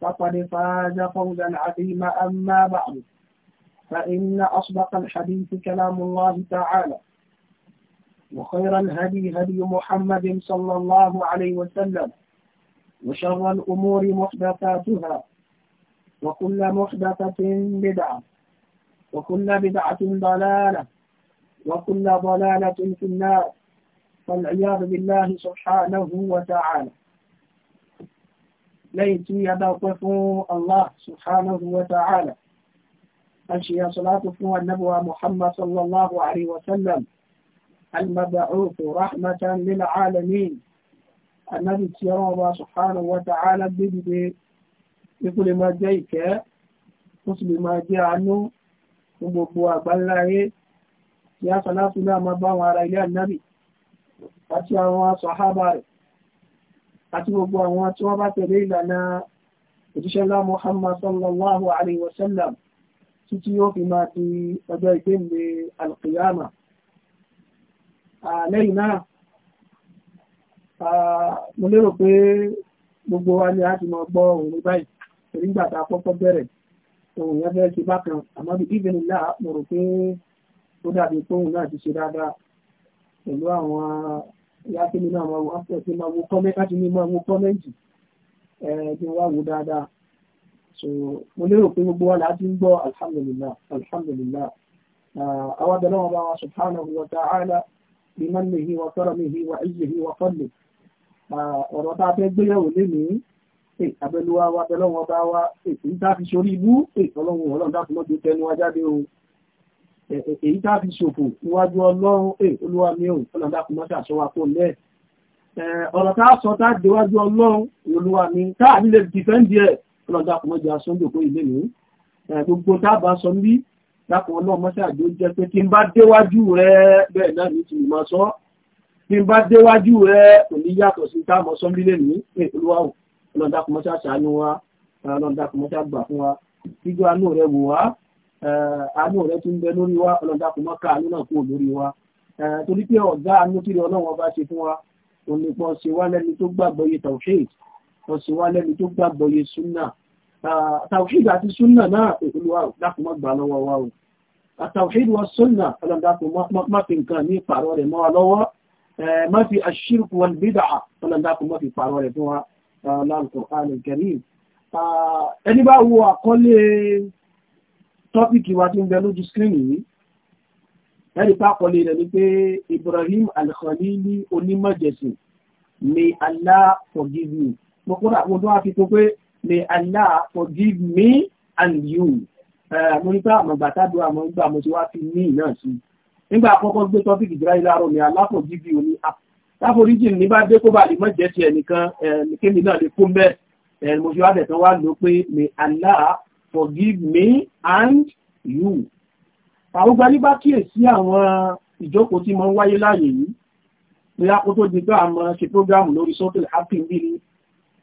فقد فاز فوزا عظيما أما بعد فإن أصدق الحديث كلام الله تعالى وخير الهدي هدي محمد صلى الله عليه وسلم وشر الأمور محدثاتها وكل محدثة بدعة وكل بدعة ضلالة وكل ضلالة في النار فالعياذ بالله سبحانه وتعالى lẹ́yìn tí a dápẹ́ fún Allah subhanahu wa ta'ala a ṣe ya salatu fún annabuwa Muhammad sallallahu alaihi wasallam al-mab'uth rahmatan lil alamin annabi tí ọwọ́ bá subhanahu wa ta'ala gbígbé ikú lè jẹ́ ìkẹ́ ó sì lè máa jẹ́ àánú fún gbogbo àgbáńláyé ya salatu náà máa bá wọn ara ilé annabi àti àwọn sàhábà rẹ̀ àti gbogbo àwọn tí wọ́n bá tẹ̀lé ìlànà òjíṣẹ́ lá Muhammad sallallahu alayhi wa sallam títí yóò fi máa di ọjọ́ ìgbéǹde alqiyama. lẹ́yìn náà mo lérò pé gbogbo wa ni a ti gbọ́ òun báyìí nígbà tá a bẹ̀rẹ̀ òun yẹn fẹ́ ṣe bákan àmọ́ bí ìbẹ̀rẹ̀ náà mo rò pé ó dàbí pé òun náà ti ṣe dáadáa pẹ̀lú àwọn ìyá kí mi náà máa wo afẹ́ kí máa wo kọ́mẹ́ láti ní máa wo kọ́mẹ́ǹtì kí wá wo dáadáa so mo lérò pé gbogbo wa láti ń gbọ́ alhamdulillah alhamdulillah àwọn abẹ́lẹ́ wọn bá wa subhanahu wa ta'ala bimanihi wa karamihi wa iyyihi wa fadlihi ọ̀rọ̀ tá a fẹ́ gbéyàwó lénìí abẹ́lúwa wa abẹ́lẹ́ bá wa èyí fi sórí ibú ọlọ́run ọlọ́run dákúmọ́ ju tẹnu wa jáde o èyí tá fi ṣòfò níwájú ọlọ́run pé eh, olúwa mi ò ọlọ́dàkùn mọ́ṣà aṣọ wa kó lẹ́ẹ̀ eh, ọ̀rọ̀ tá a sọ tá a déwájú ọlọ́run olúwa mi tá a nílé dìfẹ́ǹdì ẹ̀ ọlọ́dàkùn mọ́ṣà aṣọ ń dòkó ilé mi eh, gbogbo tá a bá sọ níbí dákùn ọlọ́run mọ́ṣà àjò jẹ́ pé kí n bá déwájú rẹ bẹ́ẹ̀ náà ní tìlú máa sọ kí n bá déwájú rẹ kò ní yàtọ̀ sí tá a mọ̀ sọ nílé mi pé olúwa ọlọ́dàkùn mọ́ṣà ṣàánú wa ọlọ́dàkùn mọ́ṣà gbà fún àánú rẹ tún bẹ lórí wa ọlọ́dà kò mọ́ ká àánú náà kúrò lórí wa torí pé ọ̀gá àánú kiri ọlọ́run ọba ṣe fún wa onípọ̀ ṣe wá lẹ́ni tó gbàgbọ́ yé tawhid ọ̀sìn wá lẹ́ni tó gbàgbọ́ yé súnà tawhid àti súnà náà olúwa dákun mọ́ gbà lọ́wọ́ wa o àtàwhid wa súnà ọlọ́run dákun má fi nǹkan ní ìpàrọ̀ rẹ̀ mọ́ wa lọ́wọ́ má fi aṣírkù wal bídà ọlọ́run dákun má fi ìpàrọ̀ rẹ̀ fún wa lálùkùránì karim ẹni bá wo àkọlé tọ́pìkì wa tí ń bẹ lójú skírínì yìí ẹni pápọ̀lẹ̀ rẹ̀ ni pé Ibrahim Al-Khalili onímọ̀jẹ̀sìn may Allah forgive you mo kódà mo tún wá fi tó pé may Allah forgive me and you mo ní pé àmọ́ gbàtàdúrà àmọ́ gbà mo ti wá fi ní náà sí nígbà àkọ́kọ́ gbé tọ́pìkì jìrá ilé àárọ̀ ni Allah forgive you ní app ah, táforíjì ní bá dé kó bá lè mọ̀ jẹ́ ti ẹnìkan kémi náà lè kó mẹ́ mo fi wá bẹ̀ tán wá lò pé may Allah forgive me and you. Àrúgbà ní bá kíyèsí àwọn ìjókòó tí mo ń wáyé láàyè yìí, ní àkó tó di pé àmọ́ ṣe prógrámù lórí Sọ́tìl Hapì ń bí ní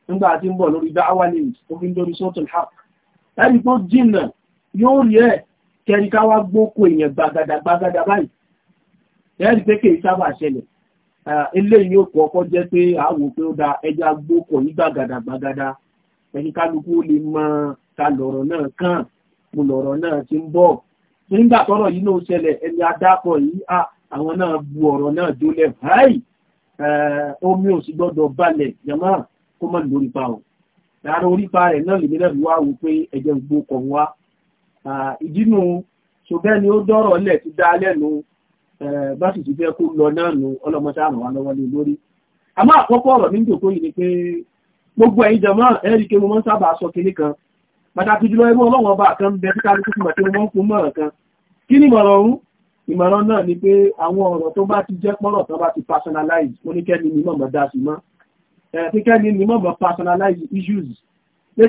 nígbà tí ń bọ̀ lórí Dáwà News, ó fi ń lórí Sọ́tìl Hap. Ẹni tó jìnà yóò rí ẹ̀ kẹrin ká wá gbókò èèyàn gbàgàdà gbàgàdà báyìí. Ẹni pé kèé sábà ṣẹlẹ̀. Eléyìí yóò kọ́ ọkọ́ jẹ́ pé àwò pé ó da ẹja gbókò ní gbàgàdà gbàgàdà. Ẹni kálukú lè máa ta lọ̀rọ̀ náà kàn mo lọ̀rọ̀ náà ti ń bọ̀ nígbà tọ́rọ̀ yìí náà ṣẹlẹ̀ ẹni adápọ̀ yìí àwọn náà bu ọ̀rọ̀ náà jólẹ̀ báyìí omi ò sì gbọ́dọ̀ balẹ̀ yàmá kó mọ̀ lórí pa ọ̀ orí pa rẹ̀ náà lèmi náà wá wò pé ẹ̀jẹ̀ gbogbo ni ó lẹ̀ ti dá lẹ́nu bá sì ti fẹ́ kó lọ náà nu àrùn wa lọ́wọ́ lé lórí àmọ́ gbogbo ẹ̀yin ẹ̀rí kí kan pàtàkì jùlọ ẹgbẹ́ ọlọ́wọ́ ọba kan bẹ tí kálukú ti mọ̀tí wọ́n fún mọ̀ràn kan kí ni ìmọ̀ràn ọ̀hún ìmọ̀ràn náà ni pé àwọn ọ̀rọ̀ tó bá ti jẹ́ pọ́rọ̀ tó bá ti personalize mo issues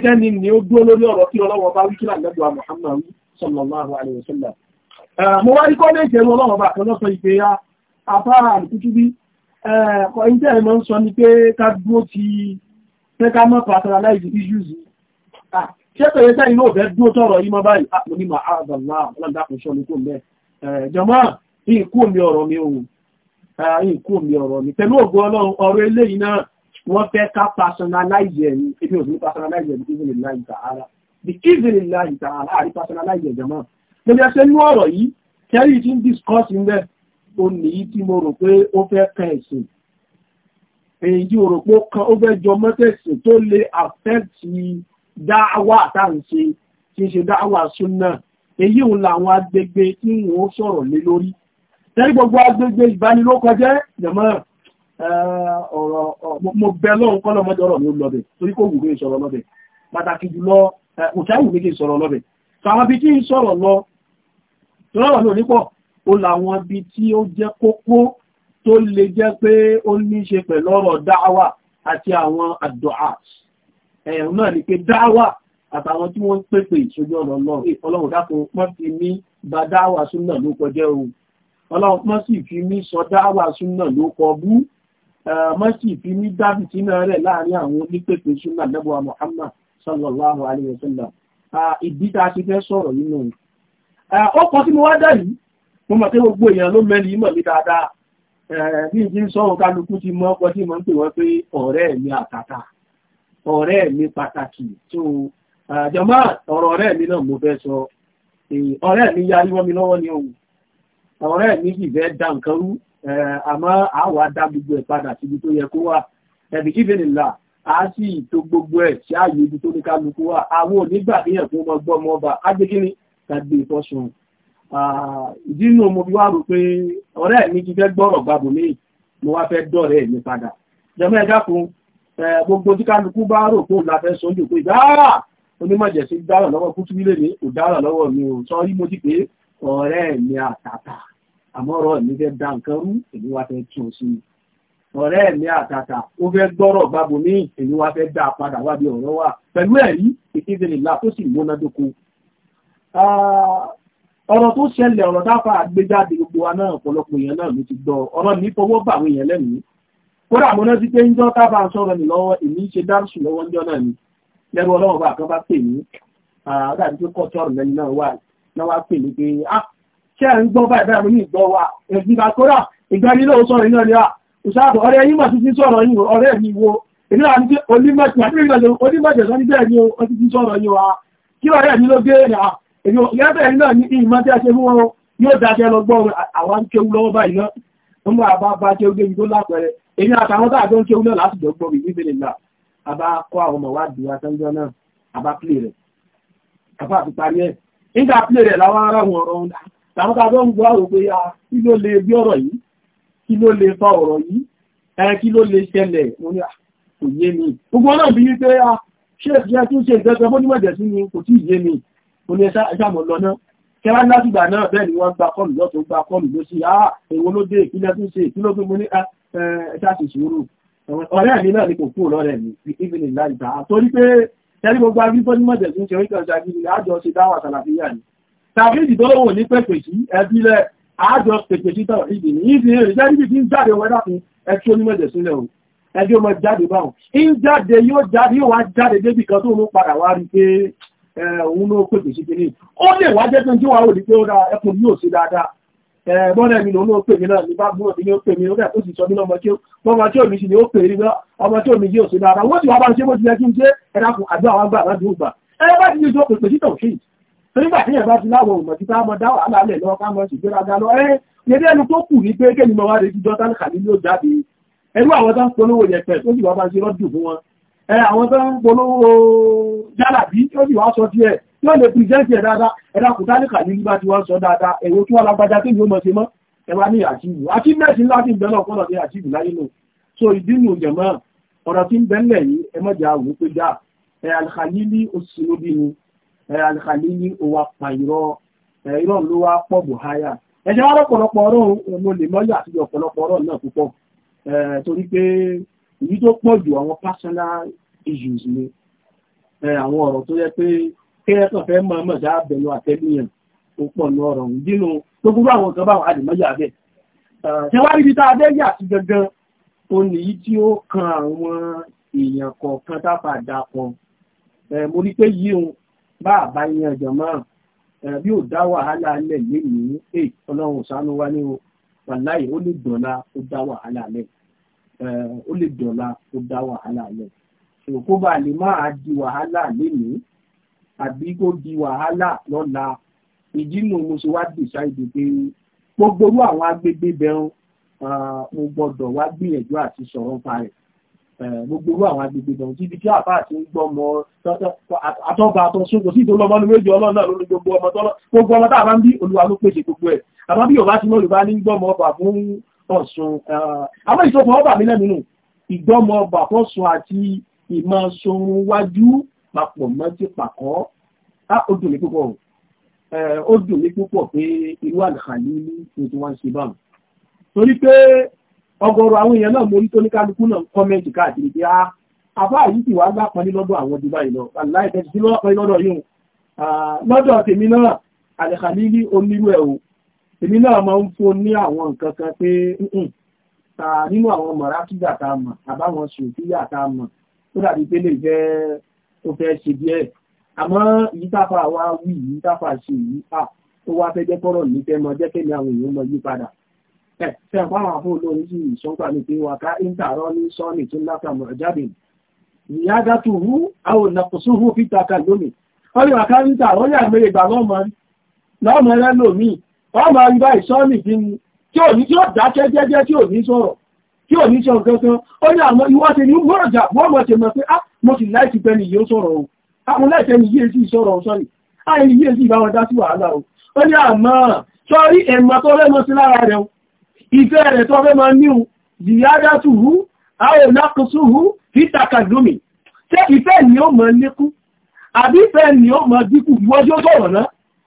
kẹ́ni ni ó dúró lórí Muhammad sallallahu alayhi wa sallam mo wá rí kọ́lẹ́ẹ̀jì ẹ̀rọ ọlọ́wọ́ ọba kan lọ́sọ ìpè ya afá àlùkútúbí ẹ̀ẹ́kọ́ ìjẹ́ ìmọ̀ ń sọ ni pé ká dúró ti pé ká mọ̀ personalize issues ṣẹ́pẹ̀rẹ́ sáà inú ọ̀fẹ́ dúó tọ́rọ yí mọ́ báyìí ah, ní ma àdàlá ah, ọlọ́dàkùn ṣọ́ ní kò mẹ́ jọmọ́ ìkú mi ọ̀rọ̀ mi ohun ìkú mi ọ̀rọ̀ mi pẹ̀lú ògùn ọlọ́run ọ̀rọ̀ eléyìí náà wọ́n fẹ́ ká personalize ẹ̀ ní ebi òfin personalize ẹ̀ ní ìzìnì láì tààrà the ìzìnì láì tààrà àrí personalize ẹ̀ jọmọ́ mo jẹ́ pé inú ọ̀rọ̀ yìí kẹ́rì discuss ńbẹ́ o nìyí tí mo kan ó fẹ́ jọ mọ́tẹ̀sìn tó lè dáàwà àtàǹṣe tí ń ṣe dáàwà súnà èyí òun làwọn agbègbè tí wọ́n sọ̀rọ̀ lé lórí tẹ́lẹ̀ gbogbo agbègbè ìbánilókọjẹ́ jẹ̀mọ́ ọ̀rọ̀ mo bẹ lọ́run kọ́ lọ́mọdé ọ̀rọ̀ mi lọ́bẹ̀ torí kò wù mí sọ̀rọ̀ lọ́bẹ̀ pàtàkì jùlọ òṣàwù méjì sọ̀rọ̀ lọ́bẹ̀ fàwọn bí tí ń sọ̀rọ̀ lọ tọ́lọ́rọ̀ ló nípọ̀ ó làwọn bí tí ó jẹ́ kókó tó lè jẹ́ pé ó ní ṣe pẹ̀lọ́rọ̀ dáwà àti àwọn àdọ́àtì ẹ̀rùn eh, náà ni pé dáwà àtàwọn tí wọ́n ń pèpè ìṣojú ọ̀rọ̀ ọlọ́run ọlọ́run dákun wọ́n ti ní ba dáwà súnà ló kọjá o ọlọ́run wọ́n sì fi mí sọ dáwà súnà ló kọ bú wọ́n eh, sì fi mí dábì sínú rẹ̀ láàrin àwọn onípèpè súnà lẹ́bùwà Muhammad sallallahu alayhi wa sallam ah, ìdí tá a ti fẹ́ sọ̀rọ̀ nínú ọkọ̀ tí mo wá dá yìí mo mọ̀ pé gbogbo èèyàn ló mẹ́rin mọ̀ mi dáadáa eh, bí n ti ń sọ̀rọ̀ kálukú ti mọ́ ọkọ̀ tí mo ń pè wọ́n pé ọ̀rẹ́ mi àtàtà ọ̀rẹ́ mi pàtàkì tó uh, àjọmọ́ ọ̀rọ̀ ọ̀rẹ́ mi náà mo fẹ́ sọ ọ̀rẹ́ mi yarí mi lọ́wọ́ ni òun ọ̀rẹ́ mi sì fẹ́ da nǹkan rú àmọ́ àwa dá gbogbo ẹ̀ padà síbi tó yẹ kó wà ẹ̀bí kí fèrè là á sì tó gbogbo ẹ̀ sí ààyè ibi tó ní kálukú wà àwọn onígbà kéèyàn tó mọ gbọ́ ọmọ ọba ágbékiri tàbí ìfọsùn ìdí inú mo fi wá rò pé ọ̀rẹ́ mi ti fẹ́ gbọ́rọ̀ gbàbọ̀ lẹ́yìn mo wá fẹ́ dọ̀rẹ́ mi padà jọmọ́ ẹ dákun gbogbo tí kálukú bá rò pé òun láfẹ́ sọ yòókù ìdára onímọ̀jẹ̀ sí dára lọ́wọ́ kú túbílé mi kò dára lọ́wọ́ mi ò sọ rí mo ti pé ọ̀rẹ́ mi àtàtà àmọ́ ọ̀rọ̀ mi fẹ́ dá nǹkan rú èmi wá fẹ́ tún sí mi ọ̀rẹ́ mi àtàtà ó fẹ́ gbọ́rọ̀ gbàgbọ́ mi èmi wá fẹ́ dá padà wá bí ọ̀rọ̀ wà pẹ̀lú ẹ̀rí ìkéde nìlá tó sì múnádóko ọ̀rọ̀ tó ṣẹlẹ̀ ọ̀rọ̀ táfà àgbéjáde gbogbo wa náà ọ̀pọ̀lọpọ̀ kódà mọ́ná sí pé ń jọ́ tábà sọ̀rọ̀ ní lọ́wọ́ èmi ṣe dárùsù lọ́wọ́ ń jọ́ náà ni lẹ́rù ọlọ́run bá kan bá pè ní àdáàbí tó kọ́tọ́rù lẹ́ni náà wà náà wá pè ní pé ah ṣé ń gbọ́ báyìí báyìí mo ní ìgbọ́ wa ẹ̀sìn bá kódà ìgbà nílò sọ̀rọ̀ iná ni à ah, òṣàbọ̀ ọ̀rẹ́ yín mà títí sọ̀rọ̀ yín ọ̀rẹ́ mi wo èmi náà ní onímọ̀jẹ̀ sọ ní bẹ́ẹ̀ ni ó ti ti sọ̀rọ̀ yín wa ah. kí ọ̀rẹ́ mi ló gbé rà e ah. èmi yàtọ̀ ẹ̀mí náà ní ìmọ̀ tí a ṣe fún wọn yóò dáṣẹ́ lọ gbọ́ àwọn kéwu lọ́wọ́ báyìí náà wọ́n mú àbá bá kéwu débi tó lápẹẹrẹ èmi àtàwọn tá àjọ ń kéwú náà láti dọ́gbọ́n bí bíbélì ńlá àbá kọ́ àwọn ọmọ wádìí àtẹ́jọ́ náà àbá pílè rẹ̀ àbá àti parí ẹ̀ nígbà pílè rẹ̀ láwọn ará wọn ọ̀rọ̀ ńlá làwọn tá àjọ ń gbọ́ àrò pé ah, kí ló lè bí ọ̀rọ̀ yìí kí ló lè fa ọ̀rọ̀ yìí ẹ kí ló lè ṣẹlẹ̀ mo ní ah, kò yé mi gbogbo náà bí wípé a ah, ṣe ìṣe tún ṣe ìgbẹ́gbẹ́ bó nímọ̀ ìdẹ̀sí ni kò tí ì yé mi mo ní ẹ̀ṣàmọ̀ lọ náà kẹwàá látìgbà náà bẹ́ẹ̀ ni wọ́n gba kọlù lọ́tọ̀ gba kọlù lọ sí ah èwo ló dé ìpínlẹ̀ tún ṣe ìpínlẹ̀ tún mo ní ṣáàṣì sùúrù ọ̀rẹ́ mi náà ni kò kúrò lọ́rẹ̀ mi ìbílẹ̀ láìta torí pé tẹ́lí gbogbo abíbọ́ ní mọ̀jẹ̀sí ṣe oríkan ṣàgbìlì àjọ ṣe dáwà sàlàfíà ni tàbí ìdìdọ́lọ́wọ̀ ní pẹ̀pẹ̀ sí ẹbílẹ̀ àjọ pẹ̀pẹ̀ sí tọ̀ ìdì ní ìdí ìrìṣẹ́ níbi tí ń jáde wẹ́dà fún ẹtí onímọ̀jẹ̀sí lẹ̀ o ẹbí ọmọ jáde báwọn ń jáde yóò jáde yóò wá jáde débì kan tó mú padà wá rí pé òun ló pẹ̀pẹ̀ sí kiri ó lè wá jẹ́ pé tí wàá rò ní pé ó dáa ẹkùn yóò ṣe dáadáa Eh, bọ́ọ̀lẹ̀ mi lòun ó pè náà ní bá gbọ́n ní ó pè ó dẹ̀ ó sì sọ nínú ọmọ tí ó ọmọ tí omi sì ni ó rí náà ọmọ tí omi yìí ò sí dára wọ́n ti wá bá ń ṣe bó ti yẹ kí n ṣe ẹ̀dá fún àdúrà wọn láti ògbà ẹ ti ní ìjọ pèpè sí nígbà tí ẹ̀bá ti láwọn òmọ̀ títà mọ́ dá wàhálà lẹ̀ lọ ká mọ́ sí gbéraga lọ ẹ́ yẹ́dẹ́ ẹnu tó kù ní pé kéèmì mọ́ wá retí jọ́tán kàlí ló jáde ẹrú àwọn tó polówó yẹpẹ̀ tó sì wá bá ń ṣe rọ́dù fún wọn àwọn tó ń polówó jálàbí tí ó sì wá sọ tí ẹ̀ tí ó lè pìrìsẹ́ntì ẹ̀ dáadáa ẹ̀dá kò tálíkà ní nígbà tí wọ́n sọ dáadáa ẹ̀wọ́ tí wọ́n lágbájá tí yóò mọ̀ sí mọ́ ẹwà ní àtìwù àtìmẹ́sì ńlá ti bẹ̀rẹ̀ ọ̀pọ̀lọ̀ láyé so ìdínú jẹ̀mọ́ ọ̀rọ̀ tí ń bẹ̀lẹ̀ yìí ẹ mọ́jà wò pé dá ẹ alìkàlílì ó sinú bí ni ẹ alìkàlílì ó mo lè mọ́ yà sí ọ̀pọ̀lọpọ̀ ọ̀rọ̀ náà púpọ̀ torí èyí tó pọ̀ jù àwọn personal issues ni àwọn ọ̀rọ̀ tó yẹ pé kẹ́ẹ̀kan fẹ́ mọ̀ mọ̀ dá bẹ̀rù àtẹ́lẹ́yìn ó pọ̀ ní ọ̀rọ̀ ọ̀hún nínú tó gbogbo àwọn kan báwọn àdìmọ́jà bẹ̀. ṣé wá níbi tá a bẹ́ yà sí gangan ó nìyí tí ó kan àwọn èèyàn kọ̀ọ̀kan táfà dà kan mo rí pé yíyun bá àbá yan jọ̀mọ́ bí ò dá wàhálà lẹ̀ lẹ́yìn ọlọ́run ṣàánú wa ní wàláì ó lè dọ̀la ó dá wàhálà lẹ̀ ó lè dọ̀la kó dá wàhálà lẹ̀ ṣòro bá lè máa di wàhálà lénìí àbí di wàhálà lọ́la ìdínú mo ṣe wá dìsáìdì pé gbogbo orú àwọn agbègbè bẹ́ẹ̀ mo gbọ́dọ̀ wá gbìyànjú àti sọ̀rọ̀ gbogbo orú àwọn agbègbè ti gbọ́ ọmọ àtọ́gbà àtọ́sùn kò sí ìdó gbogbo ọmọ tọ́lọ́ gbogbo ọmọ tá ọ̀sùn àwọn ìṣòfò ọba mi lẹ́nu nù ìdọ́mọ ọba fọ́sùn àti ìmọ̀ sọrun wájú papọ̀ mọ́ ti pàkọ́ ó dùn mí púpọ̀ ó dùn mí púpọ̀ pé irú àlùkàlì ní tí wọ́n ń ṣe báwọn torí pé ọ̀gọ̀rọ̀ àwọn èèyàn náà mórí tó ní kálukú náà kọ́mẹ́ǹtì káàkiri pé àbá yìí ti wá gbápọn ní lọ́dọ̀ àwọn dubai lọ aláìsẹ̀ sí lọ́pọ̀ lọ́dọ̀ yìí lọ́dọ̀ tèmi náà àlùkàlì ní onírú ẹ̀ o èmi náà máa ń fún ní àwọn nǹkan kan pé ta nínú àwọn mọ̀rátúgbà tá a mọ̀ àbáwọn ṣòfíyà tá a mọ̀ tó dàbí pé lè jẹ́ tó fẹ́ ṣe díẹ̀ àmọ́ yìí táfà wá wí yìí táfà ṣe yìí à ó wá fẹ́ jẹ́ kọ́rọ̀ ní fẹ́ mọ jẹ́ kẹ́mi àwọn èèyàn mọ yí padà ẹ fẹ́ fún àwọn olórin sí ìṣọ́gbà mi pé wà ká íńtàrọ́ ní sọ́ọ̀nì tó láta mọ̀ jáde ìyáàdátù hú àwọn ìnàkóso hú fìtàkà lónìí wọ́n ní wà ká íńtàrọ́ yà mẹ́rẹ̀ gbà lọ́mọ lọ́mọ rẹ lòmíì wọ́n máa ń bá ìṣọ́nì bí ni tí ò ní tí ó dákẹ́ jẹ́jẹ́ tí ò ní sọ̀rọ̀ tí ò ní sọ gangan ó ní àwọn ìwọ́n ti ní mọ́rọ̀jà wọ́n mọ̀ ṣe mọ̀ pé á ah, mo láìsí bẹ́ẹ̀ nìyí ìfẹ́ ni ó mọ̀ lékún àbí ìfẹ́ ni ó mọ̀ dínkù wọ́n tí sọ̀rọ̀ náà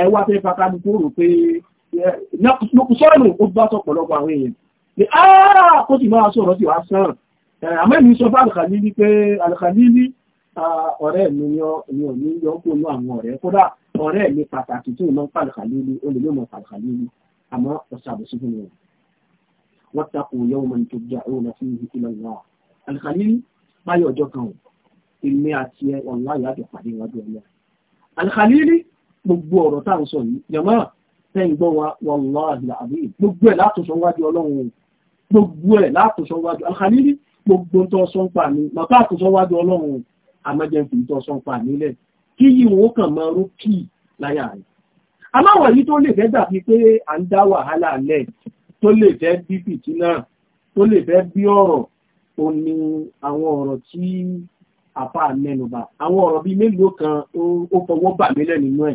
ẹ wá fẹ́ fàkàdù tó rò pé sọ́ọ̀nù ó bá sọ̀pọ̀lọpọ̀ àwọn èèyàn ni ààrà kó sì máa sọ̀rọ̀ sí wá sàn àmọ́ èmi sọ fún Al-Khalili pé Al-Khalili ọ̀rẹ́ mi ni ò ní yọ kó nú àwọn ọ̀rẹ́ kódà ọ̀rẹ́ mi pàtàkì tí mo máa ń pa Al-Khalili ó lè lè mọ̀ pa Al-Khalili àmọ́ ọ̀sàbòsí fún mi wattaqu yawman turja'una fihi ila Allah. Al-Khalil báyọ̀ ọjọ́ kan ò, àti ẹ̀ ọ̀la gbogbo ọ̀rọ̀ tá à ń sọ yìí yàmá tẹ́yìn gbọ́ wa wàláhì àbí gbogbo ẹ̀ látòsọ wájú ọlọ́run o gbogbo ẹ̀ látòsọ wájú alhalili gbogbo ń tọ́ sọ ń pa mi màtá àtòsọ wájú ọlọ́run o àmọ́jẹ́ǹfì ń tọ́ sọ ń pa mi lẹ̀ kí yìí wọn kàn máa rú kì í láyà rẹ̀. amáwọ̀ yìí tó lè fẹ́ dàbí pé à ń dá wàhálà lẹ̀ tó lè fẹ́ bí fìtínà tó lè fẹ́ bí ọ̀rọ̀ ó ní àwọn ọ̀rọ̀ tí àfa mẹ́nubà àwọn ọ̀rọ̀ bíi mélòó kan ó fọwọ́ bà mí lẹ́nu náà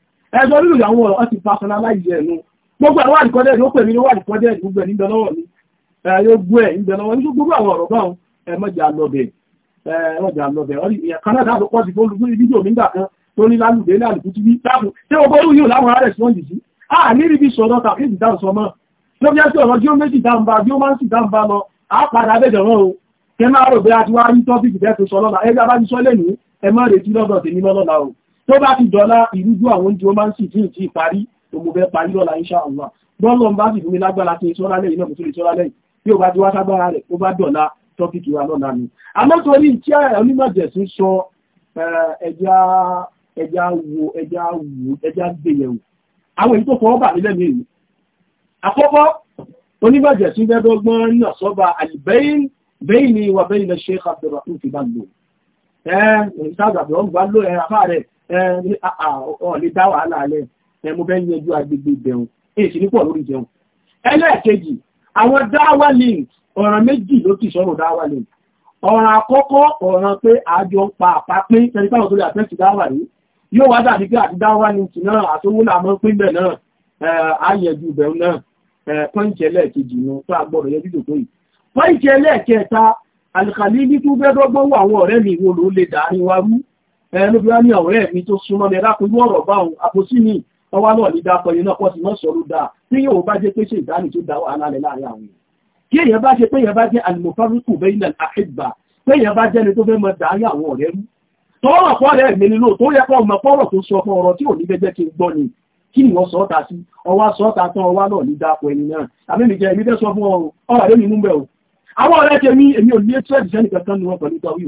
ẹgbẹ́ nínú ìyàwó ọ̀rọ̀ ọ̀sìn fásọlá láyé ẹ̀nu gbogbo àwọn àdìkọ́dẹ̀ ló pè mí lówó àdìkọ́dẹ̀ gbogbo ẹ̀ níbẹ̀ lọ́wọ́ mi yóò ẹ̀ níbẹ̀ ní gbogbo àwọn ọ̀rọ̀ báwọn ẹ mọ̀jà lọ́bẹ̀ ẹ lọ́bẹ̀ fún olùkú kan tó ní lálùkú bí a tó bá ti dọ̀lá ìrújú àwọn oúnjẹ ó máa ń sì tí ì tí parí òmùbẹ́ parí lọ́la insha Allah bọ́ọ̀lọ́ ń bá sì fún mi lágbára kí n sọ́ra lẹ́yìn náà mo tún lè sọ́ra lẹ́yìn bí ó bá ti wá ságbára rẹ̀ ó bá dọ̀lá tọ́pìkì wa lọ́la ni àmọ́ torí tí onímọ̀jẹ̀sí sọ ẹja ẹja wo ẹja wo ẹja gbéyẹ̀wò àwọn èyí tó fọwọ́ bà nílẹ̀ mi èyí àkọ́kọ́ onímọ̀jẹ̀sí fẹ́dọ́gbọ́n náà sọ́ba ni wà bẹ́yìn lẹ́ ṣe é kàfẹ́rọ̀ àtúntì bá lò ẹ́ ìtajà bẹ̀rọ̀ ọ̀lẹ́ ah, ah, dá wàhálà alẹ́ mo fẹ́ yẹjú agbègbè ìbẹ̀rùn èyí sì nípọ̀ lórí ìjẹun ẹlẹ́ẹ̀kejì àwọn dáwà link ọ̀ràn méjì ló ti sọ̀rọ̀ dáwà link ọ̀ràn àkọ́kọ́ ọ̀ràn pé àjọ ń pa àpá pín tẹni táwọn tó lè àtẹ́sì dáwà rí yóò wá dàbí pé àti dáwà link náà àtowó làmọ́ pín bẹ̀ náà ayẹ̀jú ìbẹ̀rún náà pọ́ǹtì ẹlẹ́ẹ̀kejì nu tó agbọ́dọ̀ yẹjú tó yìí pọ́ǹtì ẹlẹ́ẹ̀kẹta àlùkàlí ní tó fẹ́ dọ́gbọ́n wọ àwọn ọ̀rẹ́ mi wo ló lè dàárín wa rú ẹnu bí wọ́n ní ọ̀rẹ́ mi tó súnmọ́ mi rákùnjú ọ̀rọ̀ bá òun àpòsí mi wọ́n wá náà ní dápọ̀ yìí náà pọ̀ sí mọ́ sọ̀rọ̀ dáa tí yóò bá jẹ́ pé ṣe ìdáni tó dá wàhálà rẹ̀ láàrin àwọn èèyàn kí èèyàn bá ṣe pé èèyàn bá jẹ́ alimofarukù bẹ́yìn àhìgbà pé èèyàn bá jẹ́ni tó fẹ́ mọ dáárí àwọn ọ̀rẹ́ rú tọ́rọ̀ pọ̀ rẹ̀ mi nínú tó yẹ kọ́ ọmọ pọ́rọ̀ tó sọ fún ọ̀rọ̀ èmi mi mú bẹ́ẹ̀ o àwọn ọ̀rẹ́ tèmi èmi ò ní ètò ẹ̀dìṣẹ́ nìkan kan ni wọ́n pẹ̀lú tọ́wí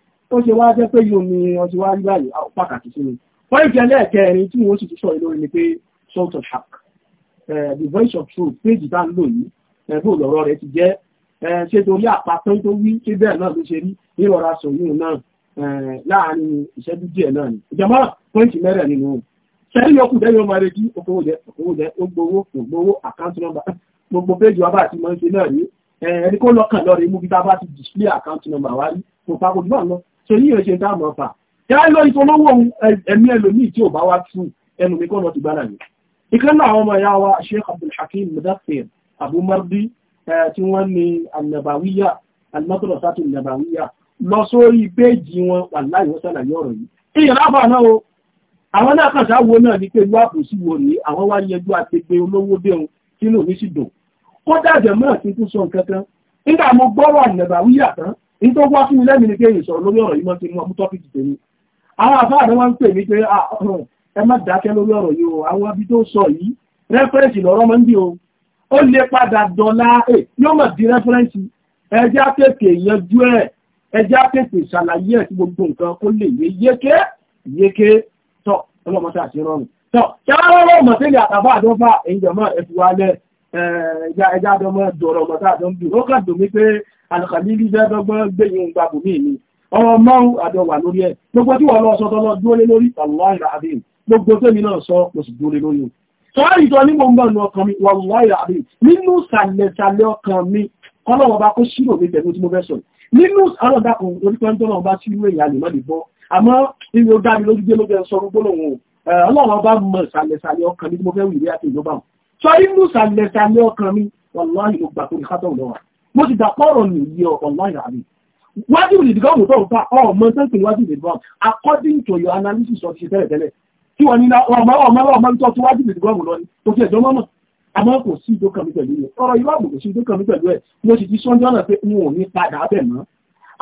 ó ṣe wá jẹ́ pé yóò ní ọjọ́ wá rí báyìí pàtàkì sí mi wọ́n ìfẹ́ lẹ́ẹ̀kẹrin tí wọ́n sì tún sọ ìlórí ni pé salt of shark the voice of truth péjì bá ń lò yìí bó lọ́rọ̀ rẹ̀ ti jẹ́ ṣé torí àpapọ̀ tó wí ṣé bẹ́ẹ̀ náà ló ṣe rí nírọ̀ra sòyún náà láàárín ìṣẹ́jú díẹ̀ náà ni ìjọba pọ́ǹtì mẹ́rẹ̀ nínú sẹ́yìn yọkù dẹ́yìn ọmọ rẹ̀ kí okòwòjẹ́ ogbowó ògbowó àkáǹtì nọ́mbà gbogbo péjì wa bá ti mọ̀ ń ṣe náà rí ẹni kó lọ́kàn lọ́rẹ̀ mú bí tá a bá ti display àkáǹtì nọ́mbà wa rí kò pa kò dùn náà lọ torí yóò ṣe dáàmú ọ̀fà tí a lọ ìfọlọ́wọ́ ẹ̀mí ẹlòmíì tí ò bá wá tú ẹnu mi kọ́nà ti gbára yìí ìkan àwọn ọmọ ìyá wa Sheikh Abdul Hakim Mudaffir Abu Mardi tí wọ́n ní anabawiya almadrasatu anabawiya lọ sórí péèjì wọn wà láì wọ́n sàlàyé ọ̀rọ̀ yìí ìyẹn lábà náà o àwọn náà kàn sáwo náà ní pé irú àpòsí wo ni àwọn wá yẹjú àtẹgbẹ olówó déun kí ló ní sì dùn kó dàjẹ́ mọ́ àti tún sọ nǹkan kan nígbà mo gbọ́rọ̀ ànàbàwíyà tán ní tó wá sí mi lẹ́mìí ni pé ìsọ̀rọ̀ lórí ọ̀rọ̀ yìí mọ́ ti mú ọmú tọ́pìkì tèmi àwọn àfáàdé wá ń pè mí pé ah, ẹ má dákẹ́ lórí ọ̀rọ̀ yìí o àwọn abí tó sọ yìí rẹ́fẹ́rẹ́sì lọ́rọ́ mọ́ ń bí o ó lè padà dọ̀la ẹ yóò mọ̀ di rẹ́fẹ́rẹ́sì ẹjẹ́ àtètè yanjú ẹ̀ ẹjẹ́ àtètè ṣàlàyé ẹ̀ sí gbogbo nǹkan kó lè yé yéké yéké tọ́ ọlọ́mọta àti rọrùn tọ́ ṣáárọ̀ mọ̀tẹ́lẹ̀ àtàbà àdọ́fà ẹ̀yìn jọ̀mọ́ ẹ̀fù wálẹ̀ ẹ̀ẹ́dẹ́ àdọ́mọ́ dọ̀rọ̀ mọ̀tà àdọ́mọ́ alùkàbílì dẹ́gbọ́gbọ́n gbẹ̀yìn gbàgbò mí ni ọmọ márùn àdọwà lórí ẹ̀ gbogbo tí wọ́n lọ sọ tọ́lọ dúró lé lórí wallahi àdéhùn gbogbo tẹ́mi náà sọ mo sì dúró lé lórí sọ́rọ̀ ìjọ ní gbogbo ọ̀nà ọkàn mi wallahi àdéhùn nínú sàlẹ̀sàlẹ̀ ọkàn mi kọ́lọ́wọ́ bá kó ṣírò mi pẹ̀lú tí mo fẹ́ sọ nínú alọ́dàkùn onípẹ́ ń tọ́lọ́wọ́ bá sírú èèyàn lè má lè bọ́ àmọ́ ìwé ọgá mi lójú dé ló fẹ́ sọ gbólóhùn ọlọ́wọ́ bá mọ̀ mo ti dàpọ̀ ọ̀rọ̀ mi yẹ ọ̀wá ìyá mi wájú ìdìgbàmù tó ń fa ọmọ tẹ́sí wájú ìdìgbàmù according to your analysis of ṣe tẹ́lẹ̀ tẹ́lẹ̀ tí wọ́n ní ọmọ ọmọ ọmọ tó ti wájú ìdìgbàmù lọ ni kò fi ẹ̀jọ́ mọ́mọ́ àmọ́ kò sí ìdó kan mi pẹ̀lú rẹ̀ ọ̀rọ̀ ìwà àbùkù sí ìdó kan mi pẹ̀lú ẹ̀ mo sì ti sọ́njọ́ náà pé n ò ní padà bẹ̀ mọ́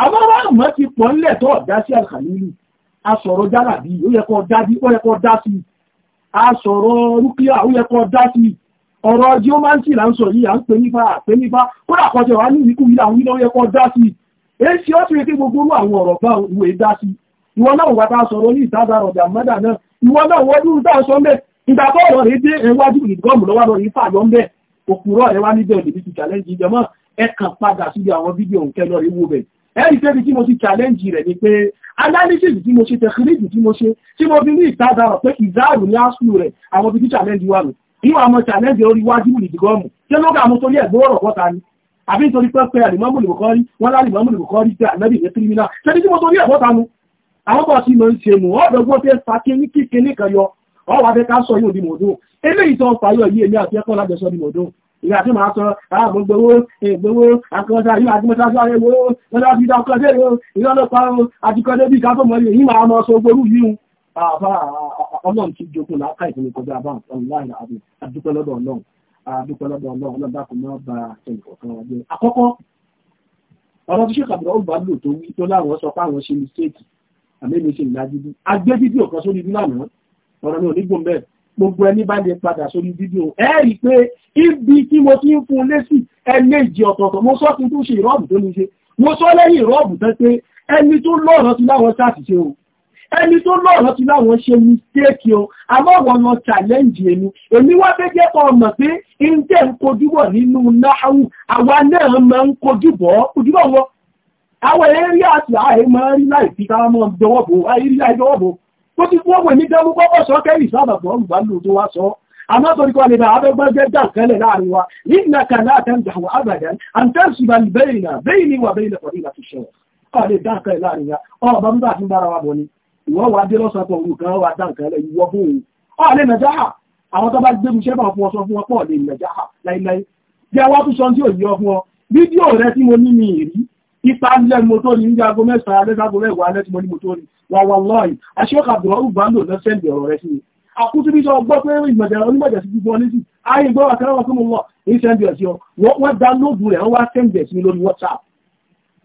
àmọ́ wá àmọ́ ti pọ̀ ńlẹ̀ tó ọ̀dá sí àkàlílù asọ̀rọ̀ jálàbí ó yẹ kó dá sí asọ̀rọ̀ rúkìá ó yẹ kó dá sí ọ̀rọ̀ ọjọ́ máa ń sì láńsọ yìí à ń pè nípa àpè nípa kódà kọjọ wá ní ìrìkú yìí àwọn ìlọ́wọ́ ẹ̀kọ́ dá sí èsì ó sì rí pé gbogbo orú àwọn ọ̀rọ̀ bá ìwé dá sí ìwọ náà wà tá a sọ̀rọ̀ ní ìtajà ọ̀dà mọ́dà náà ìwọ náà wọ́n dúró tá a sọ mẹ́ ìgbà tó ọ̀rọ̀ rẹ̀ dé ẹwájú ìgọ́mù lọ́wọ́ lọ rí fàyọ́ mẹ́ òkúrọ̀ ẹ wá níbẹ̀ lè ti challenge ìjọ mọ́ ẹ kàn padà síbi àwọn fídíò ń kẹ́lọ́ rí wó bẹ̀ ẹ̀rí tẹ́bi tí mo ti challenge rẹ̀ ni pé analysis tí mo ṣe tẹkiníìkì tí mo ṣe tí mo fi ní ìtajà rọ̀ pé ìzáàrù ní àṣù rẹ̀ àwọn fi ti challenge wà nù ìwà ọmọ challenge orí wájú ìdìgọ́mù tí ó lọ́gbà àwọn torí ẹ̀gbọ́n ọ̀rọ̀ pọ́ta ni àbí nítorí pẹ́pẹ́ àlìmọ́mù lùkọ́rí wọ́n lálìmọ́mù lùkọ́rí jẹ́ àlẹ́bì ní kírímínà ṣẹ́bí tí mo torí ẹ̀gbọ́n tanu àwọn bọ̀ sí lọ ń ṣe mú ọ̀dọ́gbọ́n fẹ́ fa kí ní kíkẹ ní kan yọ ọwà fẹ́ ká sọ yóò di mòdó eléyìí tó ń fa yọ yìí èmi àti ẹ̀kọ́ lájọsọ di mòdó ìyá tí màá sọ àwọn gbowó gbowó akọ́ta yìí àti mọ́tà sáré wo lọ́dọ̀ àti ìdá ọkọ̀ dé ìlọ́lọ́pàá àti kọ́dé bí ká tó mọ́ yìí máa mọ́ sọ gbogbo yìí àbá ọlọ́run ti jogún láàká ìpínlẹ̀ kọjá àbá ọ̀láìn àbí adúpẹ́lọ́dọ̀ ọlọ́run adúpẹ́lọ́dọ̀ ọlọ́run ọlọ́dàkùn náà bá ẹnì kọ̀ọ̀kan wájú. àkọ́kọ́ ọ̀rọ̀ tí sèkà bùrọ̀ bá lò tó wí tó láwọn sọ pé àwọn ṣe mistake àmẹ́mi ṣe ìlàjúdú agbé fídíò kan sórí ibi lánàá ọ̀rọ̀ mi ò ní gbòm bẹ́ẹ̀ gbogbo ẹni bá lè padà sórí fídíò ẹ rí i pé ibi tí mo ti ń fún lésì ẹlẹ́jì ọ̀tọ̀ọ̀tọ̀ mo sọ kí n tó ṣe ìrọ́ọ̀bù tó ní ṣe mo sọ lẹ́yìn ìrọ́ọ̀bù tán pé ẹni tó lọ́ọ̀rọ̀ ti láwọn sáà ti ṣe o ẹni tó lọ́rọ̀ ti láwọn ṣe mistake o àmọ́ wọn lọ challenge ẹnu èmi wá fẹ́ jẹ́ kọ́ ọmọ pé ǹjẹ́ ń kojú bọ̀ nínú náhàwù àwa náà máa ń kojú bọ̀ kojú bọ̀ wọ. àwọn eré àti ààrẹ máa ń rí láì fi káwọn mọ́ jọwọ́ bò ààrẹ rí láì jọwọ́ bò tó ti fún ọmọ ìníjẹ́ mú kọ́kọ́ sọ kẹ́rì sábà bọ̀ ọ̀rùn bá lò tó wá sọ àmọ́ torí kọ́ nígbà abẹ́gbọ́n jẹ́ jà kẹ́lẹ̀ láàrin wa nígbà kan láàtẹ́ ń dàwọ̀ àbàdàn àǹtẹ́sì bá bẹ́ẹ̀ ni wà bẹ́ẹ̀ ni wà bẹ́ẹ̀ ni wà bẹ́ẹ̀ ni wà bẹ́ẹ̀ ni wà bẹ́ẹ̀ ni wà bẹ́ẹ̀ ni wà bẹ́ẹ̀ ni ìwọ́n wà dé lọ́sàpọ̀ òun kan wà dá nǹkan lẹ̀ ìwọ́ fún òun ọ̀ lè nàjáhà àwọn tó bá gbé fún ọ fún ọ pọ̀ lè nàjáhà láíláí jẹ́ wá tún sọ tí ò yí ọ fún ọ fídíò rẹ tí mo ní mi ipa ńlẹ̀ mo tó ní ní aago mẹ́sàn-án lẹ́sàgó mẹ́wàá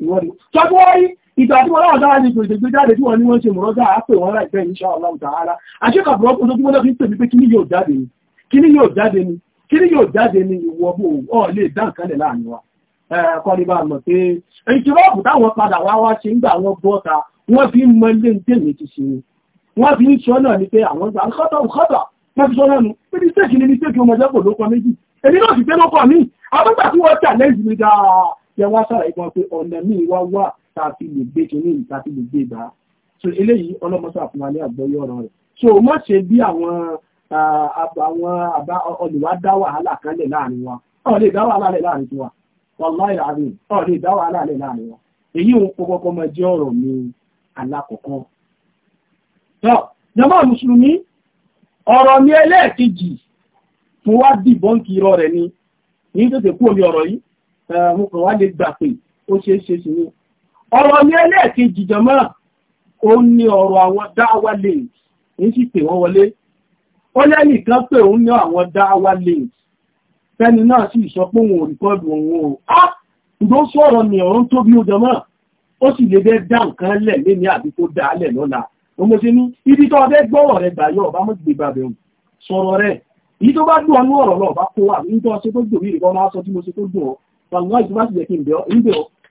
wà wà ìgbà tí wọ́n láwọn dára ní ìgbèjègbè jáde tí wọ́n ní wọ́n ṣe mọ̀rọ́dá àápè wọn láìpẹ́ insha Allah ta'ala àṣẹ́kàbùrọ́pù tó gbọ́dọ̀ fi ń pè mí pé kíní yóò jáde ni kíní yóò jáde ni kíní yóò jáde ni ìwọ̀bù ọ̀ lè dá nǹkan lẹ̀ láàrin wa kọ́nibà mọ̀ pé ìṣirọ́pù táwọn padà wá wá ṣe ń gbà wọn bọ́ta wọ́n fi ń mọ ilé ń tèmi ti ṣe ni wọ́n fi ń sọ náà ni pé àwọn gbà kọ́tọ̀ kọ́tọ̀ wọ́n fi sọ náà nu pé ní sẹ́ẹ̀kì ni ní sẹ́ẹ̀kì ọmọdé kò ló kọ méjì èmi náà sì pé ló kọ mí àwọn gbà tí wọ́n tà lẹ́yìn mi dáa yẹ wá sára ìbọn pé ọ̀nà míì wá wà tá a fi lè gbé kinní yìí tá a fi lè gbé gbà á so eléyìí ọlọ́mọṣà fún wa ní àgbọ́yé ọ̀rọ̀ rẹ̀ so má ṣe bí àwọn àwọn àbá olùwà dá wàhálà kan lẹ̀ láàrin wa ọ̀ lè dá wàhálà lẹ̀ láàrin tiwa wàláì láàrin ọ̀ lè dá wàhálà lẹ̀ láàrin wa èyí òun kó kọ́kọ́ máa jẹ́ ọ̀rọ̀ mi alákọ̀ọ́kọ́ tọ́ jàmá mùsùlùmí ọ̀rọ̀ mi ẹlẹ́ẹ̀kejì fún wá dìbọn kí irọ́ rẹ̀ ni ní tètè kú omi ọ̀rọ̀ yìí mo kàn wá lè gbà pé ó ṣeé ṣe sí ni ọ̀rọ̀ ní ẹlẹ́ẹ̀kejì jọmọ́ ní ọ̀rọ̀ àwọn dáwà ní pè wọ́n wọlé ó pé òun ní àwọn dáwà fẹ́ni náà o á ìgbó sọ̀rọ̀ ní ọ̀rọ̀ tó bí ó ó sì lè bẹ́ dá nǹkan lẹ̀ lémi àbí tó dá lẹ̀ lọ́la ó mo ṣe ní ibi tó ọdẹ gbọ́rọ̀ rẹ gbà yọ ọba mọ́ sọ̀rọ̀ tó bá ní ọ̀rọ̀ lọ́ọ̀ bá kó wà tó gbòmí ìbọn máa sọ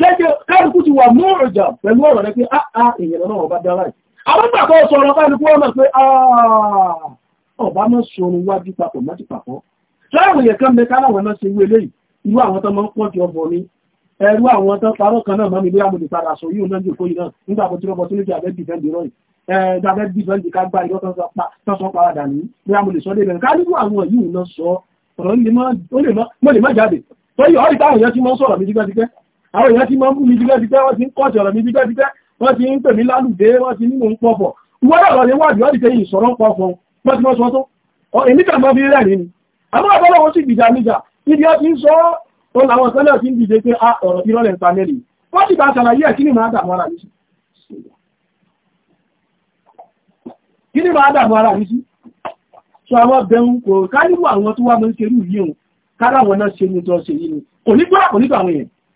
jẹ́jẹ́ kárùkú ti wà mọ́rọ̀jà pẹ̀lú ọ̀rọ̀ rẹ̀ pé àà ah, ah, èèyàn náà ọba dára ẹ̀. àbúgbà kan sọ̀rọ̀ kárùkú ọmọ pé ah, ọba mọ́ sọ̀rọ̀ wá bí papọ̀ mọ́ ti papọ̀. láwọn èèyàn kan mẹ́ta láwọn náà ṣe wú eléyìí irú àwọn tó máa ń pọ́jù ọbọ̀ ni ẹrú àwọn tó parọ́ kan náà máa ní bóyá mo lè padà sọ yóò náà jòkó yìí náà nígbà tó ti rọ́bọ̀ tó lè jẹ́ abẹ́ dìfẹ́ǹdì rọ́ì ẹ̀ẹ́dàbẹ́ dìfẹ́ǹdì ká gbá irọ́ tó sọ paradà ní bóyá mo lè sọ débẹ̀ ká nínú àwọn yìí náà sọ ọ̀rọ̀ mo lè má jáde tó yọ ọ́ ìtàwọn èèyàn ti mọ́ sọ̀rọ̀ mi dígbàdígbẹ́ àwọn èèyàn ti máa ń bú mi jíjẹ́ jíjẹ́ wọ́n ti ń kọ́ọ̀tì ọ̀rọ̀ mi jíjẹ́ jíjẹ́ wọ́n ti ń pè mí lálùdé wọ́n ti ní mò ń pọ̀fọ̀ wọ́n náà lọ́dẹ wádìí wọ́n ti tẹ́yìn ìṣọ̀rọ̀ ń pọ̀fọ̀ wọ́n ti mọ́ sọ tó èmi kà máa fi rẹ̀ ní ni àmọ́ àbọ́lọ́ wọn sì dìjà níjà ibi ọ ti ń sọ ó làwọn sẹ́lẹ̀ ti ń dìje pé a ah, ọ̀rọ̀ irọ́ lẹ̀ ń ta mẹ́rin wọ́n ti bá ṣàlàyé ẹ̀ kí ni máa dààmú ara mi sí kí ni máa dààmú àwọn bẹun kò káyíwò àwọn tó wá mọ́ ń ṣerú yìí kára wọn náà ṣe ní tọ́ ṣe yìí ni kò ní gbọ́ àpò nípa àwọn èèyàn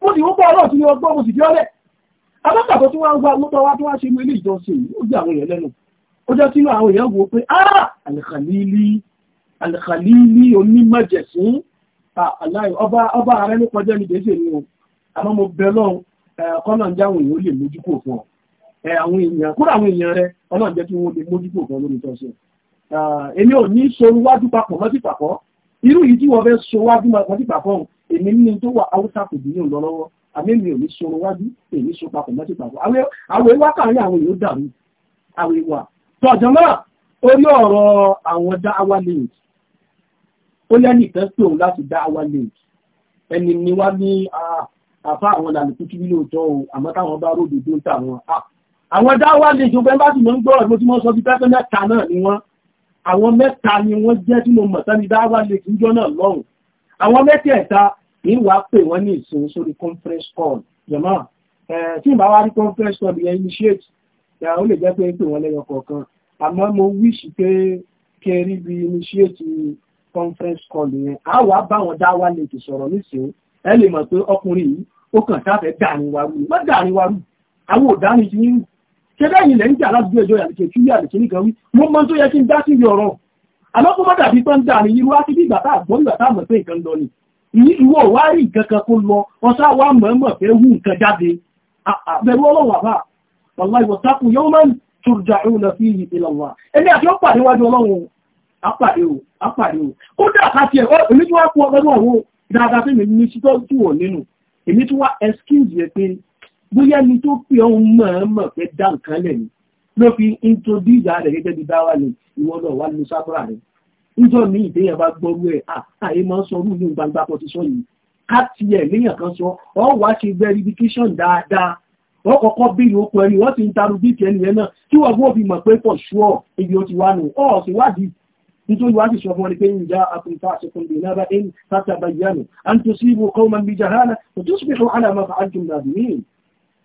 mo sì wọ́pọ̀ ọlọ́run tí wọ́n gbọ́ mo sì fi ọlẹ̀ abákàtọ̀ tí wọ́n ń gba lọ́tọ̀ wá tí wọ́n ṣe mú ilé ìjọsìn ó gbé àwọn èèyàn lẹ́nu ó jẹ́ sínú àwọn èèyàn wò pé ah alikalili alikalili onímọ̀jẹ̀sìn aláì ọba ọba ààrẹ ní kọjá ní déṣe ni o àmọ́ mo bẹ lọ́run kọ́nà ń jẹ́ àwọn èèyàn ó lè mójú kò fún ọ àwọn èèyàn kúrò àwọn èèyàn rẹ ọlọ́run jẹ́ kí wọ́n lè mójú kò fún ọ lórí ìjọsìn èmi ò ní sowájú papọ̀ mọ́sí papọ̀ irú yìí tí wọ́n fẹ́ sowájú mọ́sí papọ̀ èmi ní tó wà haúsá kò dín ní òun àmì mi ò ní sọ̀rọ̀ wájú èmi sọ papọ̀ mọ́tì papọ̀ àwọn ìwà káàrin àwọn yóò dàrú àwọn ìwà tọ̀jọ́ náà orí ọ̀rọ̀ àwọn dáhàwá link ó lẹ́nu ìfẹ́ pé òun láti dáhàwá link ẹni ni wá ní àfa àwọn làlùkù kí nílò tọ́ o àmọ́ táwọn bá ròdò tó ń tà wọn àwọn dáhàwá link ó fẹ́ bá sì mọ́ ń gbọ́rọ̀ mo ti mọ́ sọ bí pẹ́pẹ́ mẹ́ta náà ni wọ́n àwọn mẹ́ta ni wọ́n jẹ́ tí mo mọ̀ sẹ́ni dáhàwá link níjọ́ náà lọ́hùn àwọn mẹ́tẹ̀ẹ̀ta ìwà pè wọ́n ní ìsinmi sórí conference call jọmọ́ tí ìbá wá rí conference call yẹn initiate ó lè jẹ́ pé pè wọ́n lẹ́yọ kọ̀ọ̀kan àmọ́ mo wish pé kẹrí bí initiate conference call yẹn á wàá bá wọn dá wá lèkì sọ̀rọ̀ nísìnyí ẹ lè mọ̀ pé ọkùnrin yìí ó kàn sáfẹ́ dàrin wa rú má dàrin wa rú àwọn òdàrin ti ń ṣe bẹ́ẹ̀ ni lẹ́yìn tí aláàbí ẹjọ́ yàtọ̀ kí yàtọ̀ kí nìkan wí mo mọ tó yẹ kí n dá sí ibi ọ̀rọ̀ àlọ́kọ́ má dàbí tó ń dà ní irú ákíbí ìgbàtà àgbọ́n ìgbàtà àmọ̀ pé nǹkan lọ ni ìwọ wá rí nǹkan kan kó lọ ọ̀sá wa mọ̀ọ́mọ̀ fẹ́ hù nǹkan jáde bẹ̀rù ọlọ́run àbá wàlá ìwọ̀tákù yóò máa ń tùrùjà òun lọ sí ìlànà ẹni àti ọ̀pàdé wájú ọlọ́run apàdé o apàdé o kódà ló fi introduce ààrẹ gẹ́gẹ́ bí dáwà ní ìwọ́lọ̀ wà ní sábúrà rẹ̀ níjọ́ ní ìdíyàn bá gbọ́rú ẹ̀ àyè máa ń sọ rú ní gbangba pọ̀ ti sọ yìí ká tiẹ̀ léèyàn kan sọ ọ wá ṣe verification dáadáa wọ́n kọ́kọ́ bí ìlú okùn ẹni wọ́n ti ń tarú bí ìkẹ́ni yẹn náà kí wọ́n gbọ́ fi mọ̀ pé for sure ibi ó ti wá nù ọ́ sì wádìí nítorí wá sì sọ fún ẹni pé ń já akùnfà àṣekùn lè náà bá ẹni láti àbáyánu an tusibu qawman bi jahala kò tó sì fi hàn àmọ́ fa'altum nàbìyìn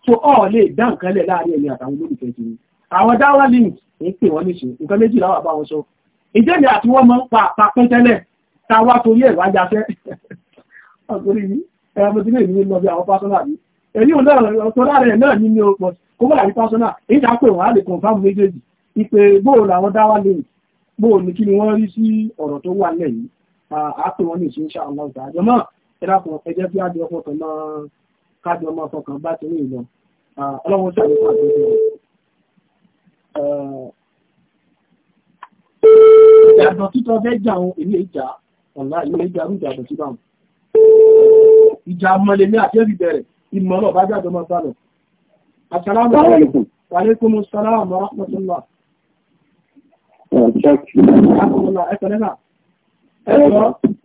so ọ̀ lè dá nǹkan lẹ̀ láàrin ẹ̀mí àtàwọn olólùfẹ́ ti ní àwọn dáwà ní ìpè wọn ní ṣe nǹkan méjì láwà bá wọn sọ ìjẹ́ ni àti wọ́n mọ́ pa àpapẹ́ tẹ́lẹ̀ ta wá torí ẹ̀rọ ajáfẹ́ ọ̀tọ́rí ẹ̀rọ tí lè ní lọ bí àwọn pásọ́nà rí èyí ò náà ọ̀tọ́ lára ẹ̀ náà nínú ọ̀pọ̀ kó bọ́ láti pásọ́nà èyí ta pé wọ́n á lè kọ̀ǹfàmù méjèèjì ìpè bóò làwọn dáwà lè bóò ní kí ni wọ́n rí sí ọ̀rọ̀ tó wà nílẹ̀ yìí àpè wọn ní ìṣinṣà àwọn ọ̀gá àjọmọ́ ẹ̀dàkùn ẹjẹ́ bí adìẹ fọkàn máa kájọ máa fọkàn bá ti ní ìlọ ọlọ́run ṣàlùkọ́ i títọ́ fẹ́ jà ilé ìjà ọ̀nà ilé ìjà rú ìjà mọ̀lẹ̀ ní àjẹ́rì bẹ̀rẹ̀ ìmọ̀ bá jáde máa sálọ. Assalamu alaikum. Wa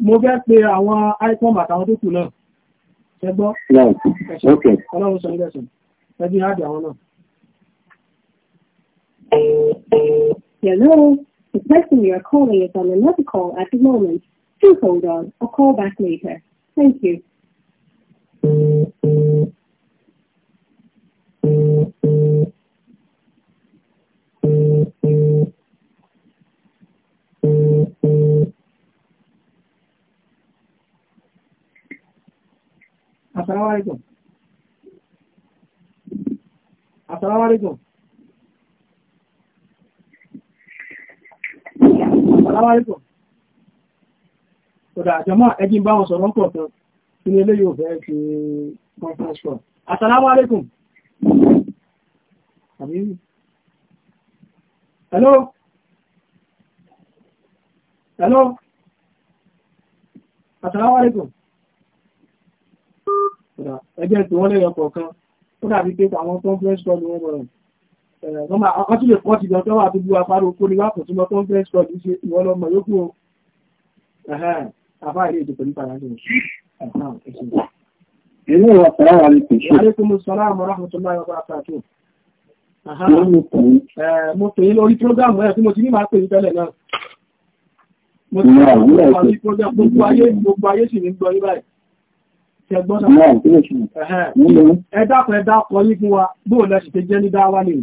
mo fẹ́ pe àwọn àtàwọn tó kù náà. Ọlọ́run sọ ilẹ̀ sọ. Ẹbí àwọn náà. Hello. The person you are calling is on another call at the moment. Please hold on. I'll call back later. Thank you. Assalamu alaikum. aláwárìkọ̀ ọ̀dà àjọmọ́ ẹgbìn bá wọn sọ̀rọ̀ pọ̀ kan kí ni eléyìí ò fẹ́ fi conference call asalaamualeykum hello hello asalaamualeykum ẹgbẹ́ tí wọ́n lè yọ kọ̀ọ̀kan ó dàbí pé àwọn conference call ni wọ́n bọ̀rọ̀ ọkàn tí lè pọ́ ti lọ́tọ́ wà gbogbo afárò kó ní wákùn tí lọ́tọ́ ń fẹ́ sọ ní ṣe ìwọ́n lọ́mọ yókù o afá ilé ìdìbò nípa ìrìnàjò inú ìwà sọ̀rọ̀ wà ní kìí ṣe àrékùnmù sọ̀rọ̀ àmọ́ra ọ̀tún láyọ̀ bá ta tó mo pè é lórí prógámù ẹ̀ tí mo ti ní máa pè é tẹ́lẹ̀ náà mo ti yí fún wa bóòlù ẹ jẹ́ ní dáwà nìyí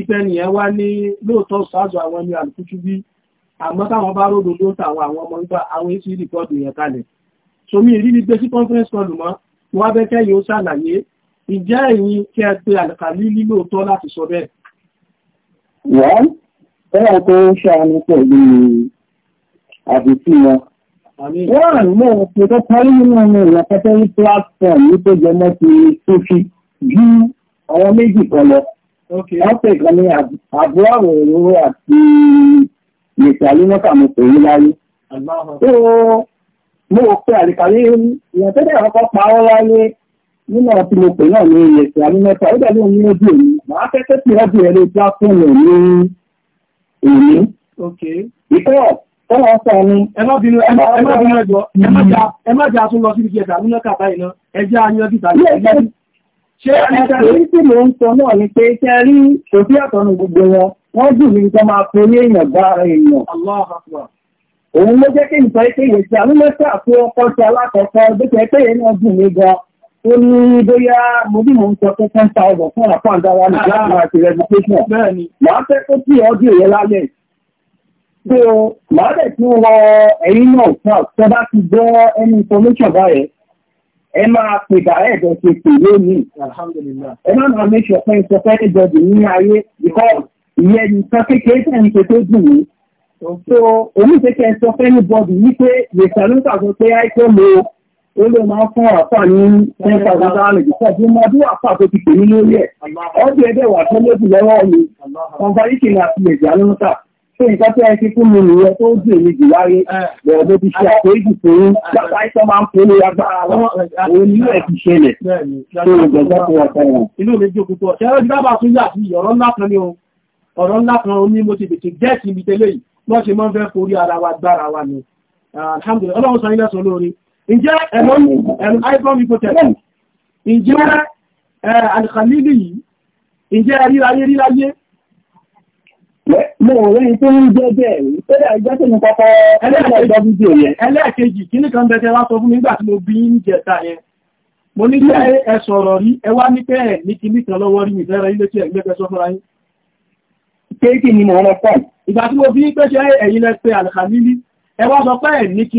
ipẹ́ nìyẹn wá ní lóòótọ́ sáàzù àwọn ní àlùkútù bí àmọ́ táwọn bá ròdò ló tàwọn àwọn ọmọ nígbà àwọn èsì rìkọ́dù yẹn kalẹ̀ somi ìrírí gbé sí conference call mọ́ wọ́n bẹ́ kẹ́yìn ó ṣàlàyé ìjẹ́ ẹ̀yìn kí ẹ pe àlùkàlí lílóòótọ́ láti sọ bẹ́ẹ̀. wọ́n bẹ́ẹ̀ tó ń ṣàánú pẹ̀lú àbùkù wọn wọ́n àmọ́ ọ̀pọ̀ tó parí nínú ọmọ ìlàkẹ́tẹ́ platform ní tó jẹmọ́ ti tó fi wọ́n pè kan ní àbúrò òróró àti mẹ̀tàlínọ́kà mo pè yí láyé. tó mo pe àlìkàlẹ́ ìyẹn tó dẹ̀ kọ́kọ́ pa ọ́ láyé nínú ọtí mo pè náà ní mẹ̀tàlínọ́kà ó dàbí òun ní ojú èmi màá kẹ́kẹ́ pé ọdún ẹ̀rọ ìjà fún mi ní èmi. ìtọ́ tọ́lá sọ ni. ẹ má bínú ẹ má bínú ẹjọ́ mm-hmm. ẹ má jà tún lọ síbi ìjẹta nínú kàbáyé náà ẹ jẹ́ àyànjú tàbí ẹgbẹ́ Ṣé ẹ̀rí tí mò ń sọ náà ni pé ṣe rí kò sí àtọ̀nù gbogbo wọn, wọ́n jù mí tó máa fi ní èèyàn gba èèyàn. Òun ló jẹ́ kí nǹkan ṣe èyí sí àmúlẹ́sẹ̀ àti ọkọ̀ ṣe alákọ̀ọ́kọ́ o màá bẹ̀ tí wọ ẹ̀yìn náà fún ẹ máa pè dàrẹ́ ẹ̀jọ̀ ṣe pè lónìí. ẹ má máa make sure pé n sọ fẹ́ẹ́ jọdún ní ayé because ìyẹn nìkan kékeré tẹ̀ ń ṣe tó dùn mí. so oníṣẹ́kẹ́ sọ fẹ́ẹ́ bọ́ọ̀dù wípé yèsà ló sàkó pé àìkọ́ lo ó ló máa fún àpá ní ten thousand dollars ìfọ̀ fún máa bí àpá tó ti pè mí lórí ẹ̀. ọdún ẹgbẹ́ wà tó lójú lọ́wọ́ mi kọ̀ǹfàríkì ni àti ìjà ló ń sà ṣé nǹkan tí ẹ ti fún mi nìyẹn tó jù èmi jù láyé bẹ̀rẹ̀ mo ti ṣe àpéjì fún bàbá ìtọ́ máa ń fún ní agbára wọn òun ní ẹ̀ ti ṣẹlẹ̀ tó ń gbẹ̀gbẹ́ fún ọ̀tọ̀ wọn. inú mi jókòó tó ọ̀ṣẹ́ ọ̀ṣẹ́ dábàá tún yà sí ọ̀rọ̀ ńlá kan ni o ọ̀rọ̀ ńlá kan ní mo ti tètè gẹ́ẹ̀sì ibi tẹ́lẹ̀ yìí wọ́n ṣe máa ń fẹ́ forí ara wa gbára wa ni alhamdulillah ọlọ́run sọ Mo rẹ̀ tó ń jẹ́ bẹ́ẹ̀ rí, tó dà ìjọ́ tó ní kọ́kọ́ ẹlẹ́ẹ̀kejì yẹn. Ẹlẹ́ẹ̀kejì, kí ní kan bẹ̀tẹ̀ wá sọ fún mi nígbà tí mo bí ń jẹta yẹn. Mo ní kí ẹ sọ̀rọ̀ rí, ẹ wá ní pẹ́ ẹ̀ ní kí ní kan lọ́wọ́ rí mi fẹ́ra ilé tí ẹ̀gbẹ́ sọ fúnra yín. Kéèkì ni mo rọ pọ̀. ẹ̀ ní kí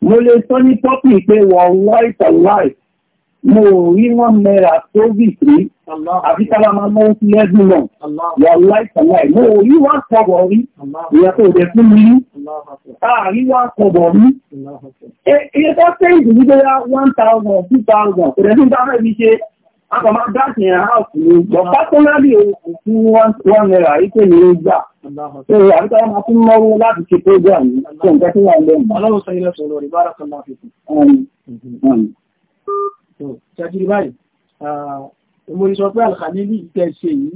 mo lè sọ ní tọ́pì pé wọ́n láì tàláì mo rí wọ́n mẹ́ra tó bì sí àti sábà máa mọ́ sí lẹ́gbùn náà wọ́n láì tàláì mo rí wọ́n kọ̀bọ̀ rí ìyẹn tó dẹ̀ fún mi ààrí wọ́n kọ̀bọ̀ rí iye tó ṣe ìdílé 1000 2000 kò dẹ̀ fún bá rẹ̀ mi ṣe Akọ̀ máa dáàkì ẹ̀ áàkù ní ọ̀pá tó lábí òkú tí wọ́n mẹ́ra ìpé ní ìgbà. Ṣé àríkà wọn fún mọ́rún láti ṣe tó gbà ní ṣe nǹkan tí wọ́n lẹ́nu. Ọlọ́run sọ ilẹ̀ sọ̀rọ̀ rí bára kan láti fún. Ṣàjírí báyìí, mo rí sọ pé Alkhalili tẹ́ ṣe yìí,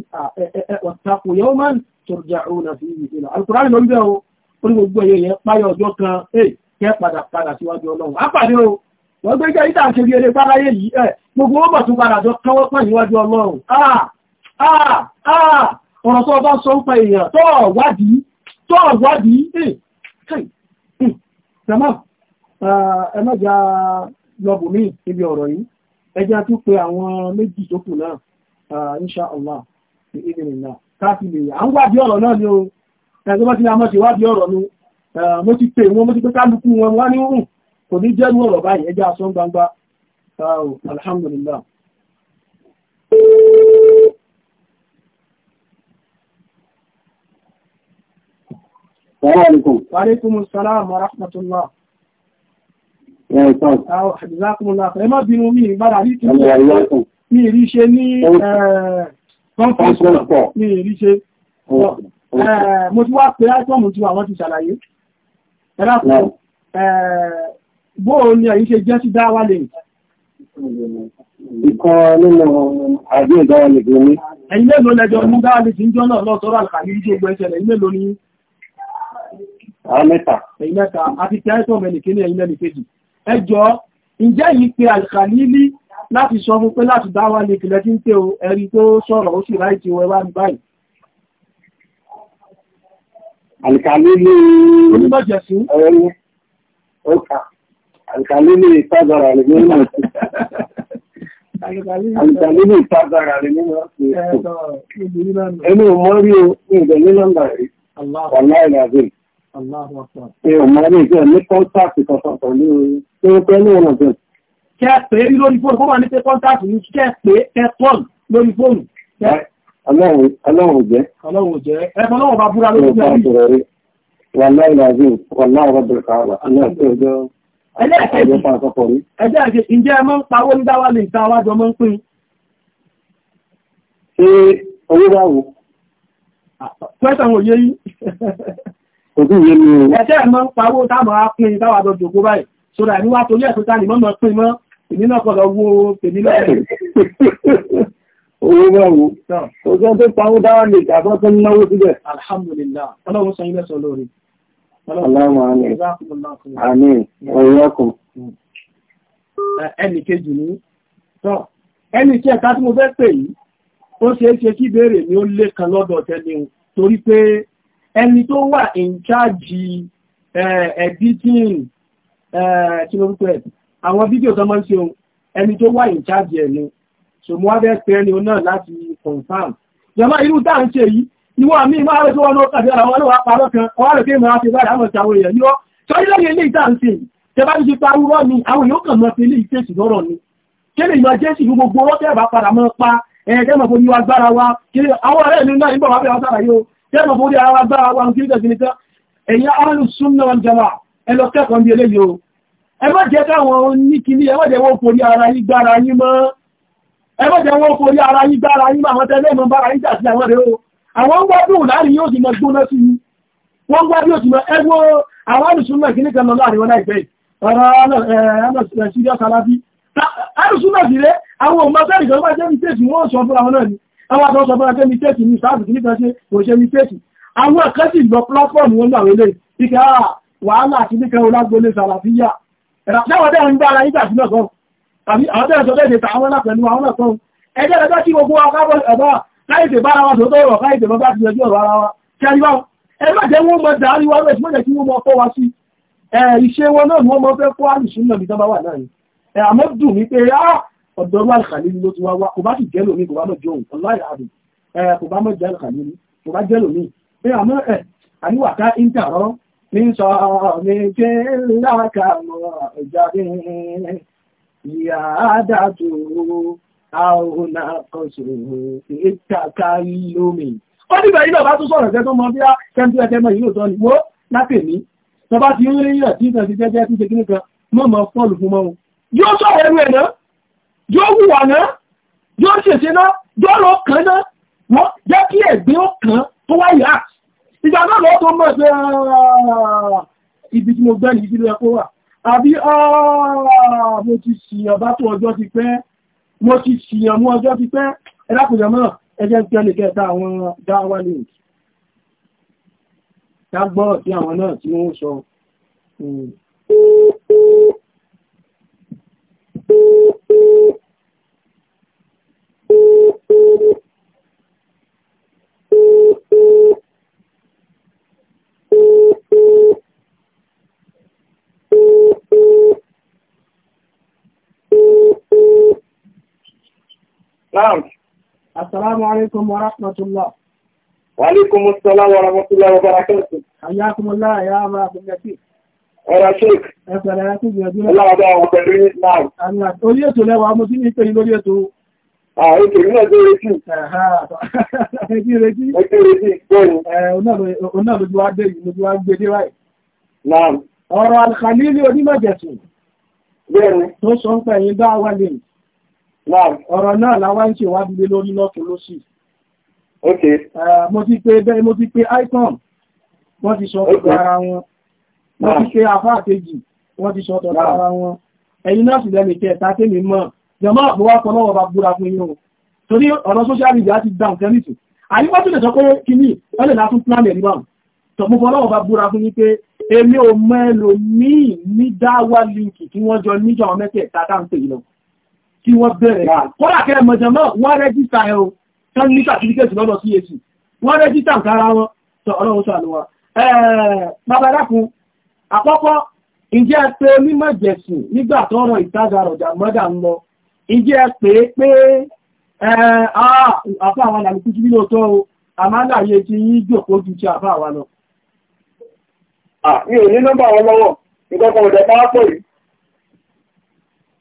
ọ̀tàkù yóò máa ń tọrjà òun àti ìrìnà. Alkùránì lórí bẹ́ẹ̀ o, ó ní gbogbo ẹ̀yẹ yẹn páyọ̀ ọjọ́ kan, ẹ̀ kẹ́ padà padà síwájú Ọlọ́run. Á pàdé o, wọ́n gbé jẹ́ ìta àṣírí eré páráyé yìí ẹ̀ gbogbo ó bọ̀ tún padà jọ kánwọ́ pẹ̀ níwájú ọlọ́run ah, ah, ah, ọ̀rọ̀ tó sọ ń pa wádìí eh, hmm, eh, lọ́bùnmí ọ̀rọ̀ yìí ẹjá pé àwọn méjì tó náà kò ní jẹ́ mú ọ̀rọ̀ báyìí ẹjá sọ gbangba ṣáàrù alhamdulillah Wàlékún sàlámù rahmatullah. Ẹ má bínú mi ìgbára rí kí mi rí ṣe ní kọ́nfàṣọ́ mi rí ṣe. Mo ti wá pé áìtọ́mù tí àwọn ti ṣàlàyé. Ẹ bóò ni àyí ṣe jẹ́ sí dáwà lè ìkan nínú àjọ ìdáwà lè gbé ní ẹ̀yìn mélòó lẹ́jọ́ ní dáwà lè ti ń jọ náà lọ́tọ́rọ̀ àkàrí tí ó gbẹ́ ṣẹlẹ̀ ẹ̀yìn mélòó ní mẹ́ta ẹ̀yìn mẹ́ta àti tẹ́ẹ̀tọ̀ mẹ́nìkíní ẹ̀yìn mẹ́nìkejì ẹjọ́ ǹjẹ́ yìí pé alkhalili láti sọ fún pé láti dáwà lè kìlẹ̀ tí ń tẹ́ o ẹ̀rí tó sọ̀rọ̀ ó sì ráì tí wọ́n wá ní báyìí alkhalili onímọ̀jẹ̀sí ọ̀rọ̀ ọkà Alcalini Itagara ni mímọ̀ sí. Alcalini Itagara ni mímọ̀ sí. Ẹni ò mọ́ rí o, ní ìbẹ̀ ní nọ́mbà rí. Wàlá ìlàbí. Ṣé ò mọ́ rí ìjọ ní kọ́ńtàkì kankan pẹ̀lú tí ó pẹ́ ní ọ̀nà bẹ̀rẹ̀. Kẹ́ pé rí lórí fóònù, kó wà ní pé kọ́ńtàkì ní kẹ́ pé ẹ tọ́ọ̀nù lórí fóònù. Ọlọ́run jẹ́. Ẹjẹ́ àti ìjẹ́ ẹmọ́ ń pawó ní dáwà lè ta wájọ mọ́ ń pín. Ṣé owó bá wò? Pẹ́sàn ò yé yí. Kò sí ìyé ni o. Ẹjẹ́ ẹmọ́ ń pawó táàmù á pín dáwà lọ jòkó báyìí. Ṣọ́ra ìní wá torí ẹ̀sùn tánì mọ́mọ́ pín mọ́, èmi náà kọ̀ lọ wo tèmi lọ́rẹ̀. Owó bá wò. Kò sọ pé pawó dáwà lè tàbọ́ tó ń náwó síbẹ̀. Alhamdulillah. Ọlọ́run sọ ilẹ̀ sọ lórí. Aláwọ̀ àmín. Àmín. Ọ̀yọ́kùn. Ẹnì kejì ní. Tọ́, ẹnì kí ẹ̀ta tí mo fẹ́ pè yìí, ó ṣe é ṣe kí béèrè ni ó lé kan lọ́dọ̀ tẹ́lẹ̀ o, torí pé ẹni tó wà in charge editing tí mo rúkọ ẹ̀, àwọn fídíò tó máa ń ṣe o, ẹni tó wà in charge ẹ̀ ni. So mo wá fẹ́ pẹ́ ni o náà láti confirm. Jọba irú táà ń ṣe yìí, ìwọ àmì máa rẹ̀ tó wọ́n lọ́ta sí ara wọn lọ́wọ́ parọ́ kan ọwọ́ rẹ̀ pé máa fi bára àwọn ìjàwó èèyàn yọ́ sọ́rí lẹ́yìn ilé ìta ń sìn tẹbá ti pa rúrọ́ ni àwọn yóò kàn mọ́ fi ilé ìtẹ́sì lọ́rọ̀ ni kéde ìmọ̀ jésì ní gbogbo ọwọ́ tẹ́ẹ̀bá padà mọ́ pa ẹ̀ẹ́dẹ́ mọ̀ fún agbára wa kéde àwọn ọ̀rẹ́ mi náà nígbà wá bẹ̀rẹ̀ sára yóò tẹ́ẹ̀ mọ̀ fún ara agbára wa ń kíríkẹ̀ sílẹ̀ tán ẹ̀yà ọ̀rùn súnmọ́ wọn jẹma ẹ lọ kẹ́kọ̀ọ́ bí eléyìí o ẹ má jẹ́ káwọn oníkìní ẹ má jẹ́ wọ́n forí ara yín gbára yín mọ́ ẹ má jẹ́ wọ́n forí ara yín gbára yín mọ́ àwọn tẹ́lẹ̀ mọ́ bára yín jà sí àwọn rẹ̀ o àwọn ń gbádùn láàrin yóò ti mọ gbóná sí i wọ́n gbádùn yóò ti mọ ẹgbó àwọn àrùsùn náà kì ní kan lọ láàrin wọn láìpẹ́ ọ̀rọ̀ nàìjíríà sálábí àrùsùn náà sì rẹ àwọn ọmọ sẹ́rì kan bá jẹ́ mistake wọ́n sọ fún àwọn náà ni àwọn àtọ́ sọ fún àwọn mistake ní sáàbù kì ní kan ṣe kò ṣe mistake àwọn kan sì lọ platform wọn náà wọlé ìkà ah, wàhálà àti ní kan olágbólé sàlàfíyà ẹ̀rọ tẹ́wọ̀n dẹ́ ara yígbà láìsè bára wa tòótọ́ ọ̀rọ̀ láìsè bá ti yọjú ọ̀rọ̀ ara wa kí a rí ẹgbẹ́ jẹ́ wọ́n mọ dárí wa rẹ̀ mọ́jẹ̀ kí wọ́n mọ fọ́ wa sí ìṣe wọn náà wọ́n mọ fẹ́ fọ́ àrùsùn náà nìkan bá wà náà ni àmọ́ dùn mí pé ọ̀dọ̀ wa àlùkàlẹ́ ló ti àrùnà kọsùrùmù ìtàkàrí lómi. ó nígbà yìí bàbá tó sọ̀rọ̀ jẹ́ tó mọ bí kẹ́ntì ẹ̀tẹ́ mọ̀ yìí ò tọ́ ni wó lápè mí bàbá ti ń rí yàn tí nǹkan ti jẹ́jẹ́ tí ṣekínú kan mọ̀ mọ̀ fọ́ọ̀lù fún mọ́run. yóò sọ̀rọ̀ ẹnu ẹ̀ náà yóò hùwà náà yóò ṣèṣe náà yóò lọ kàn náà wọ́n jẹ́ kí ẹ̀gbẹ́ ó kàn tó wá yà. ìgbà náà lọ́ tó mọ̀ pé ibi tí mo gbẹ́ ni ibi ló yẹ kó wà àbí mo ti ṣì ọ̀bá tó ọjọ́ ti pẹ́ mo ti ṣìyàn mú ọjọ́ ti pẹ́ ẹlápùjọmọ́ ẹjẹ́ pẹ́lẹ̀ kẹta àwọn dáwà link dágbọ́ sí àwọn náà tí wọ́n sọ hmm. Naam. Assalamu alaikum wa rahmatullah. Wa alaikum assalam wa rahmatullah wa barakatuh. Hayyakumullah ya ma kullati. Ọ̀rọ̀ Sheikh. Ẹ pẹ̀lẹ́ láti gbìyànjú lọ. Ọlọ́run bá wọn pẹ̀lú ní Islam. Àmì àti orí ètò lẹ́wà mo sí ní ìpẹ̀lú lórí ètò. Àwọn ètò ìlú náà tó retí. Ẹ̀kí retí. Ẹ̀kí retí ìgbọ́ni. Òun náà lójú wá dé yìí, lójú wá gbé dé ọ̀rọ̀ náà làwọn ń ṣe ìwádìí lórí lọ́tún lọ́sì mo ti pé bẹ́ẹ̀ mo ti pé icon wọ́n ti sọ tọ̀dọ̀ ara wọn wọ́n ti pé afá àkejì wọ́n ti sọ tọ̀dọ̀ ara wọn ẹ̀yin náà sì lẹ́nu kẹta tèmi mọ̀ jọmọ́ àpò wá kọ́ lọ́wọ́ bá búra fún yín o torí ọ̀rọ̀ social media ti dá nǹkan nìtì àyíkọ́ tó lè sọ pé kí ní ọlẹ̀ látún plan ẹ̀ níbàmù tọ̀mú fọ́ lọ́wọ́ bá búra fún yín pé èmi ò mọ ẹlòmíì ní dáwà líǹkì tí wọ́n jọ níjọ àwọn mẹ́tẹ̀ẹ̀ta dáńtẹ̀ yìí lọ kí wọ́n bẹ̀rẹ̀ kọ́lá kẹrẹ mọ̀jọ̀mọ́ wọ́n rẹ́jísà ẹ̀ o tán ní sàtífíkẹ́sì lọ́dọ̀ sí èsì wọ́n rẹ́jísà kára wọn tọ ọlọ́run sàlùwà babalákun àkọ́kọ́ pé mímọ̀ jẹ̀sìn nígbà tọ́rọ ìtajà ọ̀jà ń lọ pé pé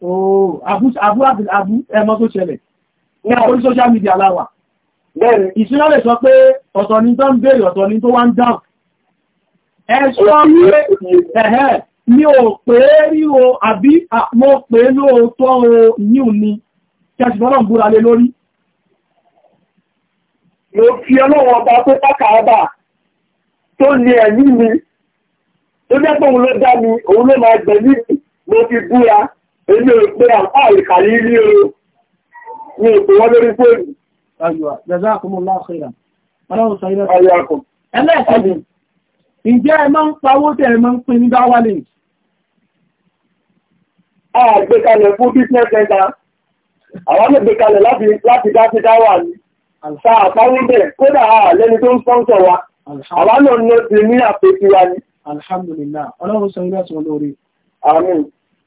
Àbú àbú ẹmọ tó ṣẹlẹ̀. Ní orí social media láwà. Ìṣúná lè sọ pé ọ̀tọ̀ ni tó ń béèrè ọ̀tọ̀ ni tó wá ń dáhùn. Ẹ sọ pé ẹ̀hẹ́ mi ò pé rí o àbí mo pé lóòótọ́ o ní òní kẹsì bọ́lọ̀ ń búra lé lórí. Mo fi ọlọ́wọ́ ọba tó pákà tó ní ẹ̀mí mi. Ó jẹ́ pé òun ló dá mi, òun ló máa gbẹ̀mí mi, mo fi búra. Ilé ìpé àpá ìkàlí ilé o, ní ìpé wọ́n lórí fóònù. Ayúwà, jazakumullahu khairan. Ọlọ́run sọ ilé ọ̀yọ́. Ẹlẹ́ẹ̀kẹ́bì, ǹjẹ́ ẹ máa ń pawó tẹ́ ẹ máa ń pín ní Dáwálé? A gbékalẹ̀ fún business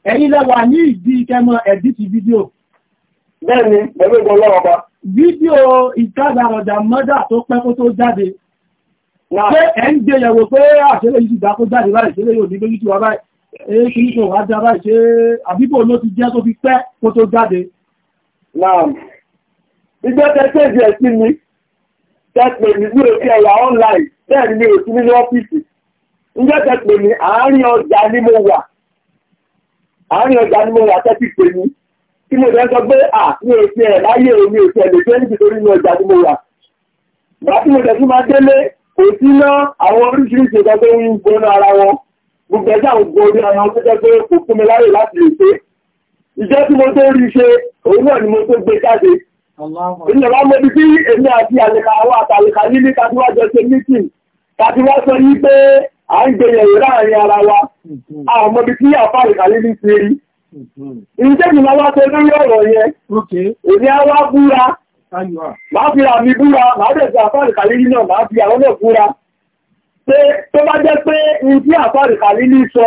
ẹ̀yin lẹ́wà ní ìdí kẹmọ ẹ̀dí ti fídíò. Bẹ́ẹ̀ni, pẹ̀lú ìgbọ́n lọ́wọ́ pa. Fídíò ìkádàrọ̀dà mọ́dà tó pẹ́ kó tó jáde. Pé ẹ̀ ń gbé yẹ̀wò pé àṣẹ́lẹ̀ yìí ti dá kó jáde báyìí, ṣẹlẹ̀ yóò ní lójú ti wá báyìí. Èé kìí kò wá já báyìí ṣe àbíbò ló ti jẹ́ tó fi pẹ́ kó tó jáde. Naam, ìgbẹ́ tẹ́tẹ́ ìjẹ́ sí mi, tẹ́pẹ̀ mi ní òkè ẹ̀yà online, bẹ́ẹ̀ ni mi ò sí nínú ọ́fíìsì. Ìgbẹ́ tẹ́pẹ̀ mi, àárín ọjà ni mo wà àárín ọjà ni mo rà tẹ́tí pé ní kí mo fẹ́ sọ pé à mi ò tiẹ̀ láyé mi ò tiẹ̀ lè fẹ́ níbi torí inú ọjà ni mo rà láti mo tẹ̀sí máa délé kò sí ná àwọn oríṣiríṣi ìkan tó ń gbóná ara wọn gbogbo ẹjọ́ àwọn gbogbo orí ara wọn tó jẹ́ pé kò fún mi láyè láti lè ṣe ìjọ tí mo tó rí ṣe òun náà ni mo tó gbé jáde ìjọba mo bí bí èmi àti àlèkà àwọn àtàlèkà nílé tàbí wájọ ṣe mítìn tàbí wá sọ yí pé à ń gbẹ̀yẹ̀wò láàrin ara wa àwọn hmm. tí àfà ìkàlẹ́ ní ti rí ìjẹ́bì hmm. máa wá tó lórí ọ̀rọ̀ yẹn èmi á wá búra máa fi ra mi búra máa bẹ̀rẹ̀ sí àfà ìkàlẹ́ yìí náà máa fi àwọn náà búra tó bá jẹ́ pé ní tí àfà ìkàlẹ́ ní sọ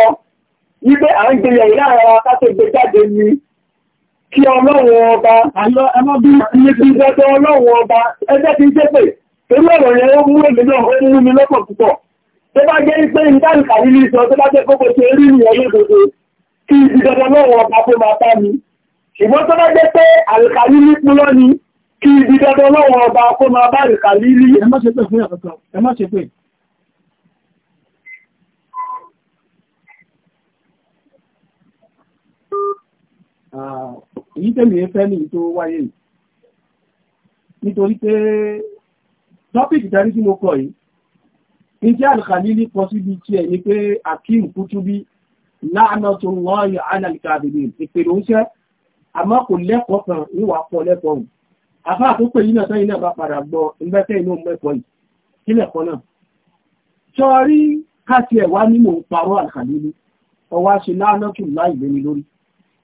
wípé à ń gbẹ̀yẹ̀wò láàrin ara wa gbé jáde ọba ẹgbẹ́ ń torí ọ̀rọ̀ yẹn ó mú èmi tó bá jẹ́ pé ìdáǹkà nínú ìsọ tó bá jẹ́ kókò ṣe rí ní ẹyẹ gbogbo kí ìdìdọ̀dọ̀ lọ́wọ́ ọba tó máa bá mi ṣùgbọ́n tó bá jẹ́ pé àlùkàlí ní púlọ́ ni kí ìdìdọ̀dọ̀ lọ́wọ́ ọba kó máa bá àlùkàlí rí ẹ má ṣe pé fún ìyàtọ̀tọ̀ ẹ má ṣe pé èyí tẹ́lẹ̀ ẹfẹ́ ní ìtò wáyé nítorí pé tọ́pìkì mo kọ̀ yìí Ìjẹ́ Al-Khalili kọ síbi tí ẹ̀ ní pé Akim Kutubi la'natullahi 'ala al-kadhibin ìpèrè oúnjẹ, àmọ́ kò lẹ́kọ̀ọ́ kan níwà kọ lẹ́kọ̀ọ́ hùn. Àfá àkókò yìí náà sẹ́yìn náà bá padà gbọ́ ìgbẹ́kẹ́ inú mẹ́kọ̀ọ́ yìí, kí Al-Khalili, ọwá ṣe la'natullahi ìgbẹ́ni lórí.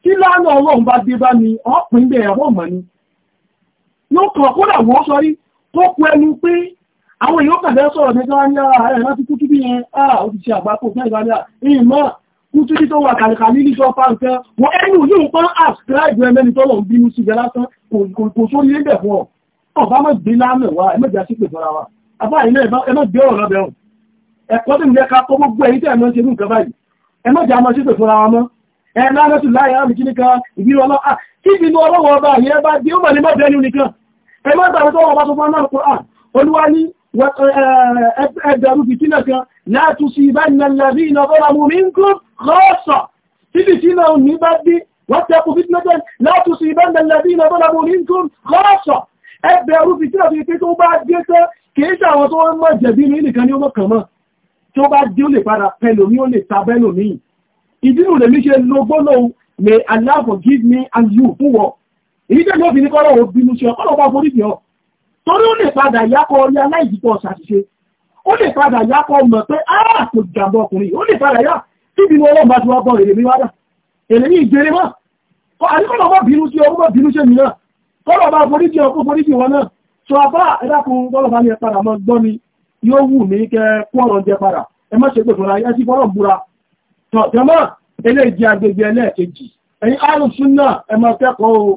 Kí lánà ọlọ́run bá dé bá mi, ọ̀pìn bẹ̀rẹ̀ ọmọ àwọn èèyàn kàbẹ́ sọ̀rọ̀ mẹ́ta wá ní ara rẹ̀ láti kú túbí yẹn àà ah, ó ti ṣe àgbákò fún ìbádà ìmọ̀ kú túbí tó wà kàlìkàlì ní ṣọ́pá nǹkan wọ́n ẹni ò yóò pán àṣíráìdù ẹmẹ́ni tọ́lọ̀ ń bínú sí gẹ́lásán kò só ní ẹgbẹ̀ fún ọ ọba mọ̀ gbé lámẹ̀ wá ẹmẹ́jà sí pè fọ́ra wa àbá ilé ẹmọ́ gbé ọ̀rọ̀ bẹ̀rùn ẹ̀kọ́ tó ń yẹ ká kó gbogbo ẹ̀yí wa mọ́ ẹ lánà tún láyé wọ́n bá tó fọ́n náà kó olúwa ní Eh, eh, eh, ẹgbẹ̀rún fìtínà kan látú sí ìbánilẹ̀ lábí iná bọ́ra mú mi ń kó rọ́ọ̀sọ̀ tí fìtínà ní bá dé wọ́n tẹ́kù fìtínà kan látú sí ìbánilẹ̀ lábí iná bọ́ra mú mi ń kó rọ́ọ̀sọ̀ ẹgbẹ̀rún fìtínà fi pé tó bá dé tẹ́ kìí ṣe àwọn tó wọ́n mọ̀ jẹ̀bi ní nìkan ní ọmọ kan mọ́ tó bá dé ó lè padà pẹlòmí ó lè ta may Allah forgive me and you fún wọ èyí tẹ́lẹ̀ ó fi ní kọ́lọ́wọ́ bínú ṣe ọ̀pọ̀lọpọ̀ forí fi hàn torí ó lè padà yákọ̀ orí aláìsíkọ̀ ṣàṣìṣe ó lè padà yákọ̀ mọ̀ pé ara ah, kò jàmbọ̀ ọkùnrin ó lè padà yá tíbi ní ọlọ́mà tí wọ́n bọ̀ èrè mi wádà èrè ní ìjẹrẹ mọ́ kọ́ àríkọ́lọ́ mọ́ bínú sí ọgbọ́ bínú sí mi náà kọ́lọ̀ bá wọn náà a bá ẹ̀dàkùn tọ́lọ̀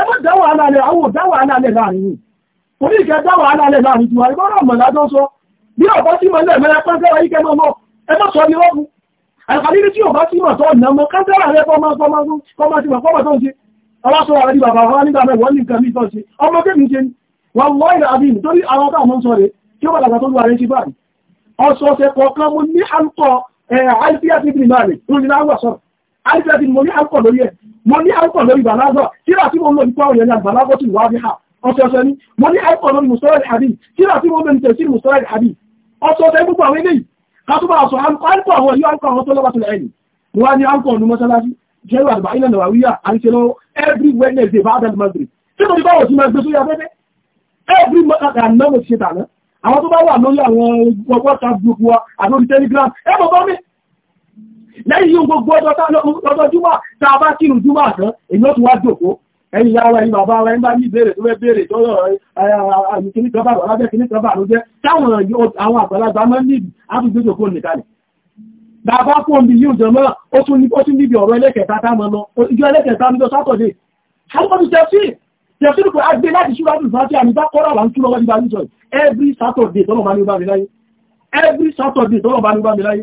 ẹgbẹ́ dáwà alálẹ̀ àwọn dáwà alálẹ̀ láàrin orí ìkẹ́ dáwà alálẹ̀ láàrin jù àìkọ́ ọ̀rọ̀ mọ̀lá tó sọ bí ọ̀pọ̀ sí mọ̀ ilẹ̀ mẹ́rẹ́ pẹ́ntẹ́rà yìí ẹgbẹ́ sọ ní rọ́gùn àìkàlírí tí ọ̀pá sí mọ̀ tọ́ ọ̀nà mọ́ rẹ̀ fọ́mọ́ mo ní àìkọ̀ lórí bàlágọ̀ síra tí mo mọ̀ nípa òyìn àgbàlágọ̀ tí wàá bí ha ọ̀sọ̀ọ̀sẹ̀ ni mo ní àìkọ̀ lórí mùsọ̀rẹ̀ àbí síra tí mo mọ̀ nípa sí mùsọ̀rẹ̀ àbí ọ̀sọ̀ọ̀sẹ̀ gbogbo àwọn eléyìí ká tó bá sọ àìkọ̀ àwọn yóò àìkọ̀ àwọn tó lọ́wọ́ tilẹ̀ ẹ̀yìn mo wá ní àìkọ̀ ọ̀nù mọ́sálásí jẹ́rù àgbà ilẹ̀ nàwàwíyà àti lọ every wednesday bá dẹ̀ magre tí mo ní báwo sí máa gbé sórí afẹ́fẹ́ every month and now mo ti ṣe tàná àwọn tó bá wà lórí àwọn whatsapp group wa àti lórí telegram ẹ bọ̀ bọ́ mi lẹ́yìn gbogbo ọjọ́ júmọ̀ tá a bá kírun júmọ̀ àtàn èyí ó tún wá jòkó ẹ̀yìn ara ẹ̀yìn bàbá ara ẹ̀mbá ní ìbéèrè tó fẹ́ béèrè tọ́rọ̀ àyíkíní kan bàbá alábẹ́ kíní kan bàbá ló jẹ́ táwọn àwọn àgbàlagbà máa ń níbi ábùgbéjò kó nìkalẹ̀ bàbá fún omi yóò jẹ mọ́ra ó tún ní bọ́tún níbi ọ̀rọ̀ ẹlẹ́kẹta tá mọ́ lọ ìjọ ẹlẹ́kẹta níjọ sátọ̀dé alùpàdù tẹ̀síì tẹ̀síì kò agbé láti ṣúgbàdù fàájì àmì bá kọ́rọ̀ àwọn túnlọ́wọ́ nígbà níjọ every Saturday tọ́lọ̀ bá ní bá mi láyé every Saturday tọ́lọ̀ bá ní bá mi láyé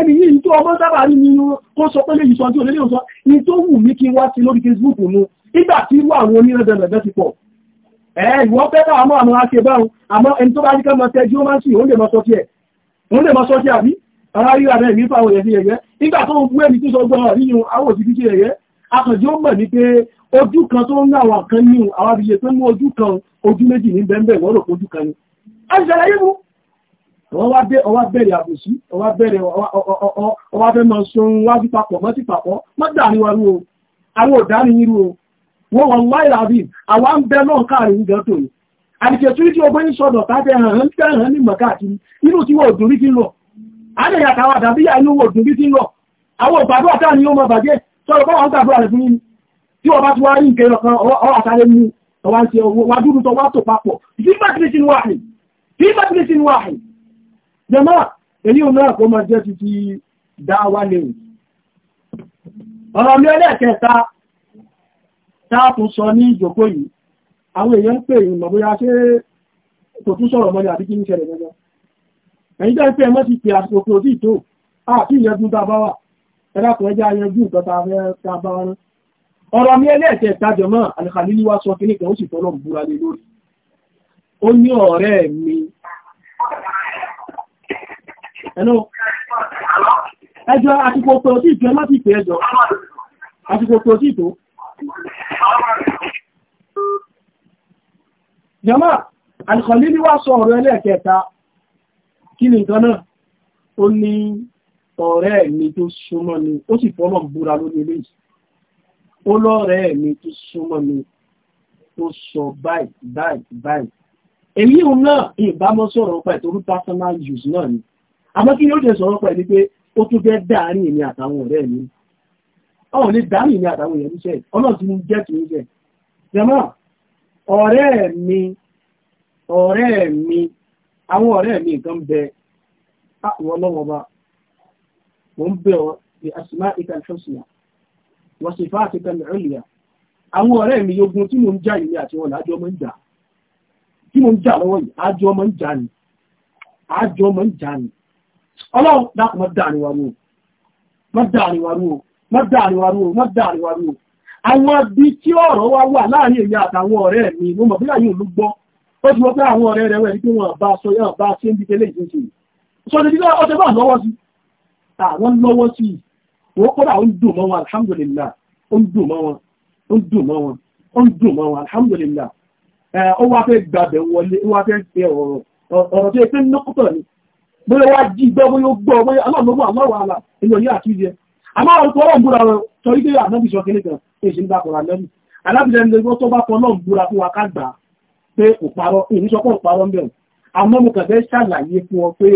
ẹni yìí tó ọmọ sábà rí nínú kó sọ pé léyìí sọ tí olóyè sọ ní tó wù mí kí wá sí lórí Facebook nu nígbà tí irú àwọn onírẹ́dẹ̀rẹ̀dẹ̀ ti pọ̀ ẹ ìwọ́n fẹ́ bá àmọ́ àmọ́ ake báwọn àmọ́ ẹni tó bá ní ká mọ tẹ jí ó máa ń sìn òun lè mọ sọ tiẹ̀ òun lè mọ sọ tiẹ̀ àbí ara ríra rẹ̀ ní fáwọn ẹ̀sìn ẹ̀yẹ nígbà tó ń bú ẹni tó ti ẹ̀yẹ akànjí ó mọ̀ ní pé ojú kan tó ń ní àwọn kan ní àwọn kan ojú méjì ní bẹ́ẹ̀ bẹ́ẹ̀ wọ́n rò kan ni. a ṣàlàyé ọwá bẹ̀rẹ̀ àbòsí ọwá bẹ̀rẹ̀ ọwá fẹ́ mọ́ sún wájú papọ̀ mọ́ sí papọ̀ mọ́ dàníwárú o àwọn o wọ́n wọ́n láì ràbí àwa ń bẹ náà káàrin ń gẹ́tò yìí àdìkẹ̀tù tí ọgbẹ́ ń sọ̀dọ̀ hàn tẹ́hàn ní inú tí wọ́n òdùn rí ti ń lọ ti ń lọ àwọn ni mọ bàjẹ́ sọ̀rọ̀ jẹmọ́ èyí ò náà kó máa jẹ́ ti ti dáwà lèrè ọ̀rọ̀ mi ẹlẹ́ẹ̀kẹta táàtún sọ ní ìjòkó yìí àwọn èèyàn pè yìí ṣe kò tún sọ̀rọ̀ mọ́lẹ̀ àbí kí ní ṣẹlẹ̀ gẹ́gẹ́ ẹ̀yìn jẹ́ pé ẹmọ́ ti pè àsìkò kò tí àti ìyẹ́gun tá a bá wà ẹ̀dàkùn ẹjá yanjú nǹkan tá a fẹ́ tá a bá wọn ọ̀rọ̀ mi Hello. Ẹjọ́ àtìkò tó sí ìpẹ́ láti ìpẹ́ ẹjọ́. Àtìkò tó sí ìtò. Jọmọ́, àlùkọ̀lí ní wá sọ ọ̀rọ̀ ẹlẹ́ẹ̀kẹta. Kí ni nǹkan náà? Ó ní ọ̀rẹ́ mi tó súnmọ́ mi, ó sì fọ́lọ̀ búra lórí eléyìí. Ó lọ́rẹ́ mi tó súnmọ́ mi, tó sọ báyìí, báyìí, báyìí. Èyí òun náà ìbámọ́ sọ̀rọ̀ pẹ̀lú personal use náà ni àmọ́ kí ni ó jẹ́ sọ̀rọ̀ pẹ̀lú pé ó tún jẹ́ dáàrin èmi àtàwọn ọ̀rẹ́ mi ọ̀hún lè dáàrin èmi àtàwọn èèyàn níṣẹ́ ọlọ́run ti jẹ́ kì í jẹ́ jẹ́mọ́ ọ̀rẹ́ mi ọ̀rẹ́ mi àwọn ọ̀rẹ́ mi nǹkan bẹ àwọn ọlọ́wọ́ bá mo ń bẹ̀ ọ́ ní asùnmá ìka ìfọ́sùnà wọ́n sì fáà ti kan ìrìnlẹ̀ àwọn ọ̀rẹ́ mi yogun tí mo ń jà ìlú àti wọn lájọ́ mọ́ ń jà àjọ mọ́ ń jà ni ọlọ́run dákùnmọ́ dáàríwárú mọ́dáàríwárú àwọn bí tí ọ̀rọ̀ wá wà láàrin èyí àtàwọn ọ̀rẹ́ mi mọ̀ bílá yìí ló gbọ́ ó ti wọ́n pé àwọn ọ̀rẹ́ rẹ̀ wọ́n bá sọ yàn bá ṣe sí bóyá wá jí gbọ́ bóyá ó gbọ́ bóyá aláàmọ́gbọ́ àmọ́wà àlà èyàn ní àti ìjẹ amáwọn tó ọlọ́run búra wọn sọ wípé ànábì sọ kíní kan èyí ń dàpọ̀ ànábì alábìlẹ̀ ní ẹgbẹ́ tó bá fọ ọlọ́run búra fún wa ká gbà pé ò parọ́ èyí sọ pé ò parọ́ mbẹ̀ àmọ́ mo kàn fẹ́ ṣàlàyé fún ọ pé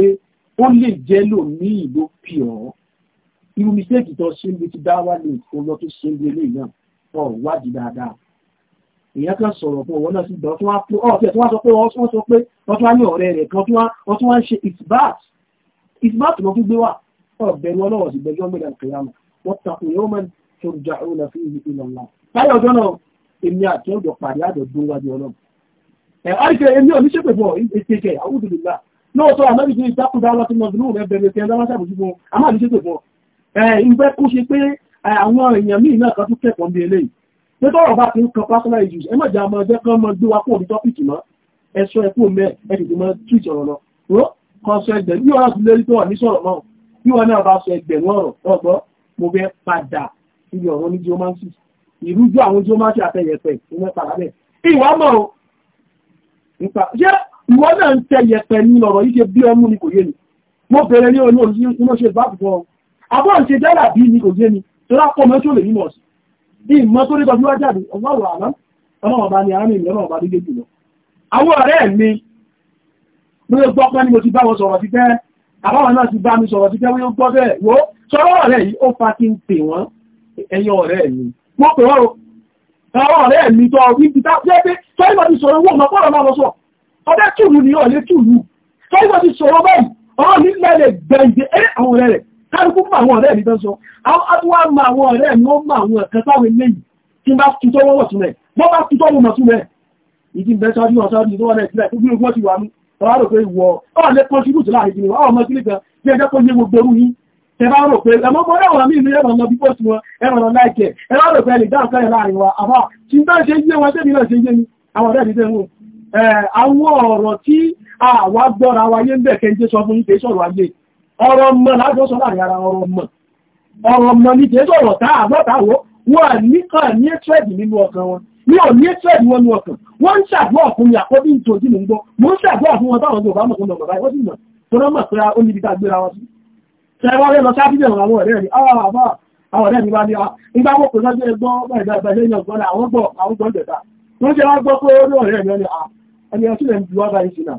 ó lè jẹ́ lò ní ìlú pì irú mistake tó ṣe ń bi ti dá wálé ìfowópamọ́ tó ṣe ń bi eléyìí náà ọ̀ wádìí dáadáa èèyàn kan sọ̀rọ̀ fún ọwọ́ náà sí ìgbà ọ̀tún wá pé ọ̀fẹ́ tó wá sọ pé wọ́n sọ pé wọ́n tún wá ní ọ̀rẹ́ rẹ̀ kan wọ́n tún wá ń ṣe isbat isbat lọ fún gbé wà ọ̀bẹ̀rù ọlọ́wọ̀ sí gbẹjọ́ mẹ́ta kìlámù wọ́n takùn yóò mẹ́rin tó jà ó lọ fún ìlú ìlú ọ̀la. táyà ọjọ́ náà èmi àti ọjọ́ pàdé àjọ dún wájú ọlọ́run. ẹ̀ àìsè èmi ò ní ṣépè fún ọ ìṣèkè àwùjọdùnlá lóòótọ́ àmọ́bí ṣe ìdákùdá ọlọ́tí mọ̀ọ́dúnrún rẹ̀ bẹ̀rẹ̀ tẹ̀ lọ́wọ́ ṣàbùjú fún àmọ́ àní ṣépè fún ọ. ẹ̀ ìgbẹ́ kó ṣe nítorí ọba ti ń kan personal issues ẹ má jẹ́ àmọ́ ẹgbẹ́ kan mọ́ gbé wa kó orí tọ́pìkì mọ́ ẹ̀sọ́ ẹ̀kú mẹ́ ẹ̀tìtì mọ́ twitch ọ̀rọ̀ lọ ró kan sọ ẹgbẹ̀rún bí wọ́n ti lérí tó wà ní sọ̀rọ̀ náà bí wọ́n náà bá sọ ẹgbẹ̀rún ọ̀rọ̀ ọgbọ́ mo fẹ́ padà ibi ọ̀rọ̀ ní geomancy ìrújú àwọn geomancy àtẹyẹpẹ ìwọ́n padà bẹ́ẹ̀ ìwà mọ̀ o nípa ṣé ìwọ náà ń tẹ yẹpẹ ní ọ̀rọ̀ yìí ṣe bí ọmú ni kò yé ni mo bẹ̀rẹ̀ ní olóòrùn tí mo ṣe bá fún ọ abọ́ ń ṣe ni kò ni tó lápọ̀ mẹ́tò lè ní mọ̀ bí ìmọ́ tó nípa fíwá jáde ọlọ́rọ̀ àná ọlọ́rọ̀ bá ní ara mi ìlọ́rọ̀ bá dídé jùlọ àwọn ọ̀rẹ́ mi ló yóò gbọ́ pé ni mo ti bá wọn sọ̀rọ̀ ti tẹ́ àbáwọn náà ti bá mi sọ̀rọ̀ ti tẹ́ wọ́n yóò gbọ́ bẹ́ẹ̀ wo sọ̀rọ̀ ọ̀rẹ́ yìí ó fa kí n pè wọ́n ẹ̀yin ọ̀rẹ́ mi mo pè kárùkú fún àwọn ọ̀rẹ́ mi tó sọ àtúwà mọ àwọn ọ̀rẹ́ mi wọ́n mọ àwọn ẹ̀kẹ́ táwọn eléyìí tí bá tutọ́ wọ́n wọ̀tún rẹ̀ wọ́n bá tutọ́ wọ́n mọ̀tún rẹ̀ ìdí bẹ́ sọ́dí wọn sọ́dí tó wọ́n ẹ̀sílẹ̀ tó gbígbó ti wà mú ọ̀rọ̀ rò pé ìwọ ọ̀rọ̀ lè contribute láàrin ìdí wọn ọmọ sílẹ̀ kan bí ẹjẹ́ kó yé gbogbo orú yín tẹ bá rò pé ẹmọ mọ ẹwà mí ìlú ẹmọ bí pọ̀ sí wọn ẹmọ lọ láìkẹ ẹ bá rò pé ẹlì dáhùn kẹrẹ láàrin wa àmọ́ tí bá ṣe yé wọn tẹ́bi náà ṣe yé mi àwọn ọ̀rẹ́ mi tẹ́ wọn àwọn ọ̀rọ̀ tí àwa gbọ́ra wa yé ń bẹ̀ kẹ́ ń jẹ́ sọ fún yín kì í sọ̀rọ̀ ayé ọ̀rọ̀ mọ̀ lájọ́sọ́ láàrin ara ọ̀rọ̀ mọ̀ ọ̀rọ̀ mọ̀ ní tẹ́ sọ̀rọ̀ táà mọ́tàwó wọ́n níkà ní ẹ́tẹ́ẹ̀dì nínú ọkàn wọn ní ò ní ẹ́tẹ́ẹ̀dì wọn ní ọkàn wọ́n ń ṣàgbọ́ ọkùnrin àkọ́bí ìtòjú ní gbọ́ mọ́ ń fún wọn táwọn Yorùbá mọ̀ fún ọmọ báyìí wọ́n sì mọ̀ tó rán mọ̀ pé ó níbi tágbéra wọn sí ṣẹ́wọ́n rẹ̀ lọ sábílẹ̀ àwọn ọ̀rẹ́ rẹ̀ àwọn ah, ah, ah, ọ̀rẹ́ mi bá ní ìgbà wọ́n kò sọ́jọ́ ẹgbọ́ bàìdà ìbàjẹ́ ìyàn gbọ́n àwọn gbọ́ àwọn gbọ́n jẹta wọ́n jẹ́ wọ́n gbọ́ pé ó ní ọ̀rẹ́ mi ọ́ ni ẹni ọtí rẹ̀ ń wá báyìí sí náà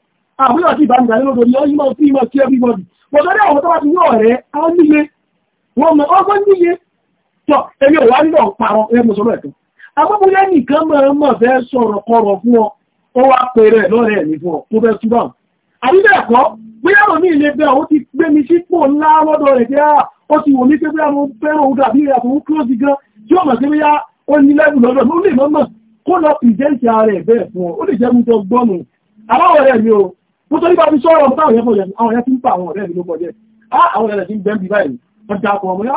àwọn àti ìbánidàlẹ́ lódorí ọ́ yímọ̀ sí ìmọ̀ sí everybody wọ́n lọ́dẹ̀ àwọn tó wá ti ní ọ̀rẹ́ àwọn níye wọ́n mọ̀ ọgbọ́n níye tọ́ ẹni ò wá nínú ọ̀parọ̀ ẹ mo sọ́rọ̀ ẹ̀tọ́ agbóbúlẹ̀ nìkan mọ̀ mọ̀ fẹ́ sọ̀rọ̀ kọ̀rọ̀ fún ọ ó wá pèrè lọ́rẹ̀ mi fún ọ tó fẹ́ túbọ̀ àbíbẹ̀ẹ̀kọ́ bóyá òní ilé bẹ́ ọ ti gbé mi sípò ńlá lọ́dọ̀ rẹ̀ pé ah, ó ti wò ní pé bóyá mo fẹ́ràn òun dàbí ìyàtọ̀ òun kúrò sí gan tí ó mọ̀ sí bóyá ó ní lẹ́bù lọ́dọ̀ ló lè mọ́mọ́ kó lọ pìrìsẹ́ǹtì ara ẹ̀ bẹ́ẹ̀ fún ọ mo torí bá mi sọ̀rọ̀ ọ̀pọ̀ àwọn ẹ̀fọ́ àwọn ẹ̀fọ́ ń pa àwọn ọ̀rẹ́ mi ló kọjẹ́ àwọn ẹ̀rẹ̀ tí ń bẹ́ẹ̀ bí báyìí wọ́n dá ọkọ̀ ọmọ yá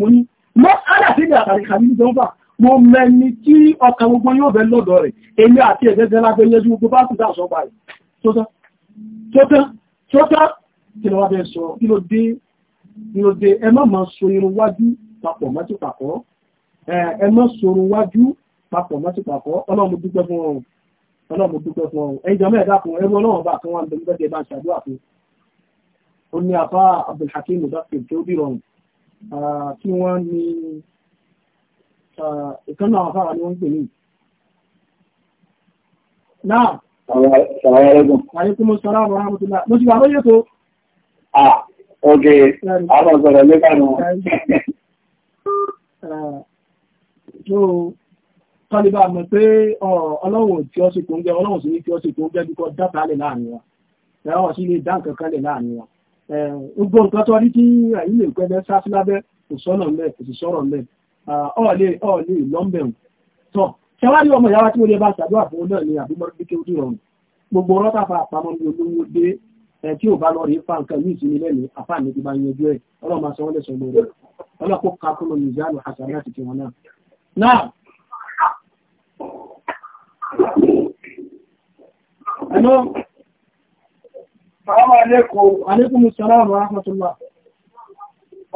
mo ní mọ́ aláṣẹ́gbẹ̀ àtàrí kàrí ní mo mẹni tí ọkà gbogbo yóò bẹ lọ́dọ̀ rẹ̀ èmi àti ẹ̀gẹ́gẹ́ lábẹ́ yẹjú gbogbo bá sì dáṣọ pa rẹ̀ tótá kí lọ wá bẹ́ sọ kí ló dé kí ló dé ẹ má máa so irun wájú papọ̀ mọ́tò papọ̀ ẹ má ọlọ́mọ dúpẹ́ fún ọrùn ẹjọ́ mẹ́ẹ̀dá fún ẹrú ọlọ́run bá kan wà níbi bẹ́ẹ̀ bá ń ṣàdúrà fún ó ní afá Abdulhakeem Mudafir tó bí rọrùn kí wọ́n ní ìkànnà àwọn afárá ni wọ́n ń pè ní. náà àyẹ̀kùnmọ̀ sọ̀rọ̀ àwọn ọmọdé mo ti wà lóye tó. ah ok àwọn ọ̀sọ̀rọ̀ lé kànú kọlíbà mọ̀ pé oh, ọlọ́run tí ó sì kún gẹ́ ọlọ́run sì ní tí ó sì kún gẹ́ bí kọ́ dáta lè láàrin wa ẹ̀rọ sí lè dá nǹkan kan lè láàrin wa gbogbo nǹkan tó rí tí àyí lè pẹ́ bẹ́ sáfí lábẹ́ kò sọ́nà mẹ́ kò sì sọ̀rọ̀ mẹ́ ọ̀ọ́lẹ̀ ọ̀ọ́lẹ̀ lọ́mbẹ̀ tọ̀ ṣẹ́wárí ọmọ ìyáwá tí mo lè bá ṣàdúrà fún náà ni àbí mọ́rí kéwú dì rọrùn gbogbo rọ́tà fa àpamọ́ ní olówó dé ẹ tí ò bá lọ rí fa nǹkan yìí sí mi àfa mi ti bá yanjú ẹ ọlọ́run máa sanwó lẹ́sọ̀ọ́ lórí ọlọ́run kó kakúlọ̀ nìyá lọ àṣàrí àti tiwọn náà. náà Hello. Salaam alaikum. Alaikum salam wa rahmatullah.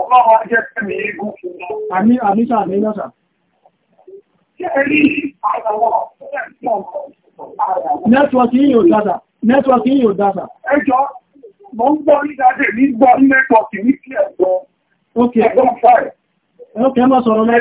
Ọlọ́wọ́ jẹ́ pẹ̀lú igun. Àmì àmìsà àmì lọ́sà. Nẹ́tíwọ̀kì yìí ò dáadáa. Nẹ́tíwọ̀kì yìí ò dáadáa. Ẹjọ́, mo ń gbọ́ nídájẹ̀ ní gbọ́ nẹ́tíwọ̀kì ní kí ẹ̀gbọ́. Ok. Ẹgbọ́n fáẹ̀. Ok, ẹ mọ́ sọ̀rọ̀ lẹ́